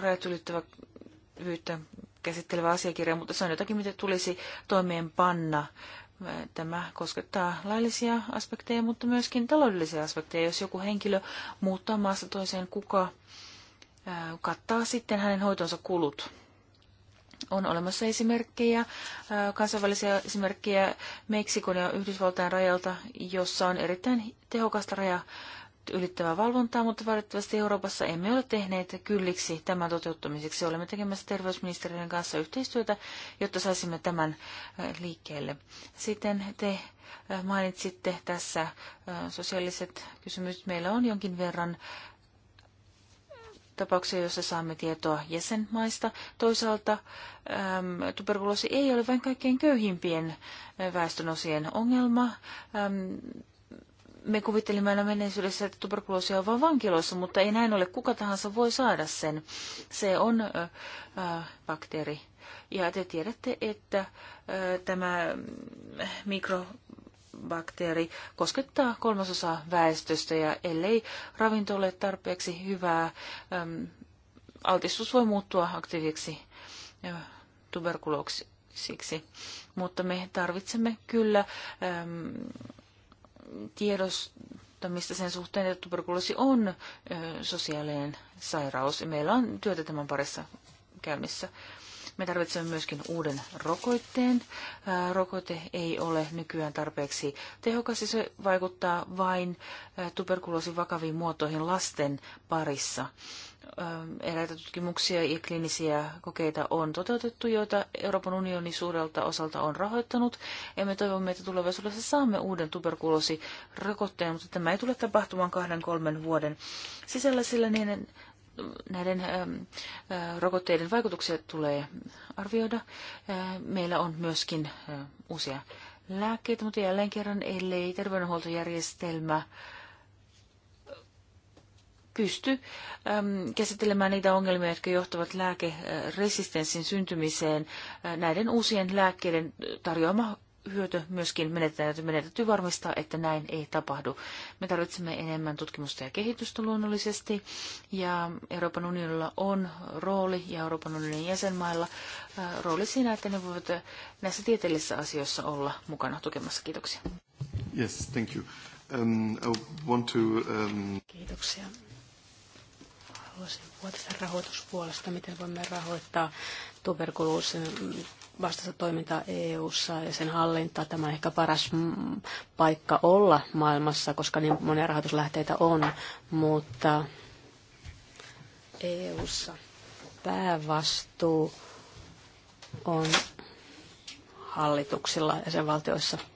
rajat ylittävyyttä käsittelevä asiakirja, mutta se on jotakin, mitä tulisi toimeenpanna Tämä koskettaa laillisia aspekteja, mutta myöskin taloudellisia aspekteja. Jos joku henkilö muuttaa maasta toiseen, kuka kattaa sitten hänen hoitonsa kulut? on olemassa esimerkkejä, kansainvälisiä esimerkkejä Meksikon ja Yhdysvaltain rajalta, jossa on erittäin tehokasta raja ylittävää valvontaa, mutta valitettavasti Euroopassa emme ole tehneet kylliksi tämän toteuttamiseksi. Olemme tekemässä terveysministeriön kanssa yhteistyötä, jotta saisimme tämän eh, liikkeelle. Sitten te eh, mainitsitte tässä eh, sosiaaliset kysymykset. Meillä on jonkin verran tapauksia, joissa saamme tietoa jäsenmaista. Toisaalta äm, ehm, tuberkuloosi ei ole vain kaikkein köyhimpien väestönosien ongelma. Äm, ehm, me kuvittelimme aina menneisyydessä, että tuberkuloosia on vain vankiloissa, mutta ei näin ole. Kuka tahansa voi saada sen. Se on äh, bakteeri. Ja te tiedätte, että äh, tämä mm, mikrobakteeri koskettaa kolmasosa väestöstä ja ellei ravinto ole tarpeeksi hyvää, ähm, altistus voi muuttua aktiiviksi tuberkuloosiksi. Mutta me tarvitsemme kyllä tiedostamista sen suhteen, että tuberkuloosi on sosiaalinen sairaus. Meillä on työtä tämän parissa käynnissä. Me tarvitsemme myöskin uuden rokotteen. Rokote ei ole nykyään tarpeeksi tehokas ja se vaikuttaa vain tuberkuloosin vakaviin muotoihin lasten parissa eräitä tutkimuksia ja kliinisiä kokeita on toteutettu, joita Euroopan unionin suurelta osalta on rahoittanut. Emme toivomme, että tulevaisuudessa saamme uuden tuberkuloosirokotteen, mutta tämä ei tule tapahtumaan kahden kolmen vuoden sisällä, sillä niiden näiden rokotteiden vaikutuksia tulee arvioida. Meillä on myöskin uusia lääkkeitä, mutta jälleen kerran, ellei terveydenhuoltojärjestelmä pysty äm, käsittelemään niitä ongelmia, jotka johtavat lääkeresistenssin syntymiseen. Äh, näiden uusien lääkkeiden tarjoama hyöty myöskin menetetään, joten meidän täytyy varmistaa, että näin ei tapahdu. Me tarvitsemme enemmän tutkimusta ja kehitystä luonnollisesti, ja Euroopan unionilla on rooli, ja Euroopan unionin jäsenmailla äh, rooli siinä, että ne voivat äh, näissä tieteellisissä asioissa olla mukana tukemassa. Kiitoksia. Yes, thank you. Um, I want to, um... Kiitoksia. Haluaisin puhua tästä rahoituspuolesta, miten voimme rahoittaa tuberkuloosin vastaista toimintaa EU-ssa ja sen hallintaa. Tämä on ehkä paras paikka olla maailmassa, koska niin monia rahoituslähteitä on, mutta EU-ssa päävastuu on hallituksilla ja sen valtioissa –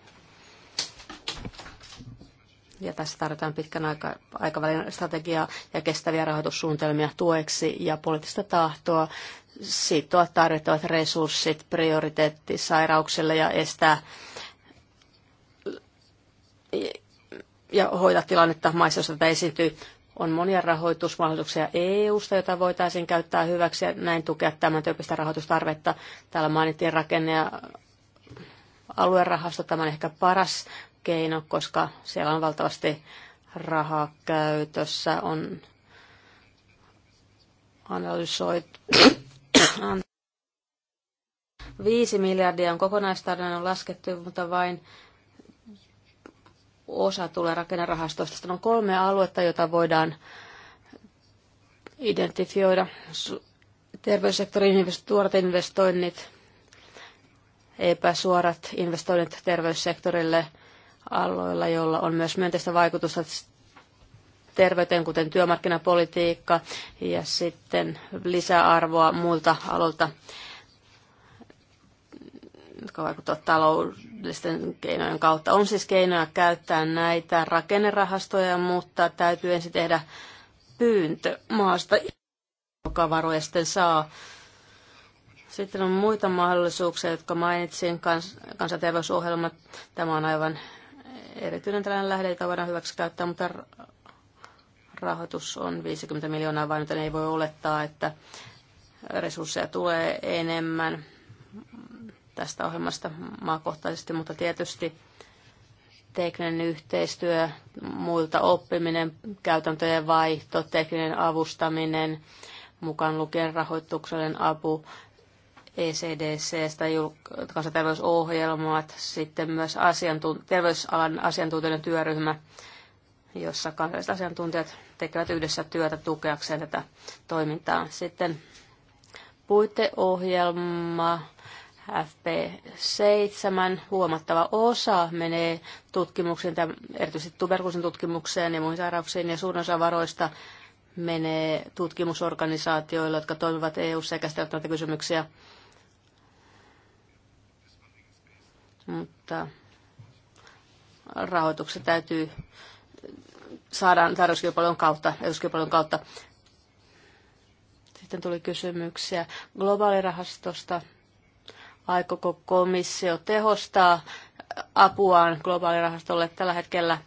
ja tässä tarvitaan pitkän aika, aikavälin strategiaa ja kestäviä rahoitussuunnitelmia tueksi ja poliittista tahtoa sitoa tarvittavat resurssit prioriteetti sairauksille ja estää ja hoitaa tilannetta maissa, joissa tätä esiintyy. On monia rahoitusmahdollisuuksia EU-sta, jota voitaisiin käyttää hyväksi ja näin tukea tämän tyyppistä rahoitustarvetta. Täällä mainittiin rakenne- ja aluerahasto, tämä on ehkä paras keino, koska siellä on valtavasti rahaa käytössä, on analysoitu. viisi miljardia on kokonaistarina on laskettu, mutta vain osa tulee rakennerahastoista. Sitten on kolme aluetta, joita voidaan identifioida. Terveyssektorin tuoret investoinnit, epäsuorat investoinnit terveyssektorille – aloilla, joilla on myös myönteistä vaikutusta terveyteen, kuten työmarkkinapolitiikka ja sitten lisäarvoa muilta aloilta, jotka vaikuttavat taloudellisten keinojen kautta. On siis keinoja käyttää näitä rakennerahastoja, mutta täytyy ensin tehdä pyyntö maasta, joka varoja sitten saa. Sitten on muita mahdollisuuksia, jotka mainitsin, kans, kansanterveysohjelma. Tämä on aivan erityinen tällainen lähde, jota voidaan hyväksi käyttää, mutta rahoitus on 50 miljoonaa vain, joten ei voi olettaa, että resursseja tulee enemmän tästä ohjelmasta maakohtaisesti, mutta tietysti tekninen yhteistyö, muilta oppiminen, käytäntöjen vaihto, tekninen avustaminen, mukaan lukien rahoituksellinen apu, ECDCstä, kansanterveysohjelmat, sitten myös asiantunt- terveysalan asiantuntijoiden työryhmä, jossa kansalliset asiantuntijat tekevät yhdessä työtä tukeakseen tätä toimintaa. Sitten puiteohjelma, FP7, huomattava osa menee tutkimuksiin, erityisesti tuberkuloosin tutkimukseen ja muihin sairauksiin, ja suurin osa varoista menee tutkimusorganisaatioille, jotka toimivat EU-sekä kysymyksiä mutta rahoitukset täytyy saadaan tarjouskilpailun kautta, eduskilpailun kautta. Sitten tuli kysymyksiä globaalirahastosta. Aikoko komissio tehostaa apuaan globaalirahastolle tällä hetkellä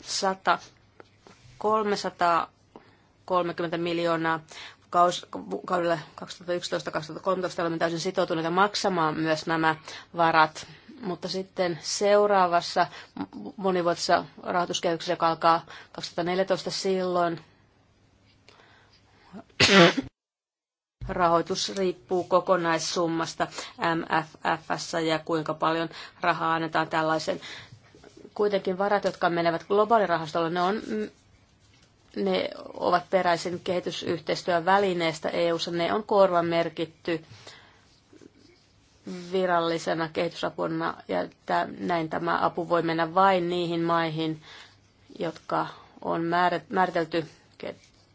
100, 330 miljoonaa kaudelle 2011-2013 olemme täysin sitoutuneita maksamaan myös nämä varat mutta sitten seuraavassa monivuotisessa rahoituskehyksessä, joka alkaa 2014 silloin, rahoitus riippuu kokonaissummasta MFFssä ja kuinka paljon rahaa annetaan tällaisen. Kuitenkin varat, jotka menevät globaalirahastolle, ne on ne ovat peräisin kehitysyhteistyön välineestä EU-ssa. Ne on korvamerkitty merkitty virallisena kehitysapuna ja näin tämä apu voi mennä vain niihin maihin, jotka on määritelty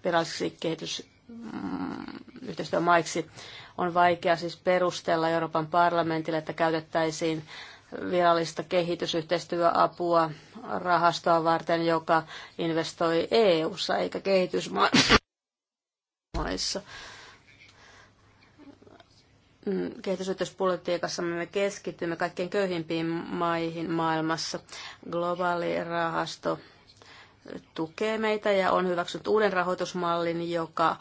virallisiksi kehitysyhteistyömaiksi. Mm, on vaikea siis perustella Euroopan parlamentille, että käytettäisiin virallista kehitysyhteistyöapua rahastoa varten, joka investoi EU-ssa eikä kehitysmaissa. Mm, kehitysyhteispolitiikassa me keskitymme kaikkein köyhimpiin maihin maailmassa. Globaali rahasto tukee meitä ja on hyväksynyt uuden rahoitusmallin, joka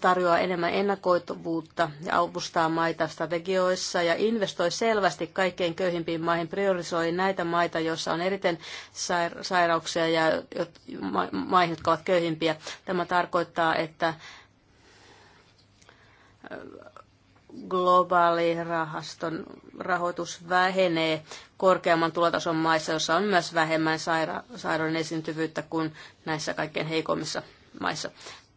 tarjoaa enemmän ennakoitavuutta ja avustaa maita strategioissa ja investoi selvästi kaikkein köyhimpiin maihin, priorisoi näitä maita, joissa on eriten sairauksia ja maihin, jotka ovat köyhimpiä. Tämä tarkoittaa, että globaali rahaston rahoitus vähenee korkeamman tulotason maissa, jossa on myös vähemmän saira- sairauden esiintyvyyttä kuin näissä kaikkein heikoimmissa maissa.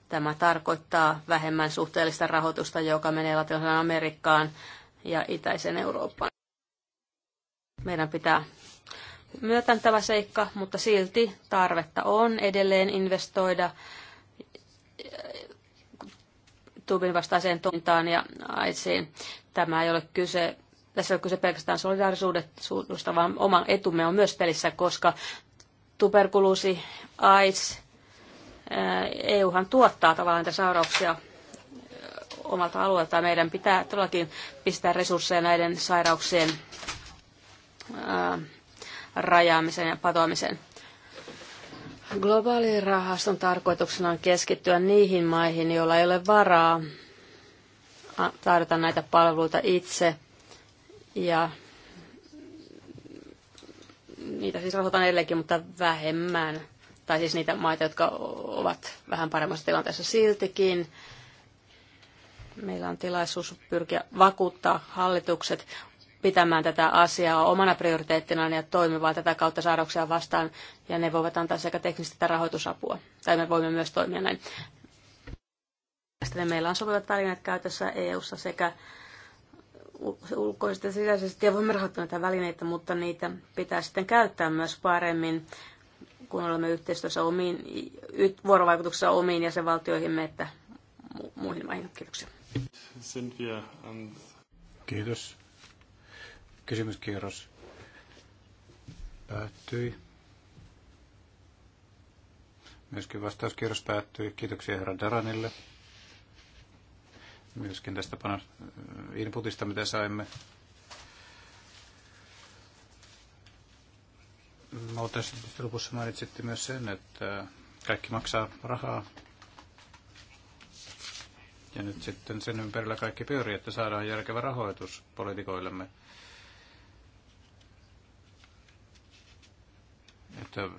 Tämä tarkoittaa vähemmän suhteellista rahoitusta, joka menee Latinalaisen Amerikkaan ja itäiseen Eurooppaan. Meidän pitää myötän tämä seikka, mutta silti tarvetta on edelleen investoida Tubin vastaiseen toimintaan ja AIDSiin. Tämä ei ole kyse tässä ei ole kyse pelkästään solidaarisuudesta, vaan oma etumme on myös pelissä, koska tuberkuloosi, AIDS, EUhan tuottaa tavallaan niitä sairauksia omalta alueelta. Meidän pitää todellakin pistää resursseja näiden sairauksien rajaamiseen ja patoamiseen. Globaalin rahaston tarkoituksena on keskittyä niihin maihin, joilla ei ole varaa tarjota näitä palveluita itse. Ja niitä siis rahoitetaan edelleenkin, mutta vähemmän. Tai siis niitä maita, jotka ovat vähän paremmassa tilanteessa siltikin. Meillä on tilaisuus pyrkiä vakuuttaa hallitukset pitämään tätä asiaa omana prioriteettinaan ja toimimaan tätä kautta sairauksia vastaan, ja ne voivat antaa sekä teknistä että rahoitusapua, tai me voimme myös toimia näin. Sitten meillä on sopivat välineet käytössä EU-ssa sekä ulkoisesti ja sisäisesti, ja voimme rahoittaa näitä välineitä, mutta niitä pitää sitten käyttää myös paremmin, kun olemme yhteistyössä omiin, vuorovaikutuksessa omiin jäsenvaltioihimme, että muihin maihin. Kiitoksia. Kiitos. Kysymyskierros päättyi. Myöskin vastauskierros päättyi. Kiitoksia herra Daranille. Myöskin tästä inputista, mitä saimme. No, tässä lopussa mainitsitte myös sen, että kaikki maksaa rahaa. Ja nyt sitten sen ympärillä kaikki pyörii, että saadaan järkevä rahoitus poliitikoillemme. että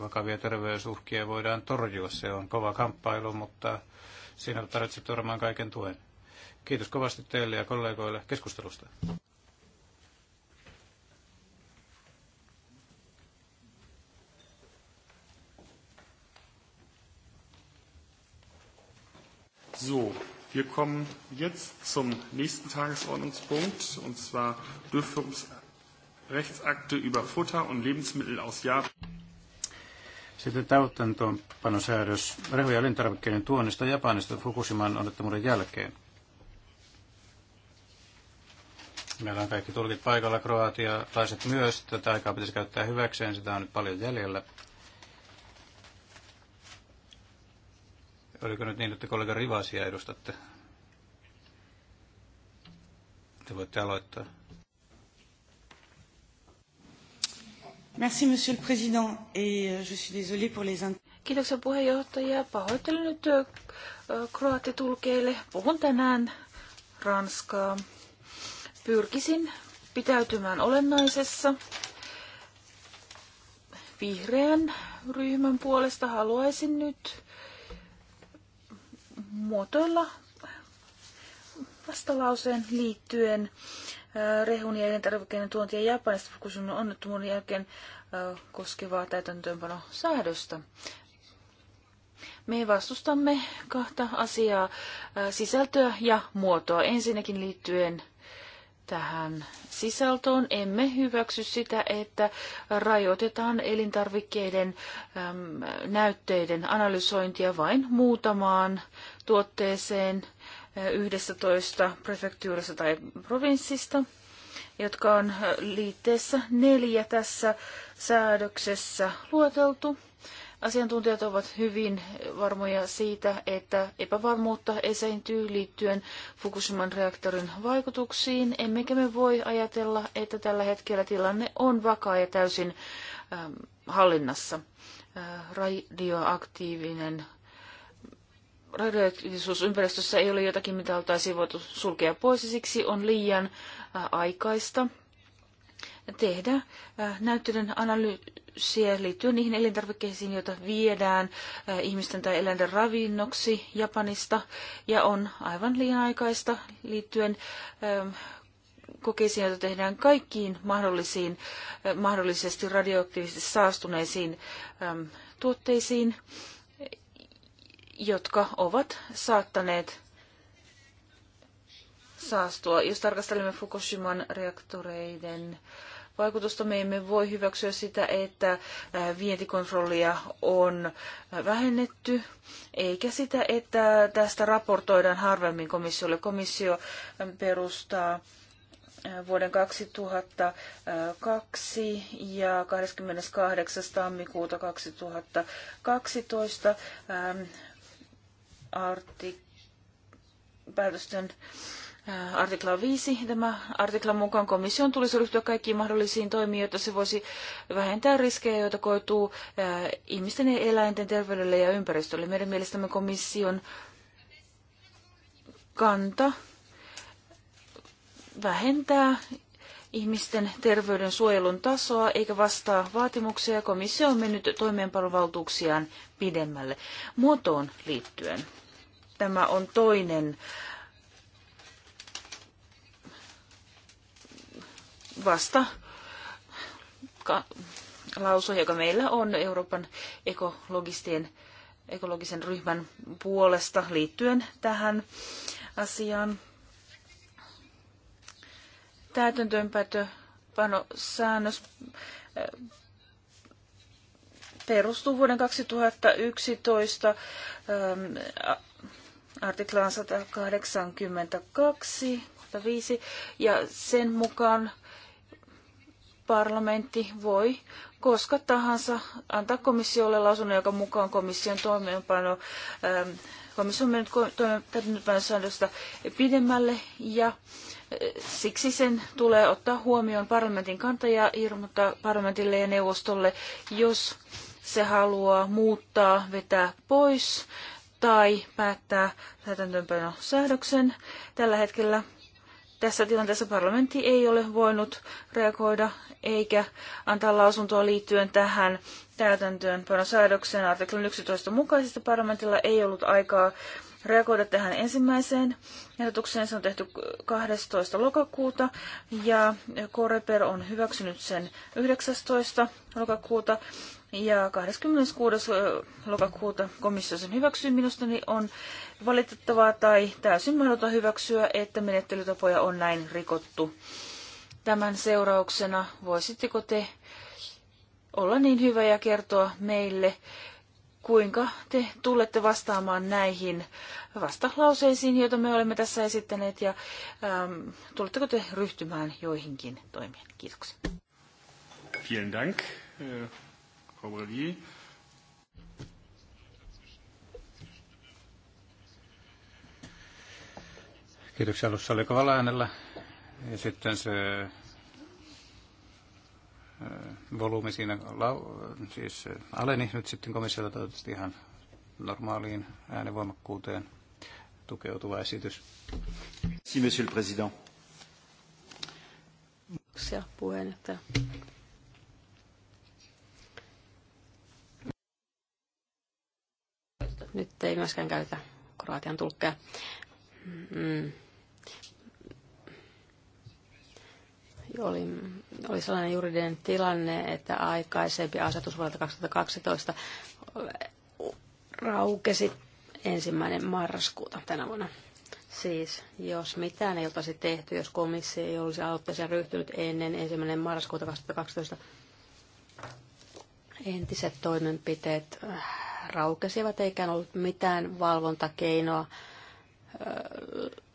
vakavia terveysuhkia voidaan torjua. Se on kova kamppailu, mutta siinä tarvitsette varmaan kaiken tuen. Kiitos kovasti teille ja kollegoille keskustelusta. So, wir kommen jetzt zum nächsten Tagesordnungspunkt, und zwar Durchführungs Rechtsakte über Futter und Lebensmittel aus Japan. Sitten täytäntöönpanosäädös rehu- ja elintarvikkeiden tuonnista Japanista Fukushiman onnettomuuden jälkeen. Meillä on kaikki tulkit paikalla, Kroatia, taiset myös. Tätä aikaa pitäisi käyttää hyväkseen, sitä on nyt paljon jäljellä. Oliko nyt niin, että kollega Rivasia edustatte? Te voitte aloittaa. Merci, monsieur le président, et euh, je suis désolée pour les... Kiitoksia puheenjohtaja. Pahoittelen nyt kroatitulkeille. Puhun tänään ranskaa. Pyrkisin pitäytymään olennaisessa. Vihreän ryhmän puolesta haluaisin nyt muotoilla vastalauseen liittyen rehun ja elintarvikkeiden tuontia Japanista Fukushima onnettomuuden jälkeen koskevaa täytäntöönpanosäädöstä. Me vastustamme kahta asiaa, sisältöä ja muotoa. Ensinnäkin liittyen tähän sisältöön emme hyväksy sitä, että rajoitetaan elintarvikkeiden näytteiden analysointia vain muutamaan tuotteeseen – 11 prefektuurista tai provinssista, jotka on liitteessä neljä tässä säädöksessä lueteltu. Asiantuntijat ovat hyvin varmoja siitä, että epävarmuutta esiintyy liittyen Fukushiman reaktorin vaikutuksiin, emmekä me voi ajatella, että tällä hetkellä tilanne on vakaa ja täysin ähm, hallinnassa. Äh, radioaktiivinen radioaktiivisuusympäristössä ympäristössä ei ole jotakin, mitä oltaisiin voitu sulkea pois, ja siksi on liian aikaista tehdä näyttöiden analyysiä liittyen niihin elintarvikkeisiin, joita viedään ihmisten tai eläinten ravinnoksi Japanista, ja on aivan liian aikaista liittyen kokeisiin, joita tehdään kaikkiin mahdollisiin, mahdollisesti radioaktiivisesti saastuneisiin tuotteisiin jotka ovat saattaneet saastua. Jos tarkastelemme Fukushiman reaktoreiden vaikutusta, me emme voi hyväksyä sitä, että vientikontrollia on vähennetty, eikä sitä, että tästä raportoidaan harvemmin komissiolle. Komissio perustaa vuoden 2002 ja 28. tammikuuta 2012 artik- päätösten artikla 5. Tämä artiklan mukaan komission tulisi ryhtyä kaikkiin mahdollisiin toimiin, jotta se voisi vähentää riskejä, joita koituu ihmisten ja eläinten terveydelle ja ympäristölle. Meidän mielestämme komission kanta vähentää ihmisten terveyden suojelun tasoa eikä vastaa vaatimuksia. Komissio on mennyt toimeenpanovaltuuksiaan pidemmälle muotoon liittyen tämä on toinen vasta lause, joka meillä on Euroopan ekologistien, ekologisen ryhmän puolesta liittyen tähän asiaan. Täytäntöönpano säännös perustuu vuoden 2011 artiklaan 182, 5, ja sen mukaan parlamentti voi koska tahansa antaa komissiolle lausunnon, joka mukaan komission toimeenpano, ähm, komissio on mennyt toimeenpanosäädöstä pidemmälle ja äh, siksi sen tulee ottaa huomioon parlamentin kanta ja ilmoittaa parlamentille ja neuvostolle, jos se haluaa muuttaa, vetää pois tai päättää täytäntöönpano säädöksen. Tällä hetkellä tässä tilanteessa parlamentti ei ole voinut reagoida eikä antaa lausuntoa liittyen tähän täytäntöönpanosäädökseen. Artiklan 11 mukaisesta parlamentilla ei ollut aikaa reagoida tähän ensimmäiseen ehdotukseen. Se on tehty 12. lokakuuta ja Koreper on hyväksynyt sen 19. lokakuuta ja 26. lokakuuta komissio sen hyväksyy minustani niin on valitettavaa tai täysin mahdoton hyväksyä, että menettelytapoja on näin rikottu. Tämän seurauksena voisitteko te olla niin hyvä ja kertoa meille, kuinka te tulette vastaamaan näihin vastalauseisiin, joita me olemme tässä esittäneet, ja ähm, tuletteko te ryhtymään joihinkin toimiin? Kiitoksia. Vielen Dank. Äh, Cabrelier. Kiitoksia. Alussa oli kovalla äänellä ja sitten se äh, volyymi siinä siis äh, aleni nyt sitten komissiolta toivottavasti ihan normaaliin äänivoimakkuuteen tukeutuva esitys. Si, monsieur le président. Kiitoksia puheenjohtaja. Nyt ei myöskään käytä kroatian tulkkeja. Mm. Oli, oli sellainen juridinen tilanne, että aikaisempi asetus vuodelta 2012 raukesi ensimmäinen marraskuuta tänä vuonna. Siis jos mitään ei oltaisi tehty, jos komissio ei olisi aloitteeseen ryhtynyt ennen ensimmäinen marraskuuta 2012, entiset toimenpiteet äh, raukesivat eikä ollut mitään valvontakeinoa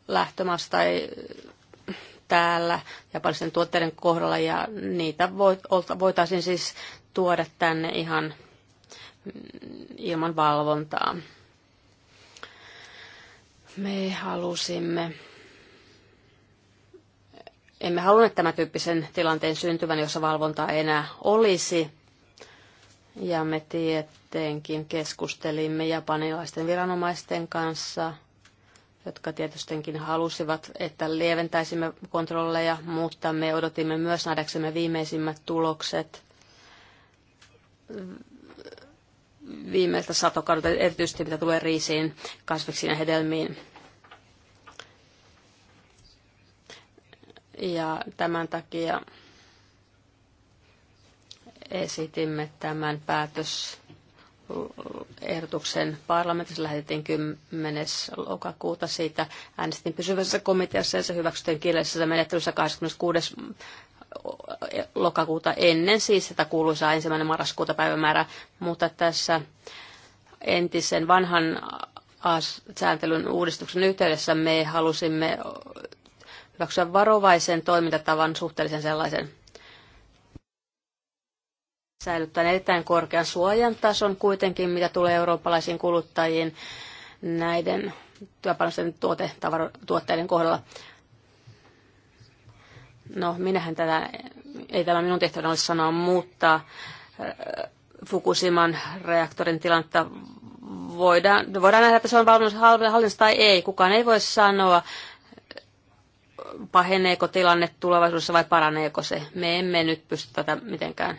lähtömaassa tai täällä japanisten tuotteiden kohdalla ja niitä voitaisiin siis tuoda tänne ihan mm, ilman valvontaa. Me halusimme, emme halunneet tämän tyyppisen tilanteen syntyvän, jossa valvontaa ei enää olisi. Ja me tiet, sittenkin keskustelimme japanilaisten viranomaisten kanssa, jotka tietystenkin halusivat, että lieventäisimme kontrolleja, mutta me odotimme myös nähdäksemme viimeisimmät tulokset viimeistä satokaudelta, erityisesti mitä tulee riisiin, kasviksiin ja hedelmiin. Ja tämän takia esitimme tämän päätös ehdotuksen parlamentissa lähetettiin 10. lokakuuta. Siitä äänestin pysyvässä komiteassa ja se hyväksyttiin kielellisessä menettelyssä 26 lokakuuta ennen siis sitä kuuluisaa ensimmäinen marraskuuta päivämäärä, mutta tässä entisen vanhan sääntelyn uudistuksen yhteydessä me halusimme hyväksyä varovaisen toimintatavan suhteellisen sellaisen Säilyttää erittäin korkean suojan tason kuitenkin, mitä tulee eurooppalaisiin kuluttajiin näiden työpanosten tuote, tavaro, tuotteiden kohdalla. No, minähän tätä, ei tämä minun tehtävänä olisi sanoa, mutta äh, Fukushiman reaktorin tilannetta voidaan, voidaan nähdä, että se on hallinnassa tai ei. Kukaan ei voi sanoa, paheneeko tilanne tulevaisuudessa vai paraneeko se. Me emme nyt pysty tätä mitenkään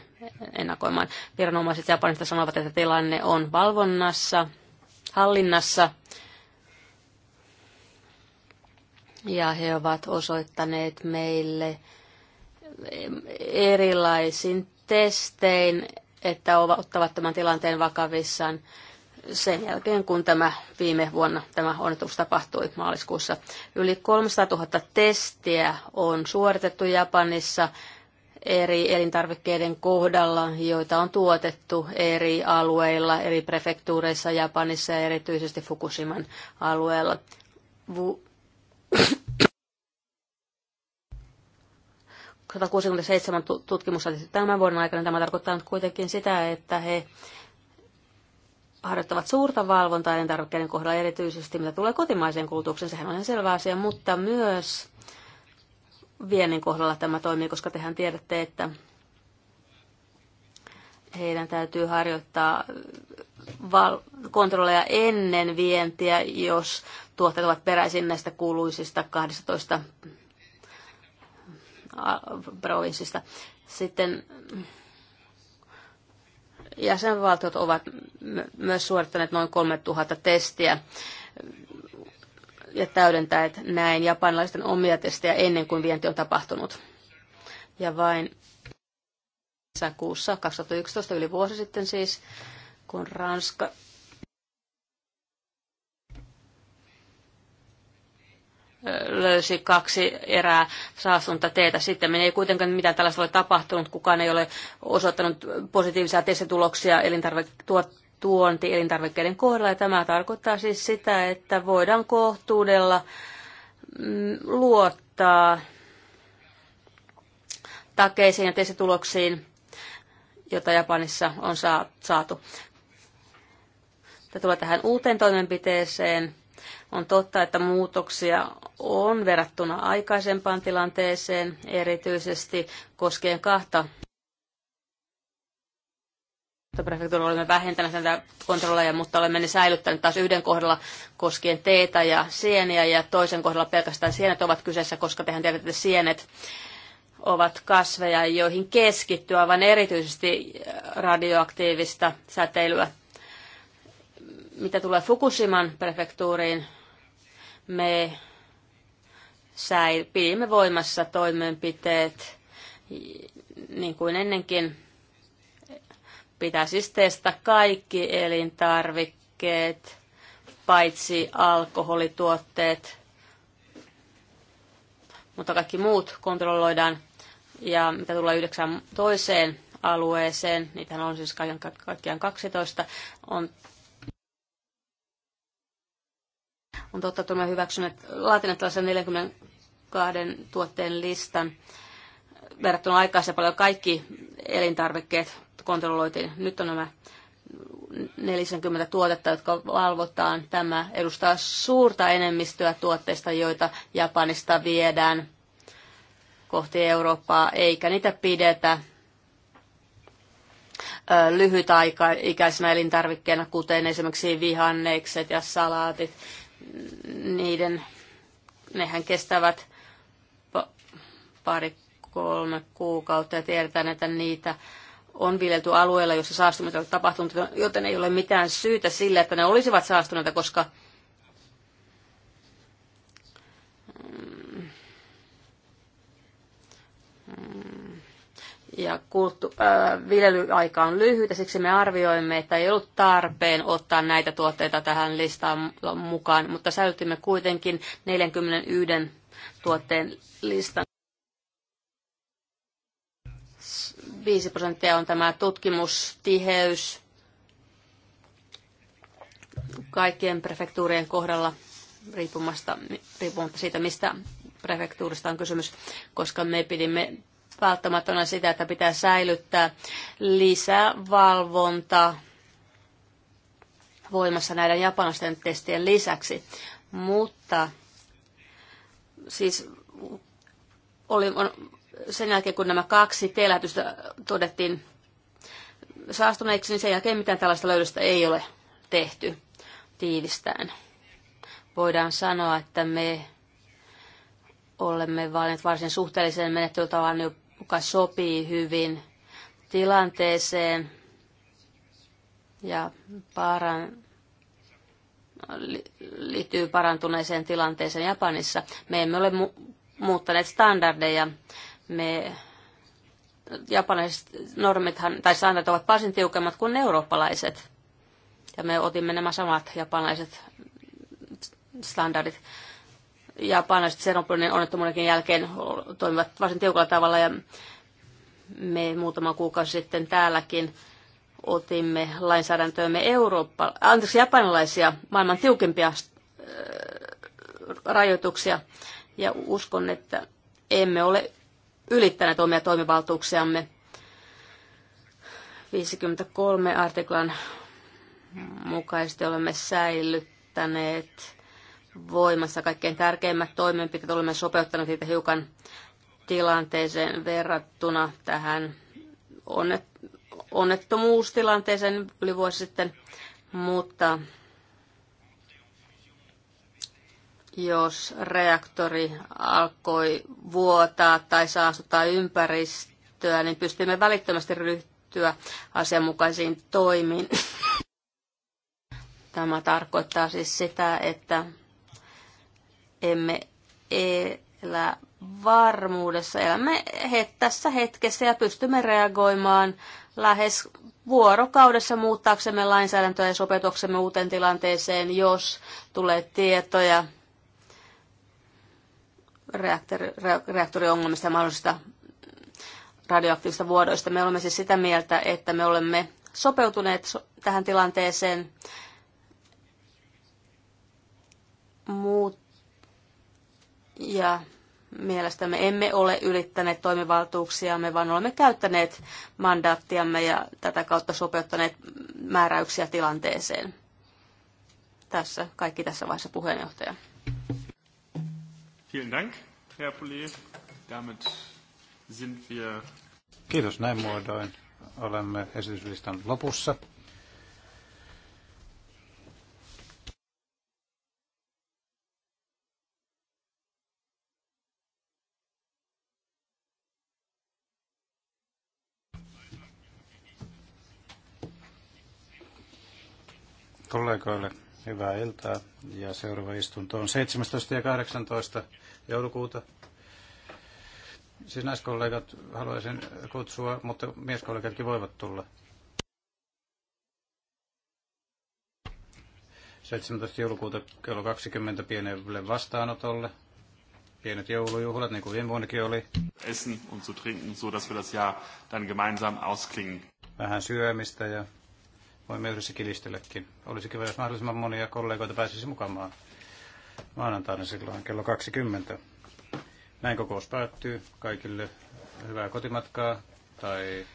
ennakoimaan. Viranomaiset Japanista sanovat, että tilanne on valvonnassa, hallinnassa. Ja he ovat osoittaneet meille erilaisin testein, että ottavat tämän tilanteen vakavissaan sen jälkeen, kun tämä viime vuonna tämä onnettomuus tapahtui maaliskuussa. Yli 300 000 testiä on suoritettu Japanissa eri elintarvikkeiden kohdalla, joita on tuotettu eri alueilla, eri prefektuureissa Japanissa ja erityisesti Fukushiman alueella. Vu- 167 tutkimusta tämän vuoden aikana. Tämä tarkoittaa nyt kuitenkin sitä, että he harjoittavat suurta valvontaa elintarvikkeiden kohdalla erityisesti, mitä tulee kotimaiseen kulutukseen. Sehän on ihan selvä asia, mutta myös viennin kohdalla tämä toimii, koska tehän tiedätte, että heidän täytyy harjoittaa val- kontrolleja ennen vientiä, jos tuotteet ovat peräisin näistä kuuluisista 12 provinssista. Sitten jäsenvaltiot ovat myös suorittaneet noin 3000 testiä ja täydentäet näin japanilaisten omia testejä ennen kuin vienti on tapahtunut. Ja vain kuussa 2011, yli vuosi sitten siis, kun Ranska löysi kaksi erää saastunutta teetä. Sitten ei kuitenkaan mitään tällaista ole tapahtunut. Kukaan ei ole osoittanut positiivisia testituloksia elintarviketuot tuonti elintarvikkeiden kohdalla. Ja tämä tarkoittaa siis sitä, että voidaan kohtuudella mm, luottaa takeisiin ja testituloksiin, jota Japanissa on saatu. Tämä tulee tähän uuteen toimenpiteeseen. On totta, että muutoksia on verrattuna aikaisempaan tilanteeseen, erityisesti koskien kahta prefektuurilla olemme vähentäneet näitä kontrolleja, mutta olemme ne säilyttäneet taas yhden kohdalla koskien teetä ja sieniä ja toisen kohdalla pelkästään sienet ovat kyseessä, koska tehän tiedätte, että sienet ovat kasveja, joihin keskittyy aivan erityisesti radioaktiivista säteilyä. Mitä tulee Fukushiman prefektuuriin, me säil, pidimme voimassa toimenpiteet niin kuin ennenkin Pitää siis testata kaikki elintarvikkeet, paitsi alkoholituotteet, mutta kaikki muut kontrolloidaan. Ja mitä tulee yhdeksän toiseen alueeseen, niitähän on siis kaiken, kaikkiaan 12, on on totta, että olemme hyväksyneet, laatineet tällaisen 42 tuotteen listan, verrattuna aikaisemmin paljon kaikki elintarvikkeet kontrolloitiin. Nyt on nämä 40 tuotetta, jotka valvotaan. Tämä edustaa suurta enemmistöä tuotteista, joita Japanista viedään kohti Eurooppaa, eikä niitä pidetä lyhytaikaisena elintarvikkeena, kuten esimerkiksi vihannekset ja salaatit. Niiden, nehän kestävät pari kolme kuukautta ja tiedetään, että niitä on viljelty alueella, jossa saastumista on tapahtunut, joten ei ole mitään syytä sille, että ne olisivat saastuneita, koska mm, mm, ja kulttu, äh, viljelyaika on lyhyt ja siksi me arvioimme, että ei ollut tarpeen ottaa näitä tuotteita tähän listaan mukaan, mutta säilytimme kuitenkin 41 tuotteen listan. 5 prosenttia on tämä tutkimustiheys kaikkien prefektuurien kohdalla riippumasta, riippumatta siitä, mistä prefektuurista on kysymys, koska me pidimme välttämättömänä sitä, että pitää säilyttää lisävalvonta voimassa näiden japanisten testien lisäksi. Mutta siis oli, on, sen jälkeen, kun nämä kaksi teelähetystä todettiin saastuneiksi, niin sen jälkeen mitään tällaista löydöstä ei ole tehty tiivistäen. Voidaan sanoa, että me olemme valinneet varsin suhteellisen menettelytavan, joka sopii hyvin tilanteeseen ja paran, liittyy parantuneeseen tilanteeseen Japanissa. Me emme ole mu- muuttaneet standardeja me japanilaiset normithan tai säännöt ovat varsin tiukemmat kuin eurooppalaiset. Ja me otimme nämä samat japanilaiset standardit. Japanilaiset Tsernobylin onnettomuudenkin jälkeen toimivat varsin tiukalla tavalla ja me muutama kuukausi sitten täälläkin otimme lainsäädäntöömme Eurooppa, anteeksi, japanilaisia maailman tiukempia äh, rajoituksia. Ja uskon, että emme ole ylittäneet omia toimivaltuuksiamme. 53 artiklan mukaisesti olemme säilyttäneet voimassa kaikkein tärkeimmät toimenpiteet. Olemme sopeuttaneet niitä hiukan tilanteeseen verrattuna tähän onnettomuustilanteeseen yli vuosi sitten, mutta jos reaktori alkoi vuotaa tai saastuttaa ympäristöä, niin pystymme välittömästi ryhtyä asianmukaisiin toimiin. Tämä tarkoittaa siis sitä, että emme elä varmuudessa. Elämme tässä hetkessä ja pystymme reagoimaan lähes vuorokaudessa muuttaaksemme lainsäädäntöä ja sopeutuaksemme uuteen tilanteeseen, jos tulee tietoja reaktori, reaktoriongelmista ja mahdollisista radioaktiivisista vuodoista. Me olemme siis sitä mieltä, että me olemme sopeutuneet tähän tilanteeseen. Muut ja mielestämme emme ole ylittäneet toimivaltuuksiamme, vaan olemme käyttäneet mandaattiamme ja tätä kautta sopeuttaneet määräyksiä tilanteeseen. Tässä kaikki tässä vaiheessa puheenjohtaja. Vielen Dank, Herr Damit sind wir... Kiitos näin muodoin. Olemme esityslistan lopussa. kollegoille Hyvää iltaa ja seuraava istunto on 17. ja 18. joulukuuta. Siis naiskollegat haluaisin kutsua, mutta mieskollegatkin voivat tulla. 17. joulukuuta kello 20 pienelle vastaanotolle. Pienet joulujuhlat, niin kuin viime vuonnakin oli. Essen und zu trinken, so dass wir das Jahr dann gemeinsam ausklingen. Vähän syömistä ja voimme yhdessä kilistelläkin. Olisi kiva, jos mahdollisimman monia kollegoita pääsisi mukaan maanantaina silloin kello 20. Näin kokous päättyy. Kaikille hyvää kotimatkaa tai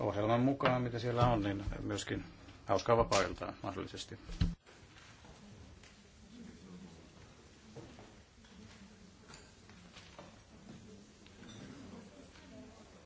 ohjelman mukaan, mitä siellä on, niin myöskin hauskaa vapaa mahdollisesti.